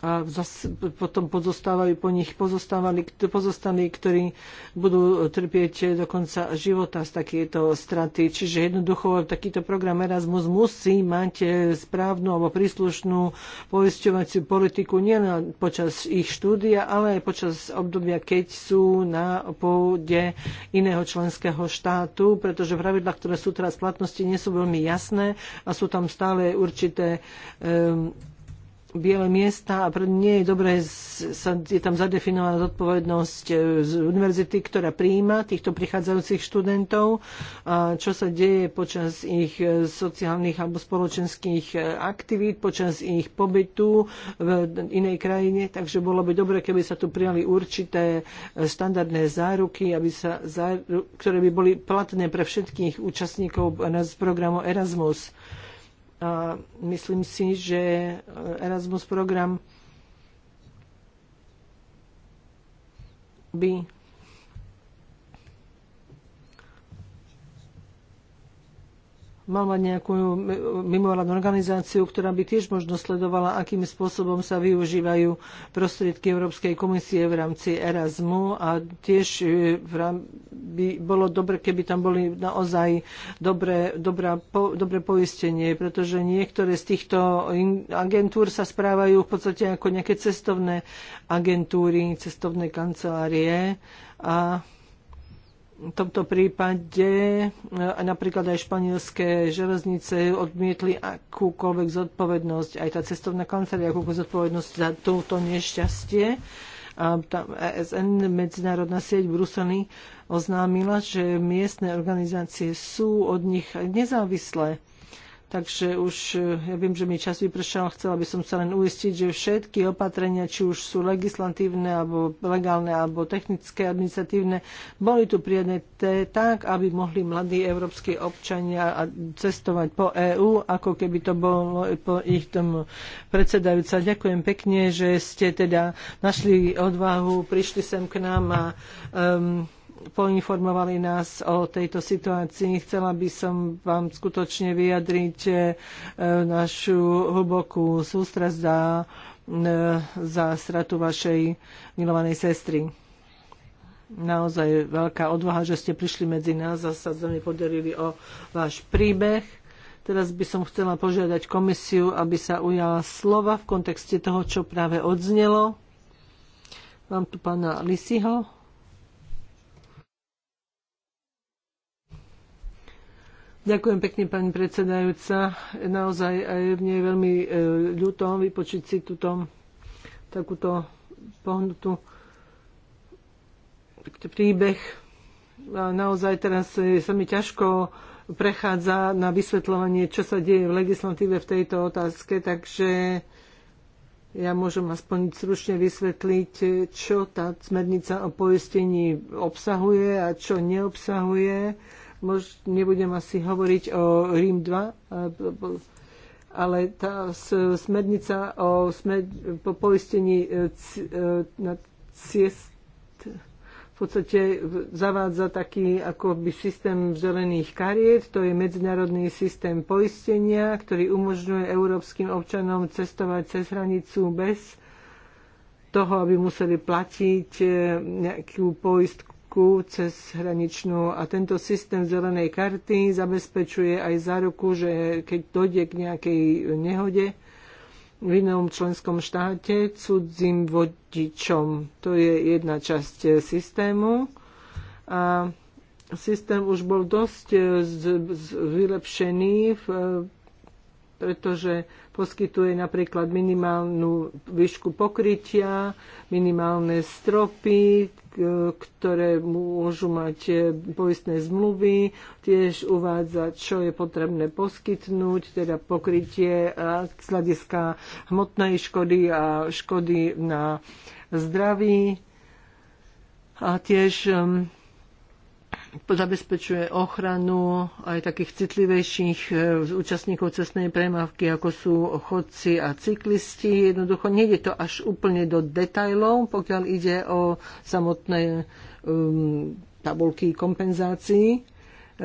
a zase potom pozostávajú po nich pozostali, ktorí budú trpieť do konca života z takéto straty. Čiže jednoducho takýto program Erasmus musí mať e, správnu alebo príslušnú poisťovaciu politiku nielen počas ich štúdia, ale aj počas obdobia, keď sú na pôde iného členského štátu, pretože pravidla, ktoré sú teraz v platnosti, nie sú veľmi jasné a sú tam stále určité um, biele miesta a nie je dobré, sa, je tam zadefinovaná zodpovednosť e, z univerzity, ktorá prijíma týchto prichádzajúcich študentov, a čo sa deje počas ich e, sociálnych alebo spoločenských e, aktivít, počas ich pobytu v inej krajine. Takže bolo by dobre, keby sa tu prijali určité štandardné záruky, aby sa, záru, ktoré by boli platné pre všetkých účastníkov z programu Erasmus. A myslím si, že Erasmus program by mal mať nejakú eh, mimovládnu organizáciu, ktorá by tiež možno sledovala, akým spôsobom sa využívajú prostriedky Európskej komisie v rámci Erasmu a tiež eh, by bolo dobre, keby tam boli naozaj dobré, dobrá, po, dobré poistenie, pretože niektoré z týchto agentúr sa správajú v podstate ako nejaké cestovné agentúry, cestovné kancelárie a v tomto prípade e, napríklad aj španielské železnice odmietli akúkoľvek zodpovednosť, aj tá cestovná kancelária akúkoľvek zodpovednosť za toto nešťastie. A tam ESN, medzinárodná sieť Brusely, oznámila, že miestne organizácie sú od nich nezávislé Takže už eh, ja viem, že mi čas vypršal, chcela by som sa len uistiť, že všetky opatrenia, či už sú legislatívne, alebo legálne, alebo technické, administratívne, boli tu prijaté tak, aby mohli mladí európsky občania cestovať po EÚ, ako keby to bolo po ich tom predsedajúca. Ďakujem pekne, že ste teda našli odvahu, prišli sem k nám a um, poinformovali nás o tejto situácii. Chcela by som vám skutočne vyjadriť e, našu hlbokú sústrasť za, e, za stratu vašej milovanej sestry. Naozaj veľká odvaha, že ste prišli medzi nás a sa sme podelili o váš príbeh. Teraz by som chcela požiadať komisiu, aby sa ujala slova v kontexte toho, čo práve odznelo. Mám tu pána Lisiho. Ďakujem pekne, pani predsedajúca. Naozaj aj mne je veľmi e, ľúto vypočiť si túto takúto pohnutú príbeh. A naozaj teraz e, sa mi ťažko prechádza na vysvetľovanie, čo sa deje v legislatíve v tejto otázke, takže ja môžem aspoň stručne vysvetliť, e, čo tá smernica o poistení obsahuje a čo neobsahuje mož, nebudem asi hovoriť o Rím 2, ale tá smernica o smer, po poistení e, c, e, na ciest v podstate zavádza taký akoby systém zelených kariet, to je medzinárodný systém poistenia, ktorý umožňuje európskym občanom cestovať cez hranicu bez toho, aby museli platiť e, nejakú poistku záruku cez hraničnú a tento systém zelenej karty zabezpečuje aj záruku, že keď dojde k nejakej nehode v inom členskom štáte cudzím vodičom. To je jedna časť eh, systému. A systém už bol dosť eh, vylepšený, eh, pretože poskytuje napríklad minimálnu výšku pokrytia, minimálne stropy, ktoré môžu mať e, poistné zmluvy, tiež uvádza, čo je potrebné poskytnúť, teda pokrytie z hľadiska hmotnej škody a škody na zdraví. A tiež zabezpečuje ochranu aj takých citlivejších e, účastníkov cestnej premávky, ako sú chodci a cyklisti. Jednoducho nejde to až úplne do detajlov, pokiaľ ide o samotné um, tabulky kompenzácií e,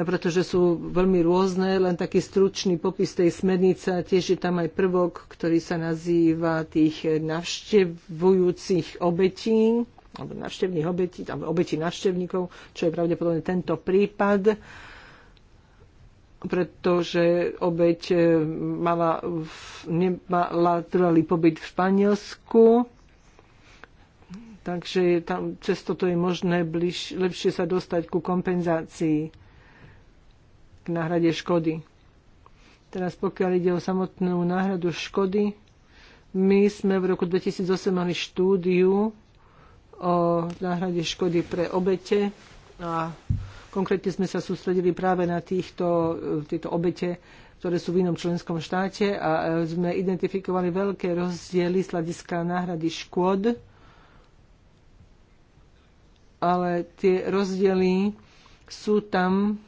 pretože sú veľmi rôzne, len taký stručný popis tej smernice tiež je tam aj prvok, ktorý sa nazýva tých navštevujúcich obetí alebo návštevných obetí, alebo obetí návštevníkov, čo je pravdepodobne tento prípad, pretože obeď e, mala, nemala trvalý pobyt v Španielsku, takže tam, cez toto je možné bliž, lepšie sa dostať ku kompenzácii, k náhrade škody. Teraz pokiaľ ide o samotnú náhradu škody, my sme v roku 2008 mali štúdiu, o náhrade škody pre obete a konkrétne sme sa sústredili práve na týchto, e, tieto obete, ktoré sú v inom členskom štáte a e, sme identifikovali veľké rozdiely z hľadiska náhrady škôd, ale tie rozdiely sú tam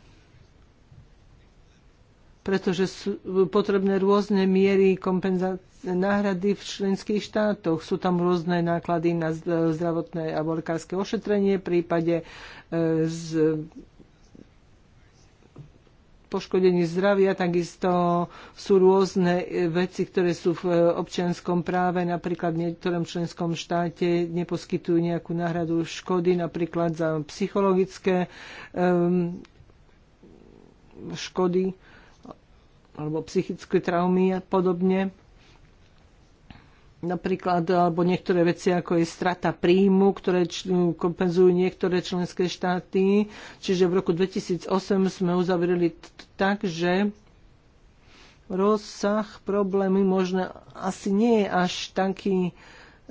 pretože sú potrebné rôzne miery kompenzácie náhrady v členských štátoch. Sú tam rôzne náklady na zdravotné a lekárske ošetrenie v prípade e, z poškodení zdravia, takisto sú rôzne e, veci, ktoré sú v e, občianskom práve, napríklad v niektorom členskom štáte neposkytujú nejakú náhradu škody, napríklad za psychologické um, škody alebo psychické traumy a podobne. Napríklad, alebo niektoré veci, ako je strata príjmu, ktoré kompenzujú niektoré členské štáty. Čiže v roku 2008 sme uzavreli tak, že rozsah problémy možno asi nie je až taký e,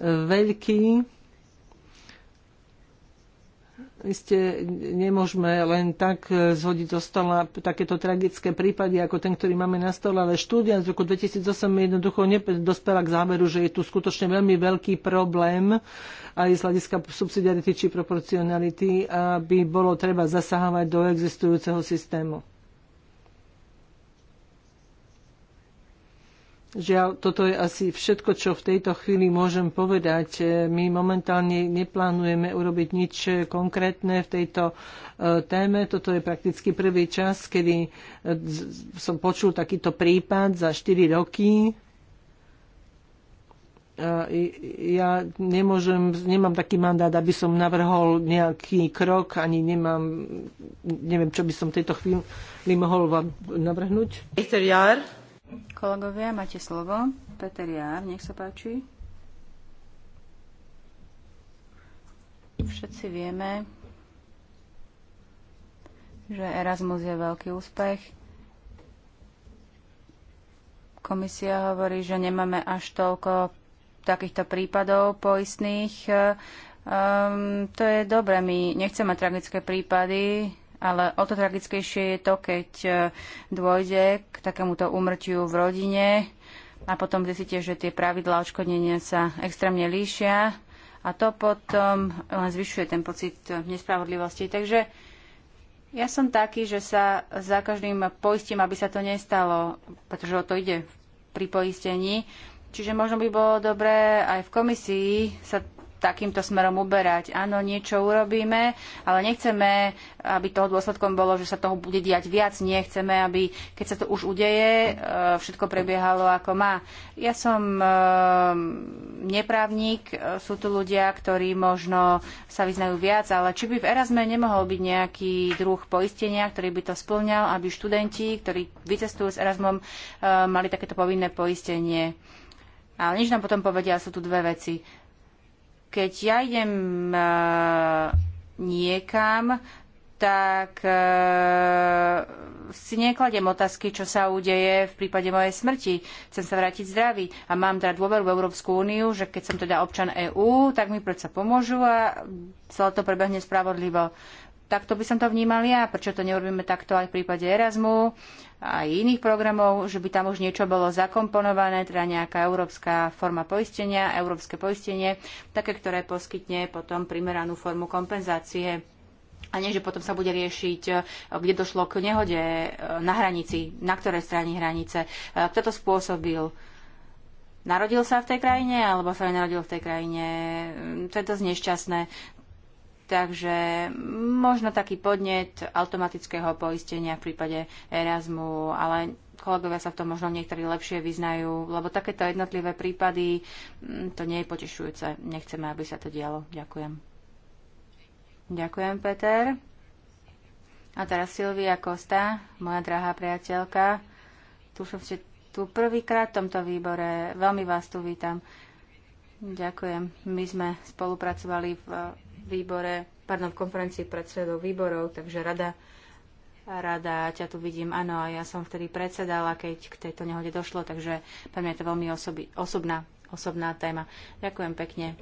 veľký, Isté nemôžeme len tak e, zhodiť zo stola takéto tragické prípady ako ten, ktorý máme na stole, ale štúdia z roku 2008 jednoducho dospela k záveru, že je tu skutočne veľmi veľký problém aj z hľadiska subsidiarity či proporcionality, aby bolo treba zasahovať do existujúceho systému. Žiaľ, toto je asi všetko, čo v tejto chvíli môžem povedať. E, my momentálne neplánujeme urobiť nič konkrétne v tejto e, téme. Toto je prakticky prvý čas, kedy e, som počul takýto prípad za 4 roky. Ja nemôžem, nemám taký mandát, aby som navrhol nejaký krok, ani nemám, neviem, čo by som v tejto chvíli mohol vám navrhnúť. Kolegovia, máte slovo. Peter Jár, nech sa páči. Všetci vieme, že Erasmus je veľký úspech. Komisia hovorí, že nemáme až toľko takýchto prípadov poistných. Um, to je dobre, my nechceme tragické prípady, ale o to tragickejšie je to, keď e, dôjde k takémuto úmrtiu v rodine a potom zistíte, že tie pravidlá očkodnenia sa extrémne líšia a to potom len zvyšuje ten pocit e, nespravodlivosti. Takže ja som taký, že sa za každým poistím, aby sa to nestalo, pretože o to ide pri poistení. Čiže možno by bolo dobré aj v komisii sa takýmto smerom uberať. Áno, niečo urobíme, ale nechceme, aby toho dôsledkom bolo, že sa toho bude diať viac. Nechceme, aby keď sa to už udeje, e, všetko prebiehalo ako má. Ja som e, neprávnik, e, sú tu ľudia, ktorí možno sa vyznajú viac, ale či by v Erasme nemohol byť nejaký druh poistenia, ktorý by to splňal, aby študenti, ktorí vycestujú s Erasmom, mali takéto povinné poistenie. Ale nič nám potom povedia, sú tu dve veci. Keď ja idem e, niekam, tak uh, si nekladem otázky, čo sa udeje v prípade mojej smrti. Chcem sa vrátiť zdravý a mám teda dôveru v Európsku úniu, že keď som teda občan EÚ, tak mi predsa pomôžu a celé to prebehne spravodlivo. Takto by som to vnímal ja. Prečo to neurobíme takto aj v prípade Erasmu a iných programov, že by tam už niečo bolo zakomponované, teda nejaká európska forma poistenia, európske poistenie, také, ktoré poskytne potom primeranú formu kompenzácie a nie, že potom sa bude riešiť, eh, kde došlo k nehode eh, na hranici, na ktorej strane hranice, eh, kto to spôsobil. Narodil sa v tej krajine, alebo sa nenarodil v tej krajine. Mm, to je dosť nešťastné. Takže možno taký podnet automatického poistenia v prípade Erasmu, ale kolegovia sa v tom možno niektorí lepšie vyznajú, lebo takéto jednotlivé prípady, mm, to nie je potešujúce. Nechceme, aby sa to dialo. Ďakujem. Ďakujem, Peter. A teraz Silvia Kosta, moja drahá priateľka. Tu som ste tu prvýkrát v tomto výbore. Veľmi vás tu vítam. Ďakujem. My sme spolupracovali v výbore, pardon, v konferencii predsedov výborov, takže rada, rada ťa tu vidím. Áno, ja som vtedy predsedala, keď k tejto nehode došlo, takže pre mňa je to veľmi osobi, osobná, osobná téma. Ďakujem pekne.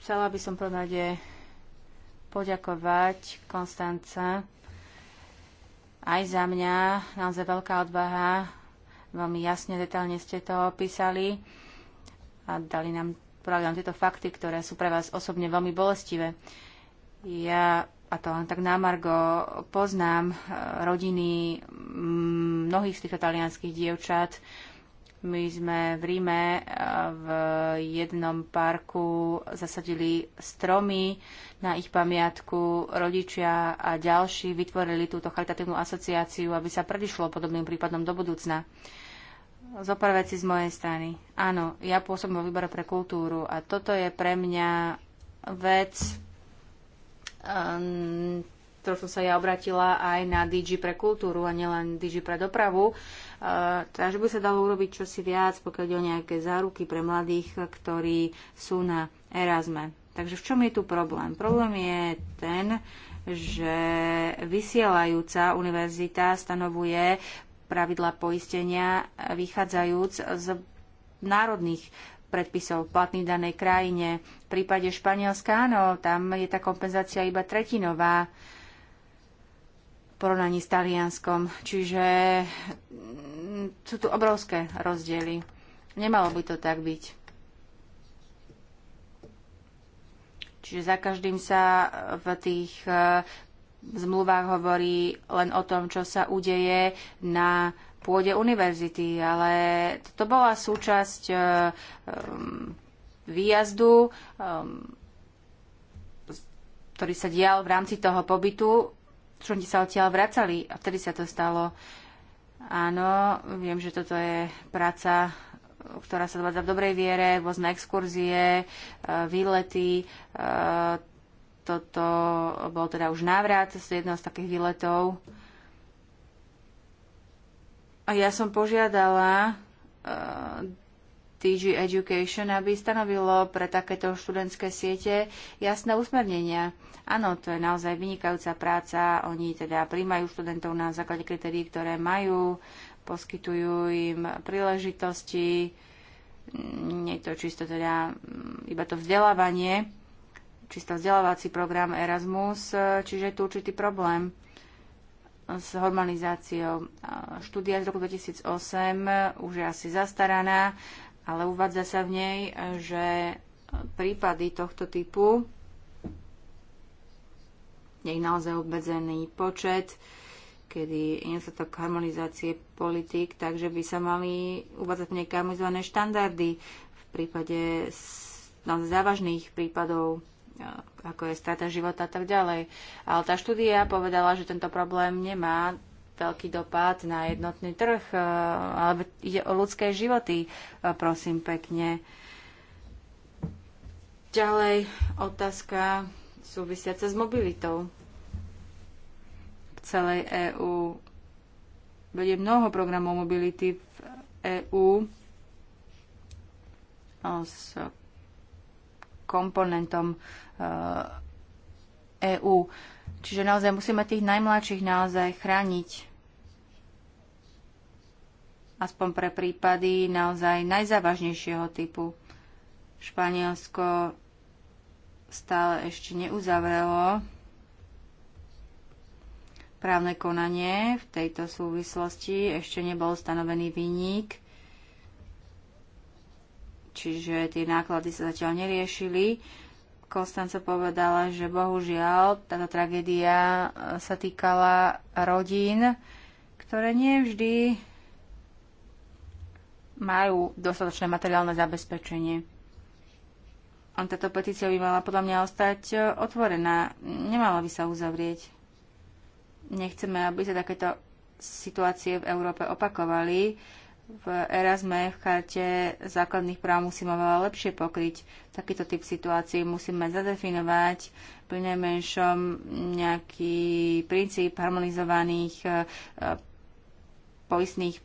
Chcela by som prvom rade poďakovať Konstanca aj za mňa. Naozaj veľká odvaha. Veľmi jasne, detálne ste to opísali a dali nám rozprávali vám tieto fakty, ktoré sú pre vás osobne veľmi bolestivé. Ja, a to len tak námargo, poznám eh, rodiny mm, mnohých z týchto talianských dievčat. My sme v Ríme eh, v jednom parku zasadili stromy na ich pamiatku. Rodičia a ďalší vytvorili túto charitatívnu asociáciu, aby sa predišlo podobným prípadom do budúcna zo pár vecí z mojej strany. Áno, ja pôsobím vo výbore pre kultúru a toto je pre mňa vec, um, som sa ja obratila aj na DG pre kultúru a nielen DG pre dopravu. Uh, takže by sa dalo urobiť čosi viac, pokiaľ ide o nejaké záruky pre mladých, ktorí sú na Erasme. Takže v čom je tu problém? Problém je ten, že vysielajúca univerzita stanovuje pravidla poistenia vychádzajúc z národných predpisov platných v danej krajine. V prípade Španielska, áno, tam je tá kompenzácia iba tretinová v porovnaní s Talianskom. Čiže mm, sú tu obrovské rozdiely. Nemalo by to tak byť. Čiže za každým sa v tých v zmluvách hovorí len o tom, čo sa udeje na pôde univerzity, ale to bola súčasť um, výjazdu, um, ktorý sa dial v rámci toho pobytu. oni sa odtiaľ vracali a vtedy sa to stalo. Áno, viem, že toto je práca ktorá sa dovádza v dobrej viere, rôzne exkurzie, výlety, toto bol teda už návrat z jedného z takých výletov. A ja som požiadala uh, eh, DG Education, aby stanovilo pre takéto študentské siete jasné usmernenia. Áno, to je naozaj vynikajúca práca. Oni teda príjmajú študentov na základe kritérií, ktoré majú, poskytujú im príležitosti. Nie je to čisto teda mm, iba to vzdelávanie Čistá vzdelávací program Erasmus, e, čiže je tu určitý problém s hormonizáciou. Štúdia z roku 2008 e, už je asi zastaraná, ale uvádza sa v nej, e, že prípady tohto typu je ich naozaj obmedzený počet, kedy je nedostatok harmonizácie politik, takže by sa mali uvádzať nejaké harmonizované štandardy v prípade závažných prípadov ako je strata života a tak ďalej. Ale tá štúdia povedala, že tento problém nemá veľký dopad na jednotný trh, e, ale ide o ľudské životy, e, prosím pekne. Ďalej otázka súvisiaca s mobilitou. V celej EÚ bude mnoho programov mobility v EÚ s komponentom EÚ. Eh, e čiže naozaj musíme tých najmladších naozaj chrániť. Aspoň pre prípady naozaj najzávažnejšieho typu. Španielsko stále ešte neuzavrelo právne konanie v tejto súvislosti. Ešte nebol stanovený výnik, čiže tie náklady sa zatiaľ neriešili Konstanca povedala, že bohužiaľ táto tragédia eh, sa týkala rodín, ktoré nie vždy majú dostatočné materiálne zabezpečenie. On táto petícia by mala podľa mňa ostať eh, otvorená. Nemala by sa uzavrieť. Nechceme, aby sa takéto situácie v Európe opakovali v Erasme, v charte základných práv musíme veľa lepšie pokryť. Takýto typ situácií musíme zadefinovať pri najmenšom nejaký princíp harmonizovaných e, poistných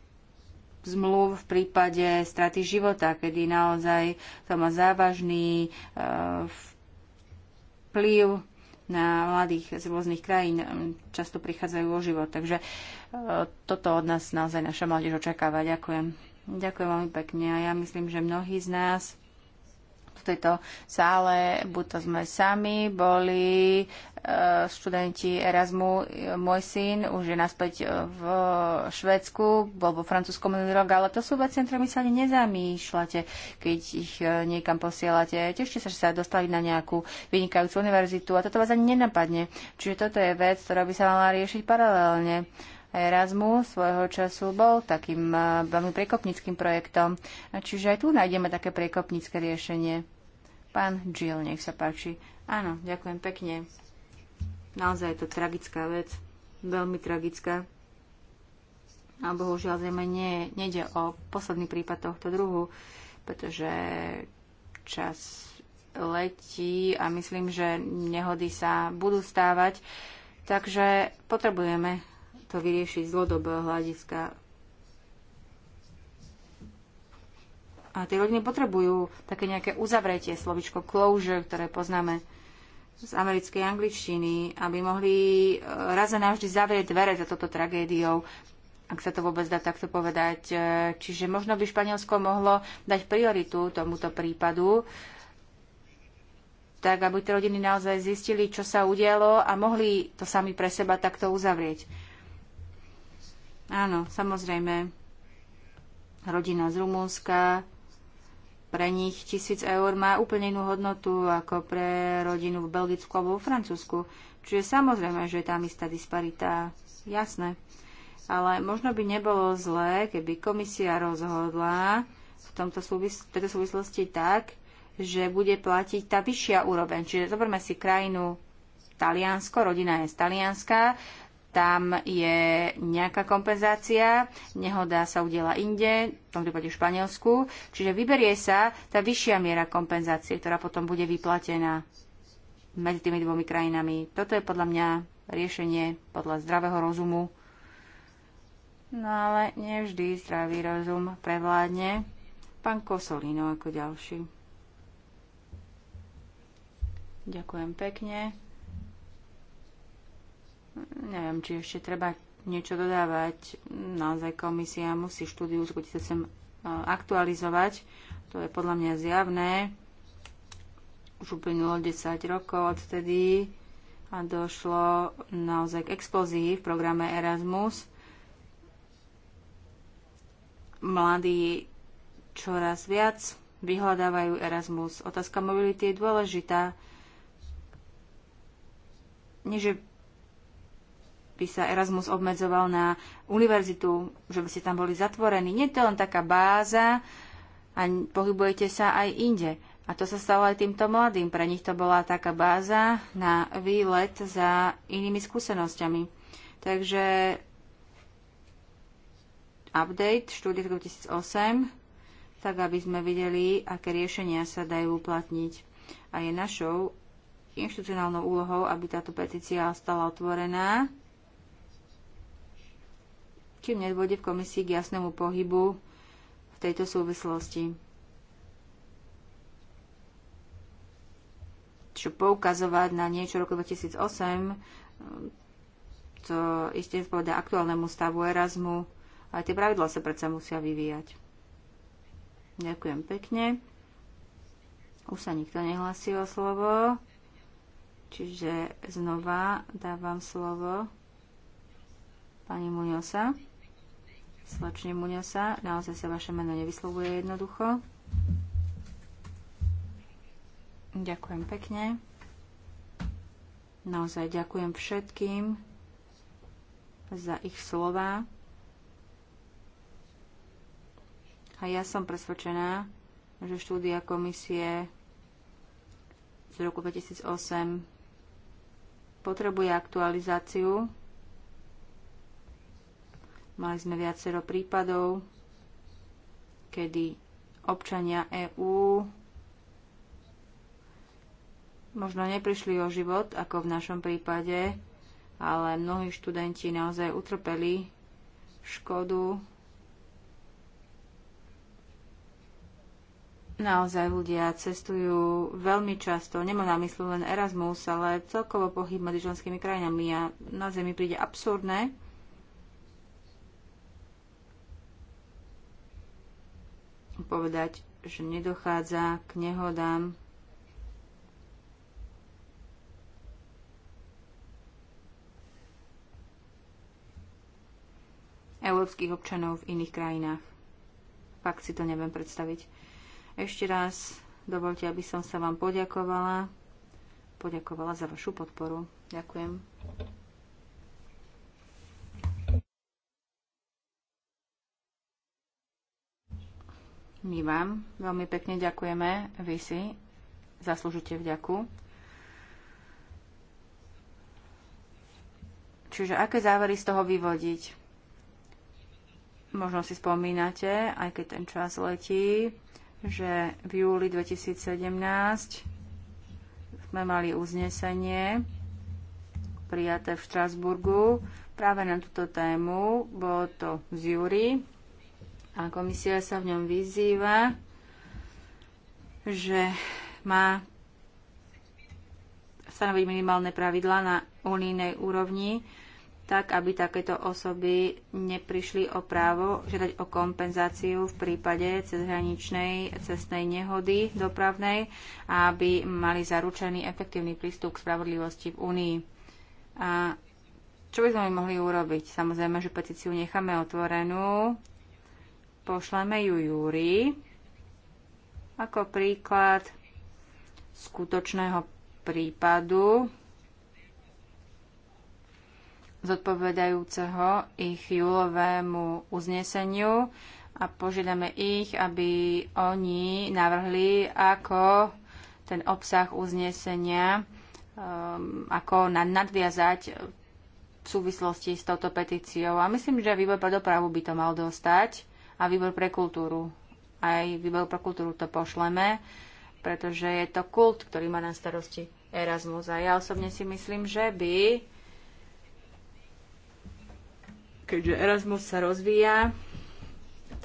zmluv v prípade straty života, kedy naozaj to má závažný e, vplyv na mladých z rôznych krajín um, často prichádzajú o život. Takže uh, toto od nás naozaj naša mládež očakáva. Ďakujem. Ďakujem veľmi pekne a ja myslím, že mnohí z nás v tejto sále, buď to sme sami, boli eh, študenti Erasmu. Môj syn už je naspäť eh, v Švedsku, bol vo francúzskom minulý rok, ale to sú veci, na ktorými sa ani nezamýšľate, keď ich eh, niekam posielate. Tešte sa, že sa dostali na nejakú vynikajúcu univerzitu a toto vás ani nenapadne. Čiže toto je vec, ktorá by sa mala riešiť paralelne. Uh, Erasmus svojho času bol takým eh, veľmi priekopníckým projektom. Čiže aj tu nájdeme také priekopnícke riešenie. Pán Jill, nech sa páči. Áno, ďakujem pekne. Naozaj je to tragická vec. Veľmi tragická. A bohužiaľ zrejme nie, nejde o posledný prípad tohto druhu, pretože čas letí a myslím, že nehody sa budú stávať. Takže potrebujeme to vyriešiť z dlhodobého hľadiska. A tie rodiny potrebujú také nejaké uzavretie, slovičko closure, ktoré poznáme z americkej angličtiny, aby mohli eh, raz a navždy zavrieť dvere za toto tragédiou, ak sa to vôbec dá takto povedať. Eh, čiže možno by Španielsko mohlo dať prioritu tomuto prípadu, tak aby tie rodiny naozaj zistili, čo sa udialo a mohli to sami pre seba takto uzavrieť. Áno, samozrejme, rodina z Rumúnska, pre nich tisíc eur má úplne inú hodnotu ako pre rodinu v Belgicku alebo v Francúzsku. Čiže samozrejme, že je tam istá disparita, jasné. Ale možno by nebolo zlé, keby komisia rozhodla v, tomto súvis- tejto súvislosti tak, že bude platiť tá vyššia úroveň. Čiže zoberme si krajinu Taliansko, rodina je z Talianska, tam je nejaká kompenzácia, nehoda sa udiela inde, v tom prípade v Španielsku, čiže vyberie sa tá vyššia miera kompenzácie, ktorá potom bude vyplatená medzi tými dvomi krajinami. Toto je podľa mňa riešenie podľa zdravého rozumu. No ale nevždy zdravý rozum prevládne. Pán Kosolino ako ďalší. Ďakujem pekne. Neviem, či ešte treba niečo dodávať. Naozaj komisia musí štúdiu z 2007 e, aktualizovať. To je podľa mňa zjavné. Už uplynulo 10 rokov odtedy a došlo naozaj k explozii v programe Erasmus. Mladí čoraz viac vyhľadávajú Erasmus. Otázka mobility je dôležitá. Nie, že by sa Erasmus obmedzoval na univerzitu, že by ste tam boli zatvorení. Nie je to len taká báza a pohybujete sa aj inde. A to sa stalo aj týmto mladým. Pre nich to bola taká báza na výlet za inými skúsenosťami. Takže update štúdia 2008 tak aby sme videli, aké riešenia sa dajú uplatniť. A je našou inštitucionálnou úlohou, aby táto petícia stala otvorená kým nedôjde v komisii k jasnému pohybu v tejto súvislosti. Čo poukazovať na niečo roku 2008, to iste zpovedá aktuálnemu stavu Erasmu, aj tie pravidla sa predsa musia vyvíjať. Ďakujem pekne. Už sa nikto nehlasí o slovo, čiže znova dávam slovo pani Muňosa slečne Muňasa. Naozaj sa vaše meno nevyslovuje jednoducho. Ďakujem pekne. Naozaj ďakujem všetkým za ich slova. A ja som presvedčená, že štúdia komisie z roku 2008 potrebuje aktualizáciu Mali sme viacero prípadov, kedy občania EÚ možno neprišli o život, ako v našom prípade, ale mnohí študenti naozaj utrpeli škodu. Naozaj ľudia cestujú veľmi často, nemám na mysli len Erasmus, ale celkovo pohyb medzi členskými krajinami a na zemi príde absurdné, povedať, že nedochádza k nehodám európskych občanov v iných krajinách. Fakt si to neviem predstaviť. Ešte raz dovolte, aby som sa vám poďakovala. Poďakovala za vašu podporu. Ďakujem. My vám veľmi pekne ďakujeme. Vy si zaslúžite vďaku. Čiže aké závery z toho vyvodiť? Možno si spomínate, aj keď ten čas letí, že v júli 2017 sme mali uznesenie prijaté v Štrasburgu práve na túto tému. Bolo to z júri a komisia sa v ňom vyzýva, že má stanoviť minimálne pravidlá na unijnej úrovni, tak aby takéto osoby neprišli o právo žiadať o kompenzáciu v prípade cezhraničnej cestnej nehody dopravnej a aby mali zaručený efektívny prístup k spravodlivosti v únii. A čo by sme mohli urobiť? Samozrejme, že petíciu necháme otvorenú, pošleme ju Júri ako príklad skutočného prípadu zodpovedajúceho ich júlovému uzneseniu a požiadame ich, aby oni navrhli, ako ten obsah uznesenia, um, ako nadviazať v súvislosti s touto petíciou. A myslím, že výbor pre dopravu by to mal dostať a výbor pre kultúru. Aj výbor pre kultúru to pošleme, pretože je to kult, ktorý má na starosti Erasmus. A ja osobne si myslím, že by, keďže Erasmus sa rozvíja,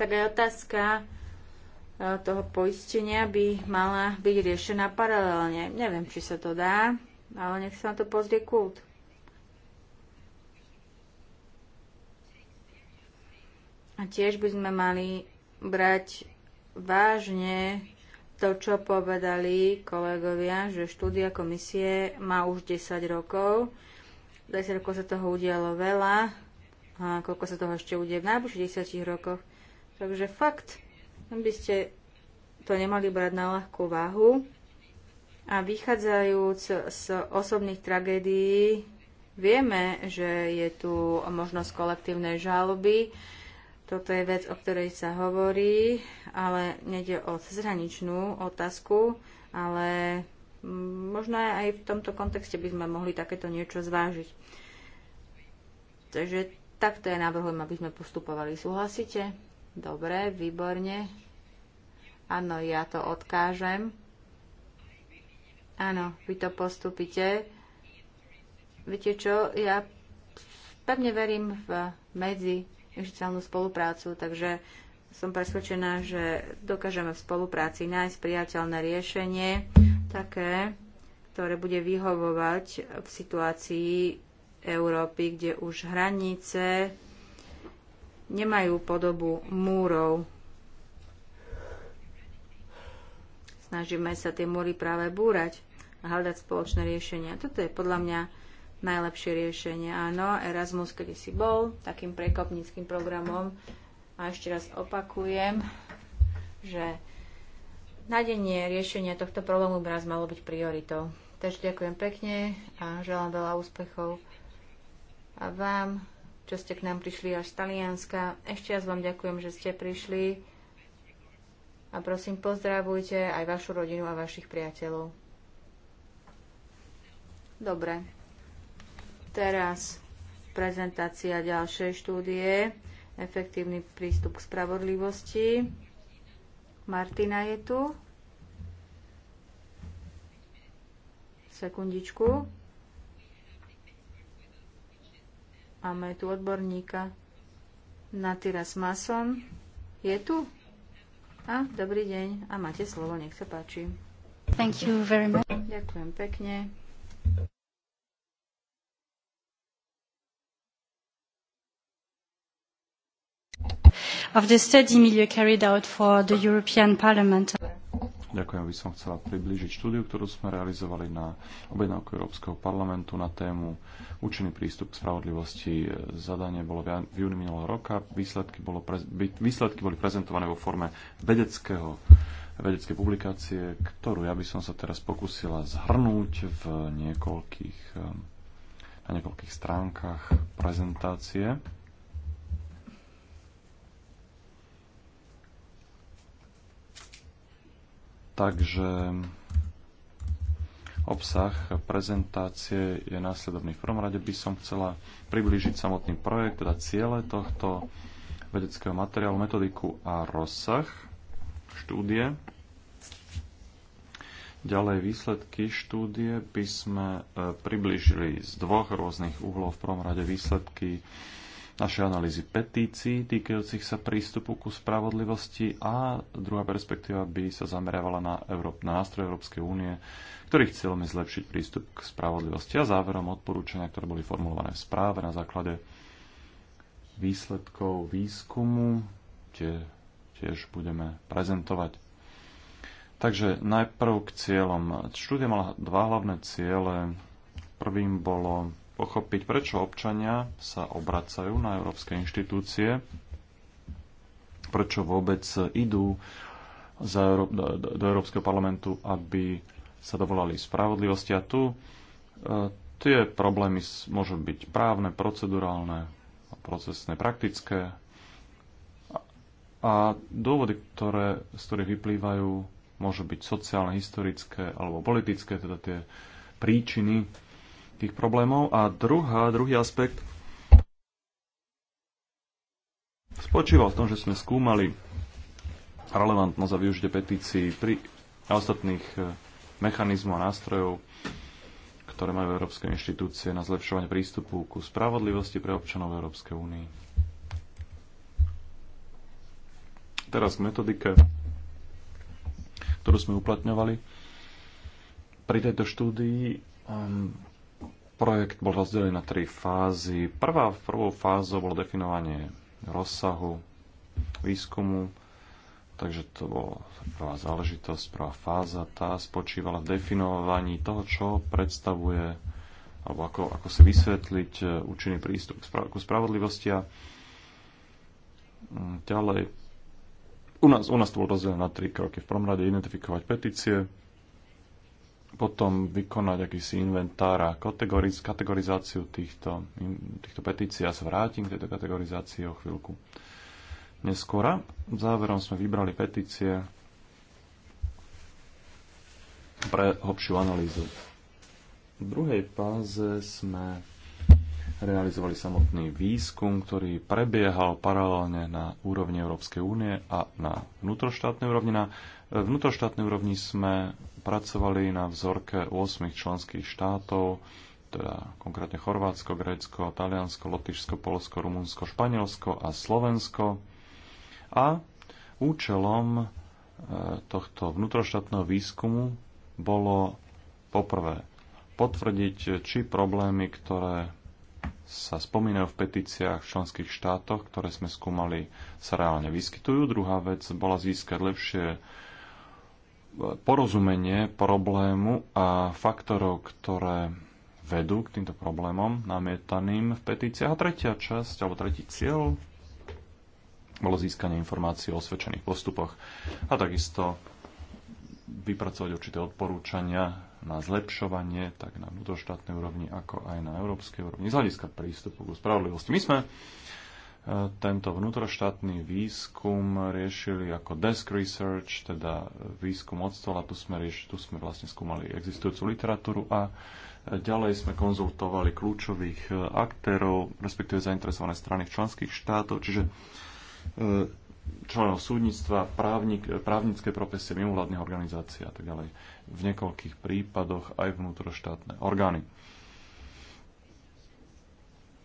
tak aj otázka e, toho poistenia by mala byť riešená paralelne. Neviem, či sa to dá, ale nech sa na to pozrie kult. A tiež by sme mali brať vážne to, čo povedali kolegovia, že štúdia komisie má už 10 rokov. 10 rokov sa toho udialo veľa a koľko sa toho ešte udie v najbližších 10 rokoch. Takže fakt, by ste to nemali brať na ľahkú váhu. A vychádzajúc z osobných tragédií, vieme, že je tu možnosť kolektívnej žaloby, toto je vec, o ktorej sa hovorí, ale nejde o zhraničnú otázku, ale možno aj v tomto kontexte by sme mohli takéto niečo zvážiť. Takže takto je navrhujem, aby sme postupovali. Súhlasíte? Dobre, výborne. Áno, ja to odkážem. Áno, vy to postupíte. Viete čo, ja pevne verím v medzi neužiteľnú spoluprácu, takže som presvedčená, že dokážeme v spolupráci nájsť priateľné riešenie, také, ktoré bude vyhovovať v situácii Európy, kde už hranice nemajú podobu múrov. Snažíme sa tie múry práve búrať a hľadať spoločné riešenia. Toto je podľa mňa najlepšie riešenie. Áno, Erasmus si bol takým prekopníckým programom a ešte raz opakujem, že nájdenie riešenia tohto problému by nás malo byť prioritou. Takže ďakujem pekne a želám veľa úspechov a vám, čo ste k nám prišli až z Talianska. Ešte raz vám ďakujem, že ste prišli a prosím pozdravujte aj vašu rodinu a vašich priateľov. Dobre. Teraz prezentácia ďalšej štúdie, efektívny prístup k spravodlivosti. Martina je tu. Sekundičku. Máme tu odborníka Natiras Mason. Je tu? A, dobrý deň. A máte slovo, nech sa páči. Thank you very much. Ďakujem pekne. of the study milieu carried out for the European Parliament. Ďakujem, by som chcela priblížiť štúdiu, ktorú sme realizovali na objednávku Európskeho parlamentu na tému účinný prístup k spravodlivosti. Zadanie bolo v júni minulého roka, výsledky, bolo pre, výsledky boli prezentované vo forme vedeckého, vedecké publikácie, ktorú ja by som sa teraz pokúsila zhrnúť v niekoľkých, ehm, na niekoľkých stránkach prezentácie. Takže obsah prezentácie je následovný. V prvom rade by som chcela priblížiť samotný projekt, teda ciele tohto vedeckého materiálu, metodiku a rozsah štúdie. Ďalej výsledky štúdie by sme e, priblížili z dvoch rôznych uhlov. V prvom rade výsledky naše analýzy petícií týkajúcich sa prístupu ku spravodlivosti a druhá perspektíva by sa zameravala na na nástroj Európskej únie, ktorých cieľom je zlepšiť prístup k spravodlivosti a záverom odporúčania, ktoré boli formulované v správe na základe výsledkov výskumu, tie tiež budeme prezentovať. Takže najprv k cieľom. Štúdia mala dva hlavné ciele. Prvým bolo pochopiť, prečo občania sa obracajú na európske inštitúcie, prečo vôbec idú za Euró- do, do Európskeho parlamentu, aby sa dovolali spravodlivosti. A tu e, tie problémy môžu byť právne, procedurálne, procesné, praktické. A, a dôvody, ktoré, z ktorých vyplývajú, môžu byť sociálne, historické alebo politické, teda tie príčiny tých problémov. A druhá, druhý aspekt spočíval v tom, že sme skúmali relevantnosť a využitie petícií pri ostatných e, mechanizmov a nástrojov, ktoré majú európske inštitúcie na zlepšovanie prístupu ku spravodlivosti pre občanov Európskej únii. Teraz k metodike, ktorú sme uplatňovali. Pri tejto štúdii ehm, Projekt bol rozdelený na tri fázy. Prvá, prvou fázou bolo definovanie rozsahu výskumu, takže to bola prvá záležitosť, prvá fáza. Tá spočívala v definovaní toho, čo predstavuje alebo ako, ako si vysvetliť eh, účinný prístup k spravodlivosti a mm, ďalej u nás, u nás to bolo rozdelené na tri kroky. V prvom rade identifikovať petície, potom vykonať akýsi inventár a kategoriz- kategorizáciu týchto, týchto petícií. Ja sa vrátim k tejto kategorizácii o chvíľku neskôr. Záverom sme vybrali petície pre hlbšiu analýzu. V druhej páze sme realizovali samotný výskum, ktorý prebiehal paralelne na úrovni Európskej únie a na vnútroštátnej úrovni. Na e, vnútroštátnej úrovni sme pracovali na vzorke 8 členských štátov, teda konkrétne Chorvátsko, Grécko, Taliansko, Lotyšsko, Polsko, Rumunsko, Španielsko a Slovensko. A účelom e, tohto vnútroštátneho výskumu bolo poprvé potvrdiť, či problémy, ktoré sa spomínajú v petíciách v členských štátoch, ktoré sme skúmali, sa reálne vyskytujú. Druhá vec bola získať lepšie porozumenie problému a faktorov, ktoré vedú k týmto problémom namietaným v petíciách. A tretia časť, alebo tretí cieľ, bolo získanie informácií o osvedčených postupoch a takisto vypracovať určité odporúčania na zlepšovanie tak na vnútroštátnej úrovni, ako aj na európskej úrovni z hľadiska prístupu k spravodlivosti. My sme e, tento vnútroštátny výskum riešili ako desk research, teda výskum od stola, tu sme, rieši, tu sme vlastne skúmali existujúcu literatúru a ďalej sme konzultovali kľúčových aktérov, respektíve zainteresované strany v členských štátoch, čiže e, členov súdnictva, právnik, právnické profesie, mimovládnych organizácií a tak ďalej. V niekoľkých prípadoch aj vnútroštátne orgány.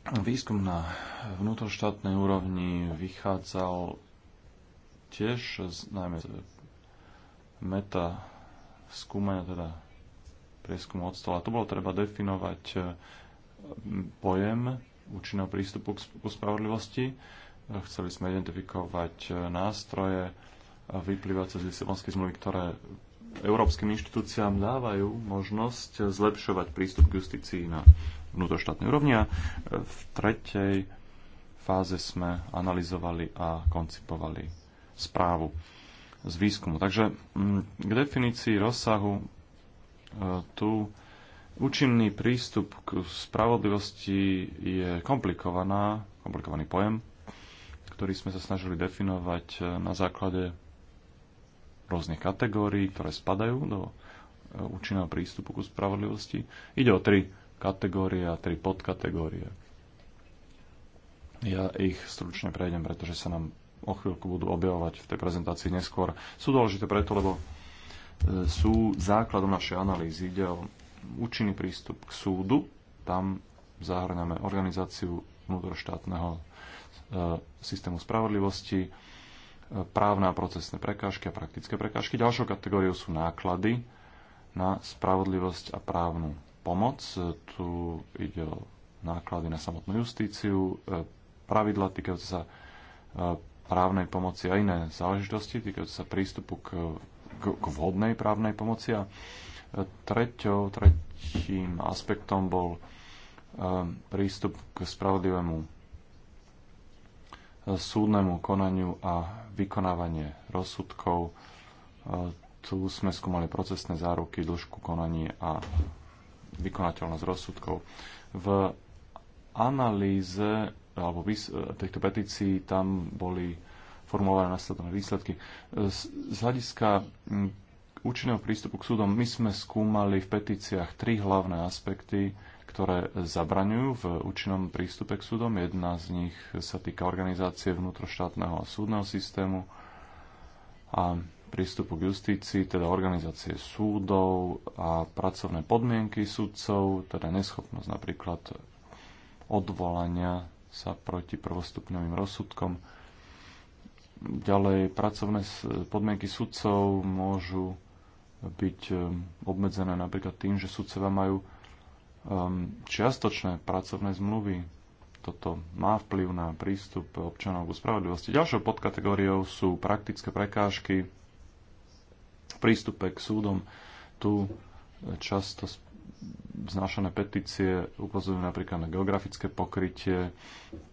Výskum na vnútroštátnej úrovni vychádzal tiež z, najmä z meta skúmania, teda prieskum od stola. Tu bolo treba definovať eh, pojem účinného prístupu k spravodlivosti Chceli sme identifikovať e, nástroje e, vyplývace z Lisabonskej zmluvy, ktoré európskym inštitúciám dávajú možnosť zlepšovať prístup k justícii na vnútroštátnej úrovni a e, v tretej fáze sme analyzovali a koncipovali správu z výskumu. Takže k definícii rozsahu tu účinný prístup k spravodlivosti je komplikovaná, komplikovaný pojem, ktorý sme sa snažili definovať e, na základe rôznych kategórií, ktoré spadajú do e, účinného prístupu ku spravodlivosti. Ide o tri kategórie a tri podkategórie. Ja ich stručne prejdem, pretože sa nám o chvíľku budú objavovať v tej prezentácii neskôr. Sú dôležité preto, lebo e, sú základom našej analýzy. Ide o účinný prístup k súdu. Tam zahrňame organizáciu vnútroštátneho E, systému spravodlivosti, e, právne a procesné prekážky a praktické prekážky. Ďalšou kategóriou sú náklady na spravodlivosť a právnu pomoc. E, tu ide o náklady na samotnú justíciu, pravidla týkajúce sa právnej pomoci a iné záležitosti týkajúce sa prístupu k, k, k vhodnej právnej pomoci. A treťou, tretím aspektom bol prístup k spravodlivému súdnemu konaniu a vykonávanie rozsudkov. E, tu sme skúmali procesné záruky, dĺžku konaní a vykonateľnosť rozsudkov. V analýze alebo týchto petícií tam boli formulované následné výsledky. Z hľadiska účinného prístupu k súdom my sme skúmali v petíciách tri hlavné aspekty ktoré zabraňujú v účinnom prístupe k súdom. Jedna z nich sa týka organizácie vnútroštátneho a súdneho systému a prístupu k justícii, teda organizácie súdov a pracovné podmienky súdcov, teda neschopnosť napríklad odvolania sa proti prvostupňovým rozsudkom. Ďalej, pracovné podmienky sudcov môžu byť eh, obmedzené napríklad tým, že sudcovia majú čiastočné pracovné zmluvy. Toto má vplyv na prístup občanov k spravodlivosti. Ďalšou podkategóriou sú praktické prekážky v prístupe k súdom. Tu často znášané petície ukazujú napríklad na geografické pokrytie.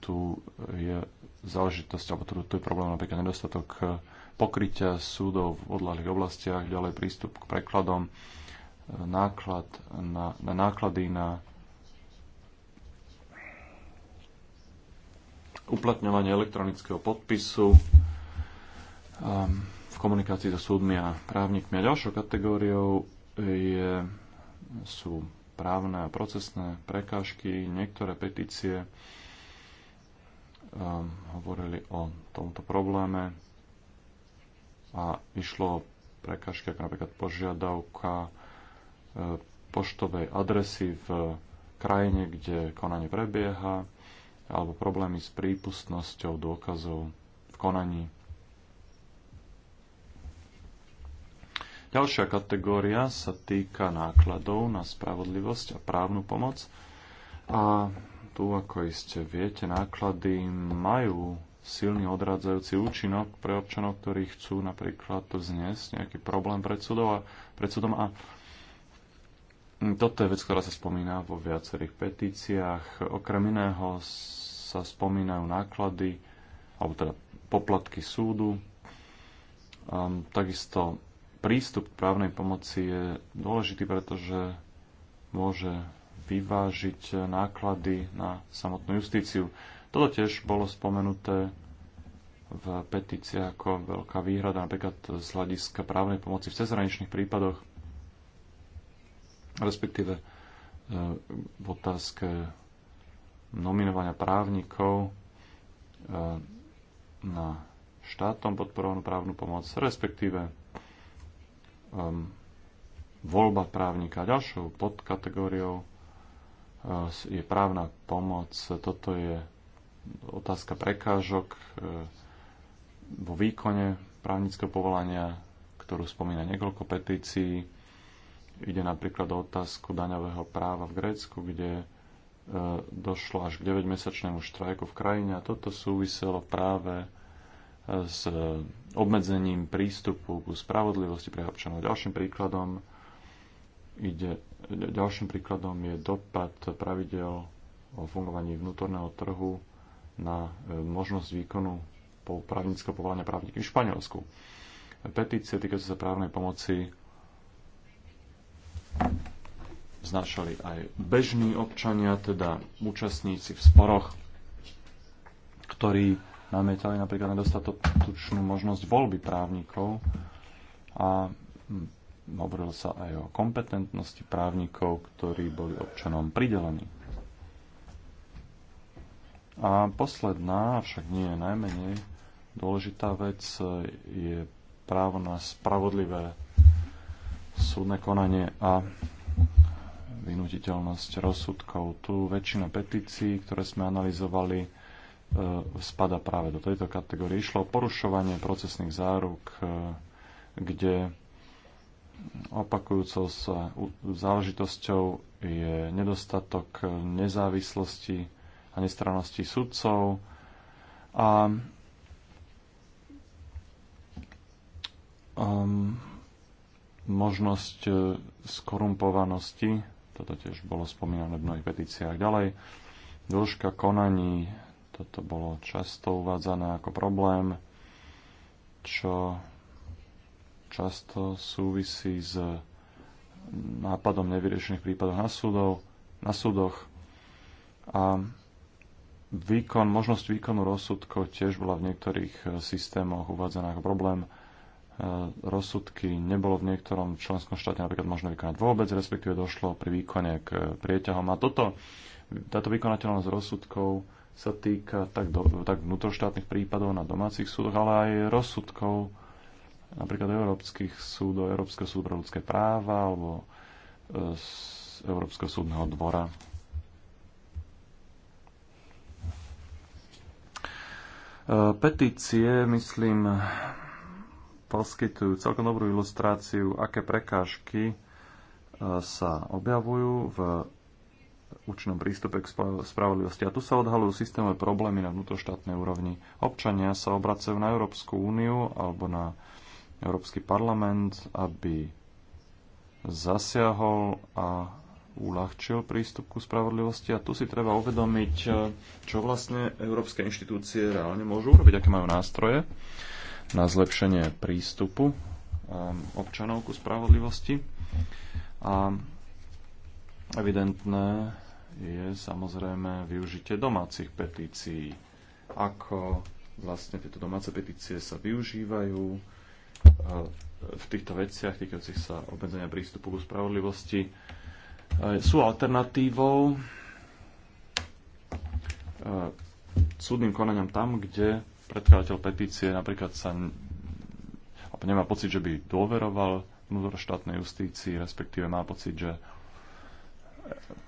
Tu je záležitosť, alebo tu, tu je problém napríklad nedostatok pokrytia súdov v odľahlých oblastiach, ďalej prístup k prekladom náklad na, na náklady na uplatňovanie elektronického podpisu um, v komunikácii so súdmi a právnikmi. A ďalšou kategóriou je, sú právne a procesné prekážky. Niektoré petície um, hovorili o tomto probléme a išlo o prekážky ako napríklad požiadavka poštovej adresy v krajine, kde konanie prebieha, alebo problémy s prípustnosťou dôkazov v konaní. Ďalšia kategória sa týka nákladov na spravodlivosť a právnu pomoc. A tu, ako iste viete, náklady majú silný odrádzajúci účinok pre občanov, ktorí chcú napríklad vzniesť nejaký problém pred, súdom a, pred sudom a Mm, toto je vec, ktorá sa spomína vo viacerých petíciách. Okrem iného sa spomínajú náklady, alebo teda poplatky súdu. Um, takisto prístup k právnej pomoci je dôležitý, pretože môže vyvážiť náklady na samotnú justíciu. Toto tiež bolo spomenuté v petícii ako veľká výhrada napríklad z hľadiska právnej pomoci v cezhraničných prípadoch respektíve e, v otázke nominovania právnikov e, na štátom podporovanú právnu pomoc, respektíve voľba právnika. Ďalšou podkategóriou e, je právna pomoc. Toto je otázka prekážok vo výkone právnického povolania, ktorú spomína niekoľko petícií. Ide napríklad o otázku daňového práva v Grécku, kde e, došlo až k 9-mesačnému štrajku v krajine a toto súviselo práve e, s obmedzením prístupu ku spravodlivosti pre občanov. Ďalším príkladom, ide, ďalším príkladom je dopad pravidel o fungovaní vnútorného trhu na e, možnosť výkonu právnického povolania právnik v Španielsku. Petície týkajúce sa právnej pomoci znašali aj bežní občania, teda účastníci v sporoch, ktorí namietali napríklad nedostatočnú možnosť voľby právnikov a hm, hovorilo sa aj o kompetentnosti právnikov, ktorí boli občanom pridelení. A posledná, avšak nie je najmenej dôležitá vec, je právo na spravodlivé súdne konanie a vynutiteľnosť rozsudkov. Tu väčšina petícií, ktoré sme analyzovali, e, spada práve do tejto kategórie. Išlo o porušovanie procesných záruk, e, kde opakujúcou sa záležitosťou je nedostatok nezávislosti a nestrannosti sudcov a um, možnosť e, skorumpovanosti, toto tiež bolo spomínané v mnohých petíciách ďalej, dĺžka konaní, toto bolo často uvádzané ako problém, čo často súvisí s nápadom nevyriešených prípadov na, súdov, na súdoch. A výkon, možnosť výkonu rozsudkov tiež bola v niektorých e, systémoch uvádzaná ako problém rozsudky nebolo v niektorom členskom štáte napríklad možné vykonať vôbec, respektíve došlo pri výkone k prieťahom. A toto, táto vykonateľnosť rozsudkov sa týka tak, do, tak vnútroštátnych prípadov na domácich súdoch, ale aj rozsudkov napríklad európskych súdov, Európskeho súdu pre ľudské práva alebo z e, Európskeho súdneho dvora. E, petície, myslím, poskytujú celkom dobrú ilustráciu, aké prekážky e, sa objavujú v účinnom prístupe k spravodlivosti. A tu sa odhalujú systémové problémy na vnútroštátnej úrovni. Občania sa obracajú na Európsku úniu alebo na Európsky parlament, aby zasiahol a uľahčil prístup ku spravodlivosti. A tu si treba uvedomiť, e, čo vlastne európske inštitúcie reálne môžu urobiť, aké majú nástroje na zlepšenie prístupu um, občanov ku spravodlivosti. A evidentné je samozrejme využitie domácich petícií. Ako vlastne tieto domáce petície sa využívajú uh, v týchto veciach týkajúcich sa obmedzenia prístupu ku spravodlivosti uh, sú alternatívou uh, súdnym konaniam tam, kde predkladateľ petície napríklad sa nemá pocit, že by dôveroval vnútroštátnej justícii, respektíve má pocit, že e,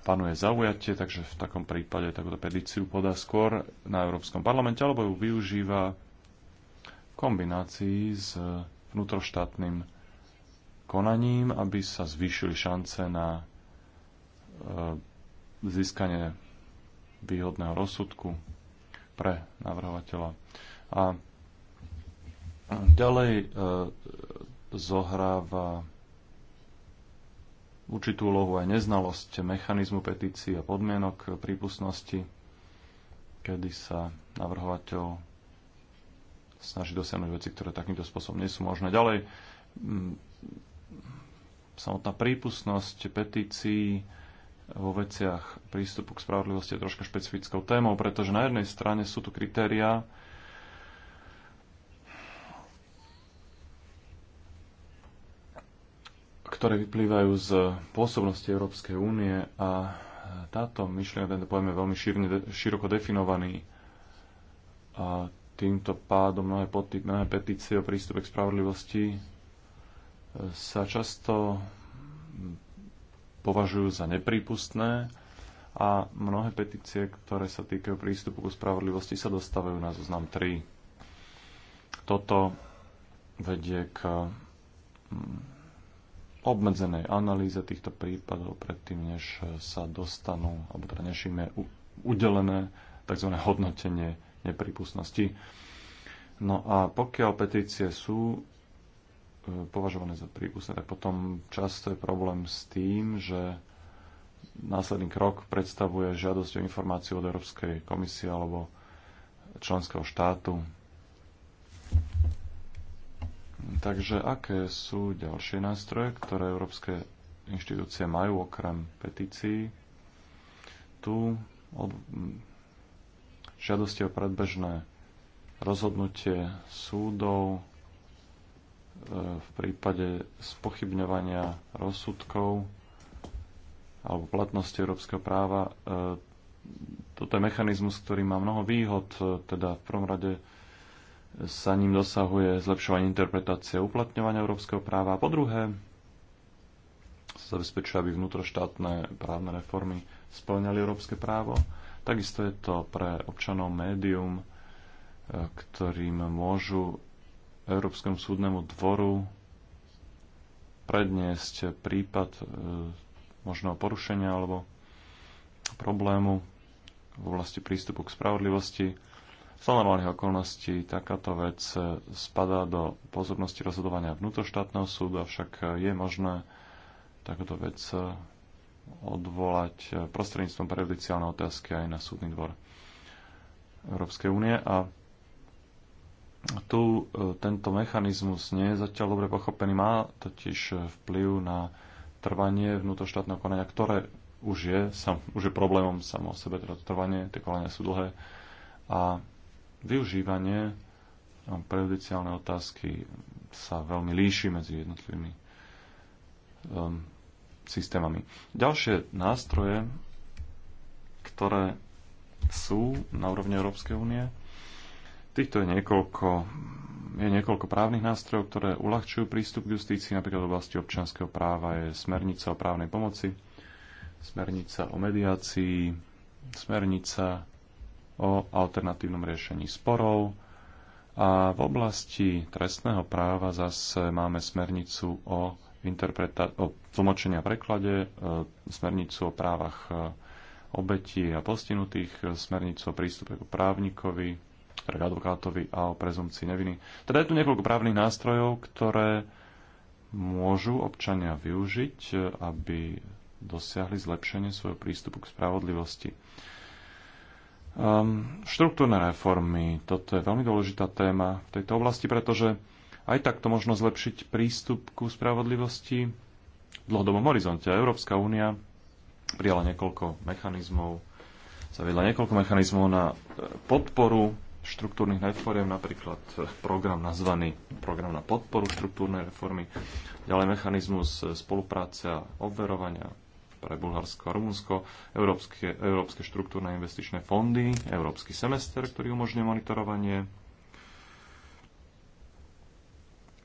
panuje zaujatie, takže v takom prípade takúto petíciu podá skôr na Európskom parlamente, alebo ju využíva v kombinácii s vnútroštátnym konaním, aby sa zvýšili šance na e, získanie výhodného rozsudku pre navrhovateľa. A ďalej e, zohráva určitú úlohu aj neznalosť mechanizmu petícií a podmienok prípustnosti, kedy sa navrhovateľ snaží dosiahnuť veci, ktoré takýmto spôsobom nie sú možné. Ďalej, samotná prípustnosť petícií vo veciach prístupu k spravodlivosti je troška špecifickou témou, pretože na jednej strane sú tu kritériá, ktoré vyplývajú z pôsobnosti Európskej únie a táto myšlienka, tento pojem je veľmi širne, široko definovaný a týmto pádom mnohé, poti- mnohé petície o prístupe k spravodlivosti e, sa často považujú za neprípustné a mnohé petície, ktoré sa týkajú prístupu k spravodlivosti, sa dostávajú na zoznam 3. Toto vedie k obmedzenej analýze týchto prípadov predtým, než sa dostanú, alebo teda než im je udelené tzv. hodnotenie nepripustnosti. No a pokiaľ petície sú e, považované za prípustné, tak potom často je problém s tým, že následný krok predstavuje žiadosť o informáciu od Európskej komisie alebo členského štátu Takže aké sú ďalšie nástroje, ktoré európske inštitúcie majú okrem petícií? Tu od, žiadosti o predbežné rozhodnutie súdov e, v prípade spochybňovania rozsudkov alebo platnosti európskeho práva. E, toto je mechanizmus, ktorý má mnoho výhod, e, teda v prvom rade sa ním dosahuje zlepšovanie interpretácie a uplatňovania európskeho práva. A po druhé, sa zabezpečuje, aby vnútroštátne právne reformy splňali európske právo. Takisto je to pre občanov médium, e, ktorým môžu Európskemu súdnemu dvoru predniesť prípad e, možného porušenia alebo problému v oblasti prístupu k spravodlivosti za normálnych okolností takáto vec eh, spadá do pozornosti rozhodovania vnútroštátneho súdu, avšak eh, je možné takúto vec eh, odvolať prostredníctvom prejudiciálnej otázky aj na súdny dvor Európskej únie. A tu tento mechanizmus nie je zatiaľ dobre pochopený, má totiž vplyv na trvanie vnútroštátneho konania, ktoré už je, sam, už je problémom samo o sebe, teda trvanie, tie konania sú dlhé a využívanie a prejudiciálne otázky sa veľmi líši medzi jednotlivými um, systémami. Ďalšie nástroje, ktoré sú na úrovni Európskej únie, týchto je niekoľko, je niekoľko právnych nástrojov, ktoré uľahčujú prístup k justícii, napríklad v oblasti občianského práva je smernica o právnej pomoci, smernica o mediácii, smernica o alternatívnom riešení sporov. A v oblasti trestného práva zase máme smernicu o, o tlmočení a preklade, e, smernicu o právach e, obetí a postihnutých, e, smernicu o prístupe k právnikovi, teda k advokátovi a o prezumcii neviny. Teda je tu niekoľko právnych nástrojov, ktoré môžu občania využiť, aby dosiahli zlepšenie svojho prístupu k spravodlivosti. Um, štruktúrne reformy, toto je veľmi dôležitá téma v tejto oblasti, pretože aj takto možno zlepšiť prístup ku spravodlivosti v dlhodobom horizonte. Európska únia prijala niekoľko mechanizmov, zaviedla niekoľko mechanizmov na e, podporu štruktúrnych reform, napríklad e, program nazvaný program na podporu štruktúrnej reformy, ďalej mechanizmus e, spolupráce a overovania pre Bulharsko a Rumunsko, Európske, Európske štruktúrne investičné fondy, Európsky semester, ktorý umožňuje monitorovanie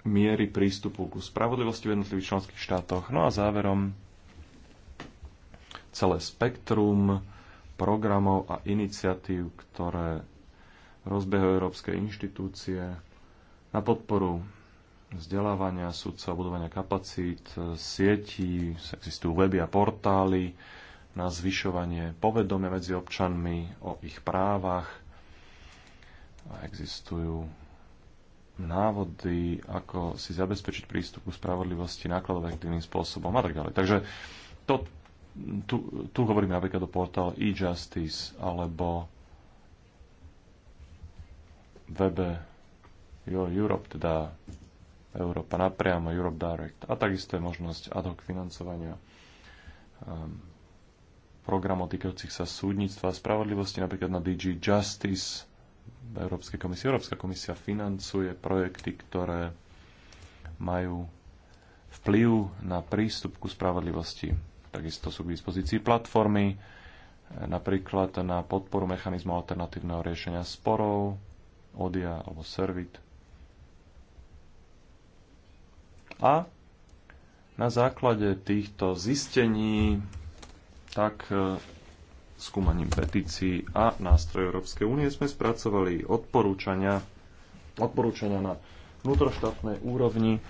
miery prístupu ku spravodlivosti v jednotlivých členských štátoch. No a záverom celé spektrum programov a iniciatív, ktoré rozbehujú európske inštitúcie na podporu vzdelávania sudcov, budovania kapacít, sietí, existujú weby a portály na zvyšovanie povedomia medzi občanmi o ich právach. A existujú návody, ako si zabezpečiť prístup k spravodlivosti nákladov aktívnym spôsobom a tak ďalej. Takže to, tu, tu hovoríme napríklad o portál e-justice alebo webe Your Europe, teda Európa napriamo, Europe Direct a takisto je možnosť ad hoc financovania ehm, programov týkajúcich sa súdnictva a spravodlivosti, napríklad na DG Justice Európskej komisie. Európska komisia financuje projekty, ktoré majú vplyv na prístup ku spravodlivosti. Takisto sú k dispozícii platformy, e, napríklad na podporu mechanizmu alternatívneho riešenia sporov, ODIA alebo SERVIT. A na základe týchto zistení, tak e, skúmaním petícií a nástroj Európskej únie sme spracovali odporúčania, odporúčania na vnútroštátnej úrovni.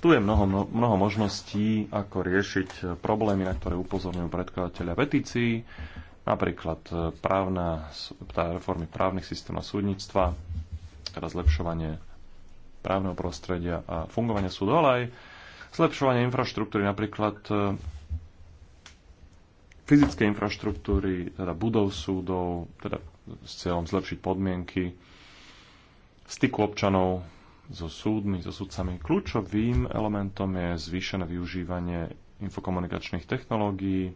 Tu je mnoho, mnoho, možností, ako riešiť problémy, na ktoré upozorňujú predkladateľia petícií, napríklad e, právna, reformy právnych systémov súdnictva, teda zlepšovanie právneho prostredia a fungovania súdu, ale aj zlepšovanie infraštruktúry, napríklad e, fyzické infraštruktúry, teda budov súdov, teda s cieľom zlepšiť podmienky styku občanov so súdmi, so súdcami. Kľúčovým elementom je zvýšené využívanie infokomunikačných technológií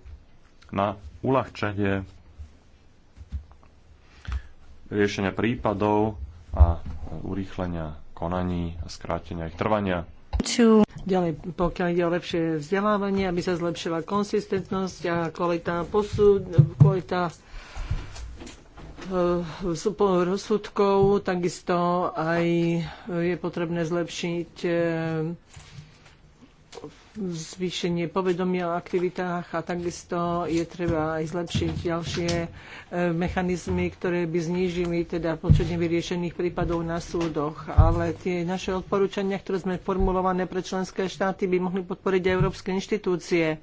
na uľahčenie riešenia prípadov a urýchlenia konaní a skrátenia ich trvania. Ďalej, pokiaľ ide o lepšie vzdelávanie, aby sa zlepšila konsistentnosť a kvalita posúd, kvalita eh, rozsudkov, takisto aj je potrebné zlepšiť v eh, zvýšenie povedomia o aktivitách a takisto je treba aj zlepšiť ďalšie e, mechanizmy, ktoré by znížili teda počet nevyriešených prípadov na súdoch. Ale tie naše odporúčania, ktoré sme formulované pre členské štáty, by mohli podporiť aj európske inštitúcie.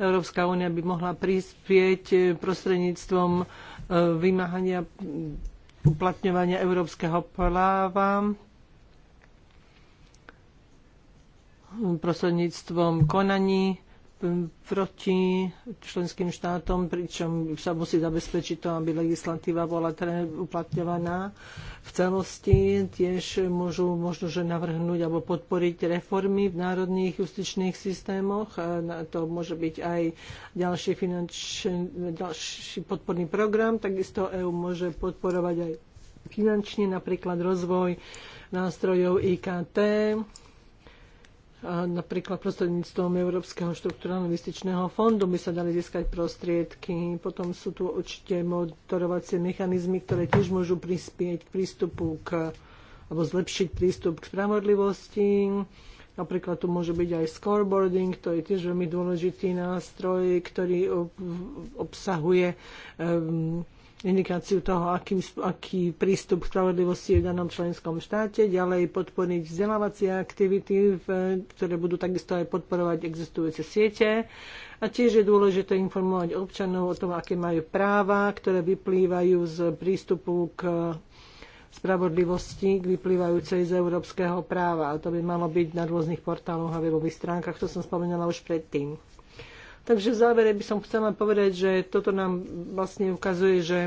Európska únia by mohla prispieť e, prostredníctvom e, vymáhania uplatňovania európskeho práva prostredníctvom konaní proti členským štátom, pričom sa musí zabezpečiť to, aby legislatíva bola uplatňovaná v celosti. Tiež môžu možno, že navrhnúť alebo podporiť reformy v národných justičných systémoch. A to môže byť aj ďalší, finančný, ďalší podporný program. Takisto EÚ môže podporovať aj finančne napríklad rozvoj nástrojov IKT, napríklad prostredníctvom Európskeho štrukturálno-investičného fondu by sa dali získať prostriedky. Potom sú tu určite motorovacie mechanizmy, ktoré tiež môžu prispieť k prístupu k, alebo zlepšiť prístup k spravodlivosti. Napríklad tu môže byť aj scoreboarding, to je tiež veľmi dôležitý nástroj, ktorý obsahuje um, indikáciu toho, aký, aký prístup k spravodlivosti je v danom členskom štáte, ďalej podporiť vzdelávacie aktivity, ktoré budú takisto aj podporovať existujúce siete. A tiež je dôležité informovať občanov o tom, aké majú práva, ktoré vyplývajú z prístupu k spravodlivosti vyplývajúcej z európskeho práva. A to by malo byť na rôznych portáloch a webových stránkach, to som spomenula už predtým. Takže v závere by som chcela povedať, že toto nám vlastne ukazuje, že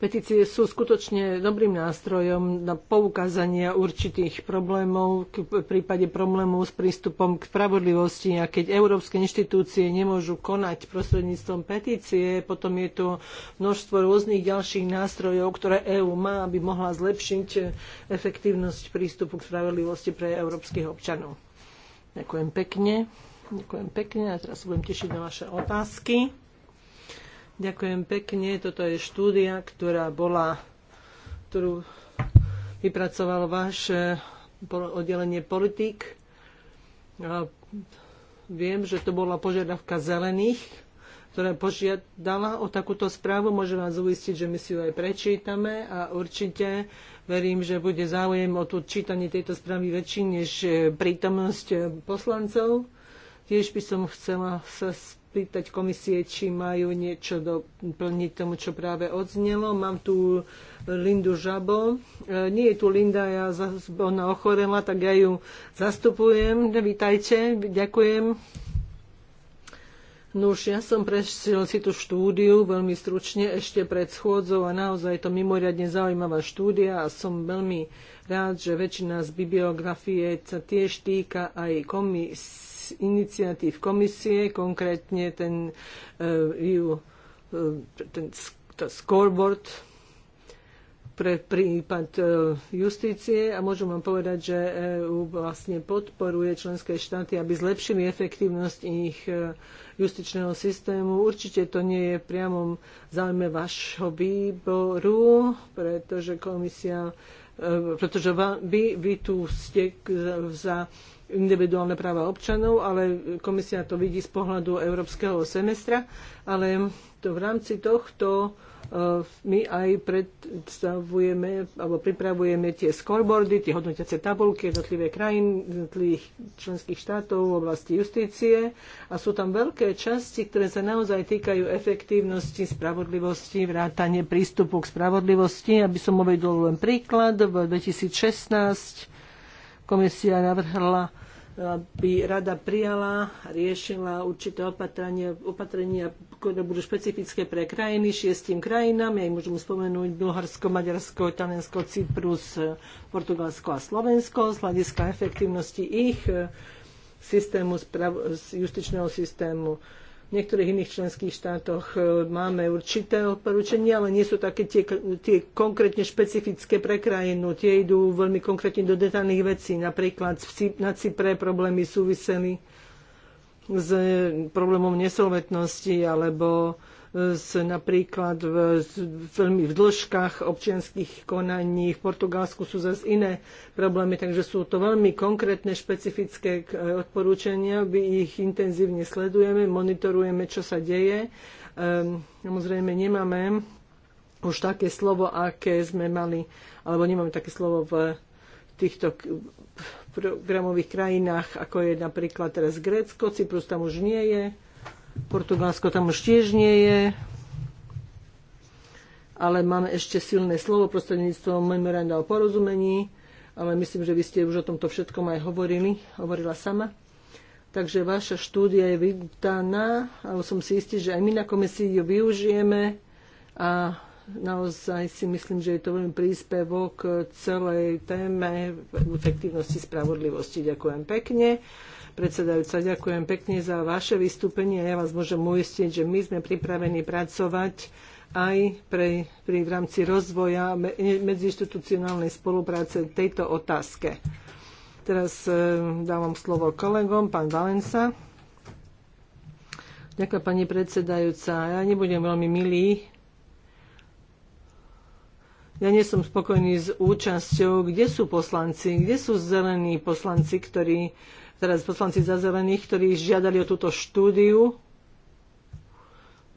Petície sú skutočne dobrým nástrojom na poukázanie určitých problémov, v prípade problémov s prístupom k spravodlivosti. A keď európske inštitúcie nemôžu konať prostredníctvom petície, potom je tu množstvo rôznych ďalších nástrojov, ktoré EÚ má, aby mohla zlepšiť efektívnosť prístupu k spravodlivosti pre európskych občanov. Ďakujem pekne. Ďakujem pekne a teraz budem tešiť na vaše otázky. Ďakujem pekne. Toto je štúdia, ktorá bola, ktorú vypracoval váš eh, oddelenie politik. A viem, že to bola požiadavka zelených, ktorá požiadala o takúto správu. Môžem vás uistiť, že my si ju aj prečítame a určite verím, že bude záujem o tú čítanie tejto správy väčší než eh, prítomnosť eh, poslancov. Tiež by som chcela sa spýtať komisie, či majú niečo doplniť tomu, čo práve odznelo. Mám tu Lindu Žabo. E, nie je tu Linda, ja, ona ochorela, tak ja ju zastupujem. Vítajte, ďakujem. No už ja som prešiel si tú štúdiu veľmi stručne ešte pred schôdzou a naozaj to mimoriadne zaujímavá štúdia a som veľmi rád, že väčšina z bibliografie sa tiež týka aj komisie iniciatív komisie, konkrétne ten, uh, ten to scoreboard pre prípad eh, justície a môžem vám povedať, že EU vlastne podporuje členské štáty, aby zlepšili efektívnosť ich justičného systému. Určite to nie je priamom záujme vašho výboru, pretože komisia pretože vy, vy tu ste za individuálne práva občanov, ale komisia to vidí z pohľadu európskeho semestra, ale to v rámci tohto e, my aj predstavujeme alebo pripravujeme tie scoreboardy, tie hodnotiace tabulky jednotlivé krajín, jednotlivých členských štátov v oblasti justície a sú tam veľké časti, ktoré sa naozaj týkajú efektívnosti, spravodlivosti, vrátanie prístupu k spravodlivosti. Aby som uvedol len príklad, v 2016 komisia navrhla by rada prijala a riešila určité opatrenia, opatrenia, ktoré budú špecifické pre krajiny, šiestim krajinám. Ja ich môžem spomenúť Bulharsko, Maďarsko, Taliansko, Cyprus, Portugalsko a Slovensko z hľadiska efektívnosti ich eh, systému, justičného systému. V niektorých iných členských štátoch e, máme určité odporúčania, ale nie sú také tie, tie konkrétne špecifické pre krajinu. Tie idú veľmi konkrétne do detálnych vecí. Napríklad na Cypre problémy súviseli s problémom nesolvetnosti alebo z napríklad v, veľmi v dĺžkach občianských konaní. V Portugalsku sú zase iné problémy, takže sú to veľmi konkrétne, špecifické eh, odporúčania. My ich intenzívne sledujeme, monitorujeme, čo sa deje. Ehm, samozrejme nemáme už také slovo, aké sme mali, alebo nemáme také slovo v týchto programových krajinách, ako je napríklad teraz Grécko, Cyprus tam už nie je. Portugalsko tam už tiež nie je. Ale máme ešte silné slovo prostredníctvom memoranda o porozumení. Ale myslím, že vy ste už o tomto všetkom aj hovorili, hovorila sama. Takže vaša štúdia je vydaná a som si istý, že aj my na komisii ju využijeme a naozaj si myslím, že je to veľmi príspevok k celej téme efektivnosti spravodlivosti. Ďakujem pekne predsedajúca. Ďakujem pekne za vaše vystúpenie a ja vás môžem uistiť, že my sme pripravení pracovať aj pre, pri, v rámci rozvoja medziinstitucionálnej spolupráce v tejto otázke. Teraz e, dávam slovo kolegom, pán Valenca. Ďakujem, pani predsedajúca. Ja nebudem veľmi milý. Ja nie som spokojný s účasťou. Kde sú poslanci? Kde sú zelení poslanci, ktorí teraz poslanci za zelených, ktorí žiadali o túto štúdiu.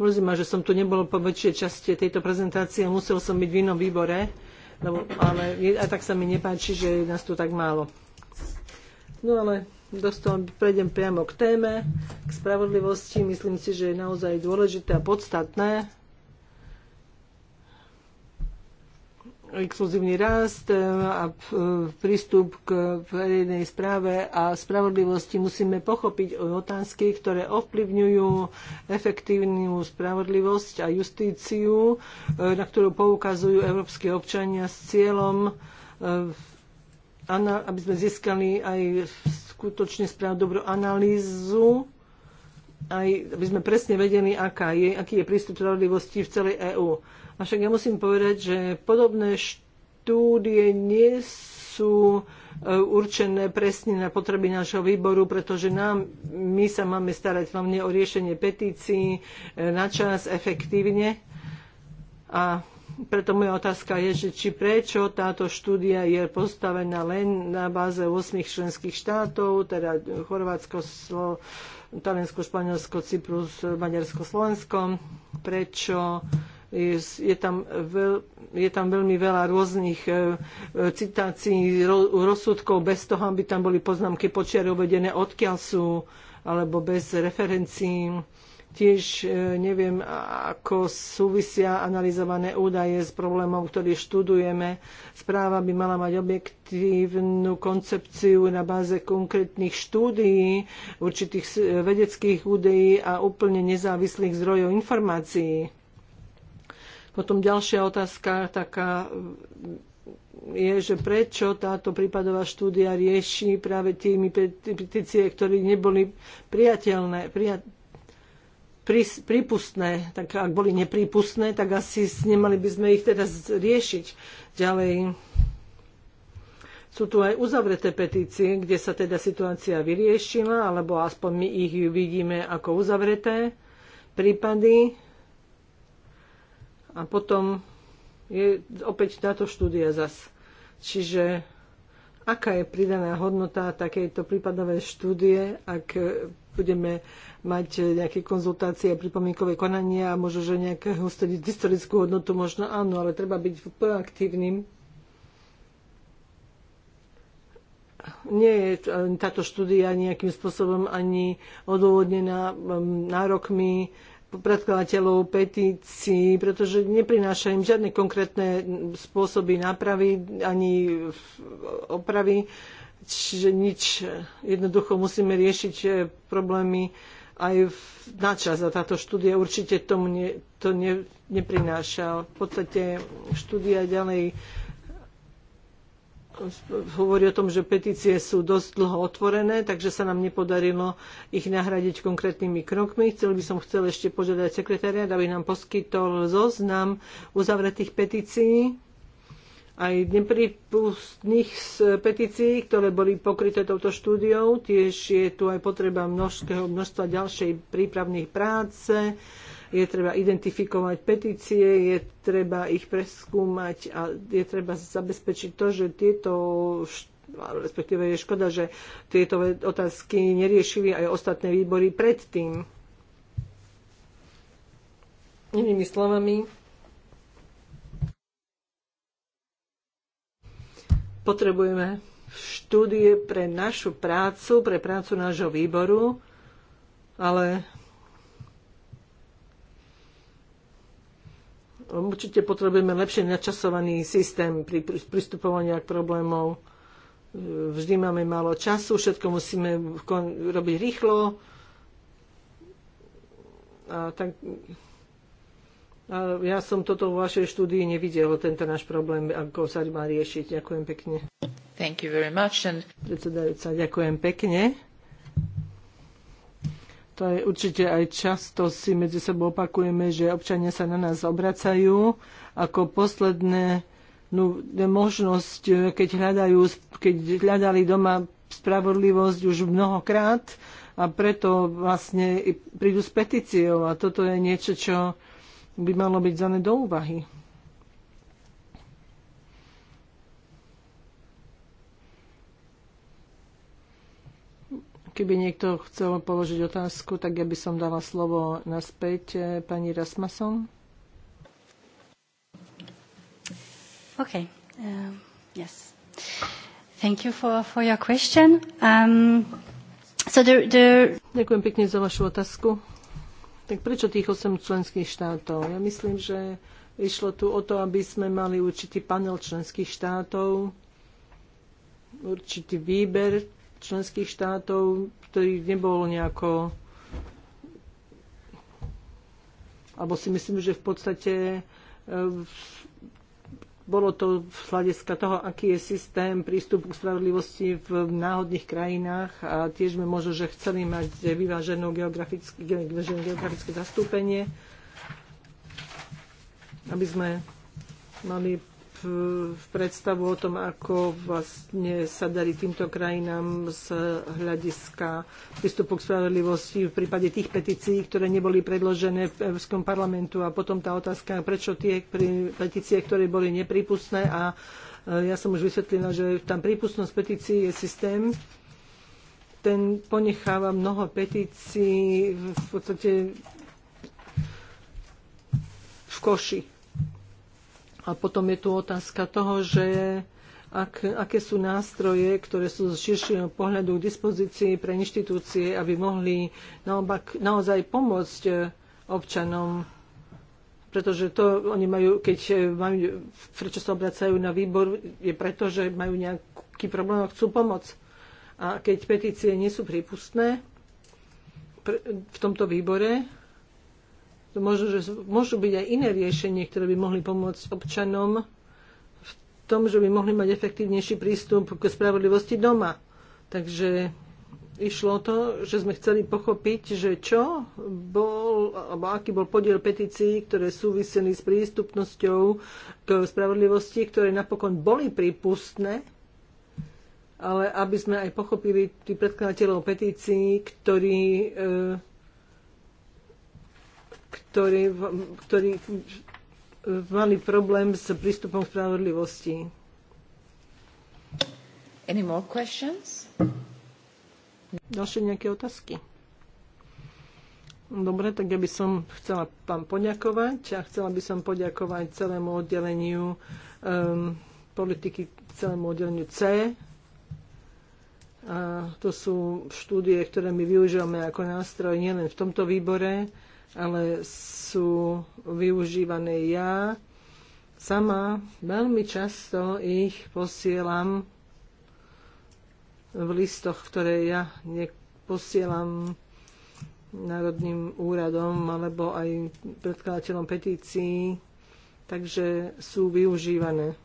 Mrzí ma, že som tu nebol po väčšej časti tejto prezentácie, musel som byť v inom výbore, lebo, ale aj tak sa mi nepáči, že je nás tu tak málo. No ale dostal, prejdem priamo k téme, k spravodlivosti. Myslím si, že je naozaj dôležité a podstatné, exkluzívny rast e, a e, prístup k verejnej správe a spravodlivosti musíme pochopiť otázky, ktoré ovplyvňujú efektívnu spravodlivosť a justíciu, e, na ktorú poukazujú európske občania s cieľom aby sme získali aj skutočne správ dobrú analýzu aj aby sme presne vedeli, aká je, aký je prístup spravodlivosti v celej EÚ. Avšak ja musím povedať, že podobné štúdie nie sú e, určené presne na potreby nášho výboru, pretože nám, my sa máme starať hlavne o riešenie petícií e, na čas, efektívne. A preto moja otázka je, že či prečo táto štúdia je postavená len na báze 8 členských štátov, teda Chorvátsko, Slo, Španielsko, Cyprus, Maďarsko, Slovensko. Prečo je tam, veľ, je tam veľmi veľa rôznych e, e, citácií, rozsudkov bez toho, aby tam boli poznámky počiare uvedené, odkiaľ sú, alebo bez referencií. Tiež e, neviem, ako súvisia analyzované údaje s problémom, ktorý študujeme. Správa by mala mať objektívnu koncepciu na báze konkrétnych štúdií, určitých vedeckých údají a úplne nezávislých zdrojov informácií potom ďalšia otázka taká mm, je, že prečo táto prípadová štúdia rieši práve tými petície, ktoré neboli priateľné, prijat, prípustné, tak ak boli neprípustné, tak asi nemali by sme ich teraz riešiť ďalej. Sú tu aj uzavreté petície, kde sa teda situácia vyriešila, alebo aspoň my ich vidíme ako uzavreté prípady a potom je opäť táto štúdia zas. Čiže aká je pridaná hodnota takejto prípadovej štúdie, ak budeme mať nejaké konzultácie a pripomienkové konania a možno, že ustaliť historickú hodnotu možno áno, ale treba byť proaktívnym. Nie je e, táto štúdia nejakým spôsobom ani odôvodnená nárokmi predkladateľov petícií, pretože neprináša im žiadne konkrétne spôsoby nápravy ani opravy, čiže nič. Jednoducho musíme riešiť eh, problémy aj v, na a táto štúdia určite tomu ne, to ne, neprináša. V podstate štúdia ďalej hovorí o tom, že petície sú dosť dlho otvorené, takže sa nám nepodarilo ich nahradiť konkrétnymi krokmi. Chcel by som chcel ešte požiadať sekretariat, aby nám poskytol zoznam uzavretých petícií aj nepripustných petícií, ktoré boli pokryté touto štúdiou. Tiež je tu aj potreba množského, množstva ďalšej prípravných práce je treba identifikovať petície, je treba ich preskúmať a je treba zabezpečiť to, že tieto respektíve je škoda, že tieto otázky neriešili aj ostatné výbory predtým. Inými slovami, potrebujeme štúdie pre našu prácu, pre prácu nášho výboru, ale Určite potrebujeme lepšie načasovaný systém pri pristupovania k problémov. Vždy máme málo času, všetko musíme robiť rýchlo. A tak, a ja som toto vo vašej štúdii nevidel, tento náš problém, ako sa má riešiť. Ďakujem pekne. Thank you very much. And... Predsedajúca, ďakujem pekne. To je určite aj často si medzi sebou opakujeme, že občania sa na nás obracajú ako posledné no, možnosť, keď, hľadajú, keď hľadali doma spravodlivosť už mnohokrát a preto vlastne prídu s petíciou a toto je niečo, čo by malo byť zane do úvahy. Keby niekto chcel položiť otázku, tak ja by som dala slovo naspäť eh, pani Rasmason. OK. Uh, yes. Thank you for, for your question. Um, so the, the... Ďakujem pekne za vašu otázku. Tak prečo tých 8 členských štátov? Ja myslím, že išlo tu o to, aby sme mali určitý panel členských štátov, určitý výber členských štátov, ktorý nebol nejako alebo si myslím, že v podstate e, bolo to v hľadiska toho, aký je systém prístupu k spravodlivosti v náhodných krajinách a tiež sme možno, že chceli mať vyvážené geografické, geografické zastúpenie, aby sme mali v predstavu o tom, ako vlastne sa darí týmto krajinám z hľadiska prístupu k spravodlivosti v prípade tých petícií, ktoré neboli predložené v Európskom parlamentu a potom tá otázka, prečo tie petície, ktoré boli nepripustné a e, ja som už vysvetlila, že tam prípustnosť petícií je systém, ten ponecháva mnoho petícií v podstate v koši a potom je tu otázka toho, že ak, aké sú nástroje, ktoré sú z širšieho pohľadu k dispozícii pre inštitúcie, aby mohli naopak, naozaj pomôcť e, občanom pretože to oni majú, keď e, majú, prečo sa obracajú na výbor, je preto, že majú nejaký problém a chcú pomoc. A keď petície nie sú prípustné v tomto výbore, Môžu, že, môžu byť aj iné riešenie, ktoré by mohli pomôcť občanom v tom, že by mohli mať efektívnejší prístup k spravodlivosti doma. Takže išlo to, že sme chceli pochopiť, že čo bol, alebo aký bol podiel petícií, ktoré súviseli s prístupnosťou k spravodlivosti, ktoré napokon boli prípustné, ale aby sme aj pochopili tých predkladateľov petícií, ktorí e, ktorí, ktorí mali problém s prístupom k spravodlivosti. Any more questions? Ďalšie nejaké otázky? Dobre, tak ja by som chcela vám poďakovať a chcela by som poďakovať celému oddeleniu um, politiky, celému oddeleniu C. A to sú štúdie, ktoré my využívame ako nástroj nielen v tomto výbore, ale sú využívané ja. Sama veľmi často ich posielam v listoch, ktoré ja posielam národným úradom alebo aj predkladateľom petícií, takže sú využívané.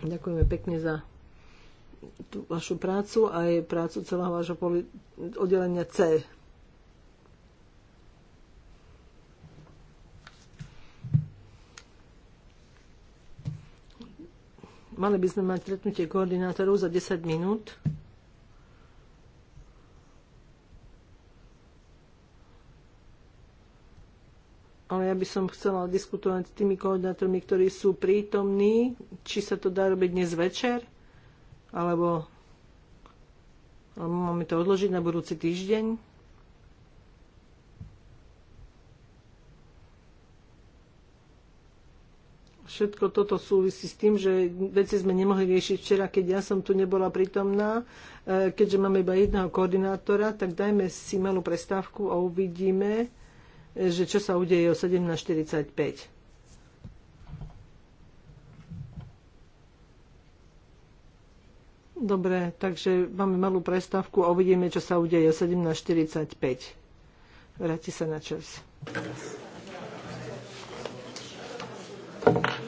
Ďakujeme pekne za tú vašu prácu a aj prácu celého vášho oddelenia C. Mali by sme mať stretnutie koordinátorov za 10 minút. ale ja by som chcela diskutovať s tými koordinátormi, ktorí sú prítomní, či sa to dá robiť dnes večer alebo, alebo máme to odložiť na budúci týždeň. Všetko toto súvisí s tým, že veci sme nemohli riešiť včera, keď ja som tu nebola prítomná. E, keďže máme iba jedného koordinátora, tak dajme si malú prestávku a uvidíme, e, že čo sa udeje o 17.45. Dobre, takže máme malú prestávku a uvidíme, čo sa udeje 17.45. Vráti sa na čas. Thank you.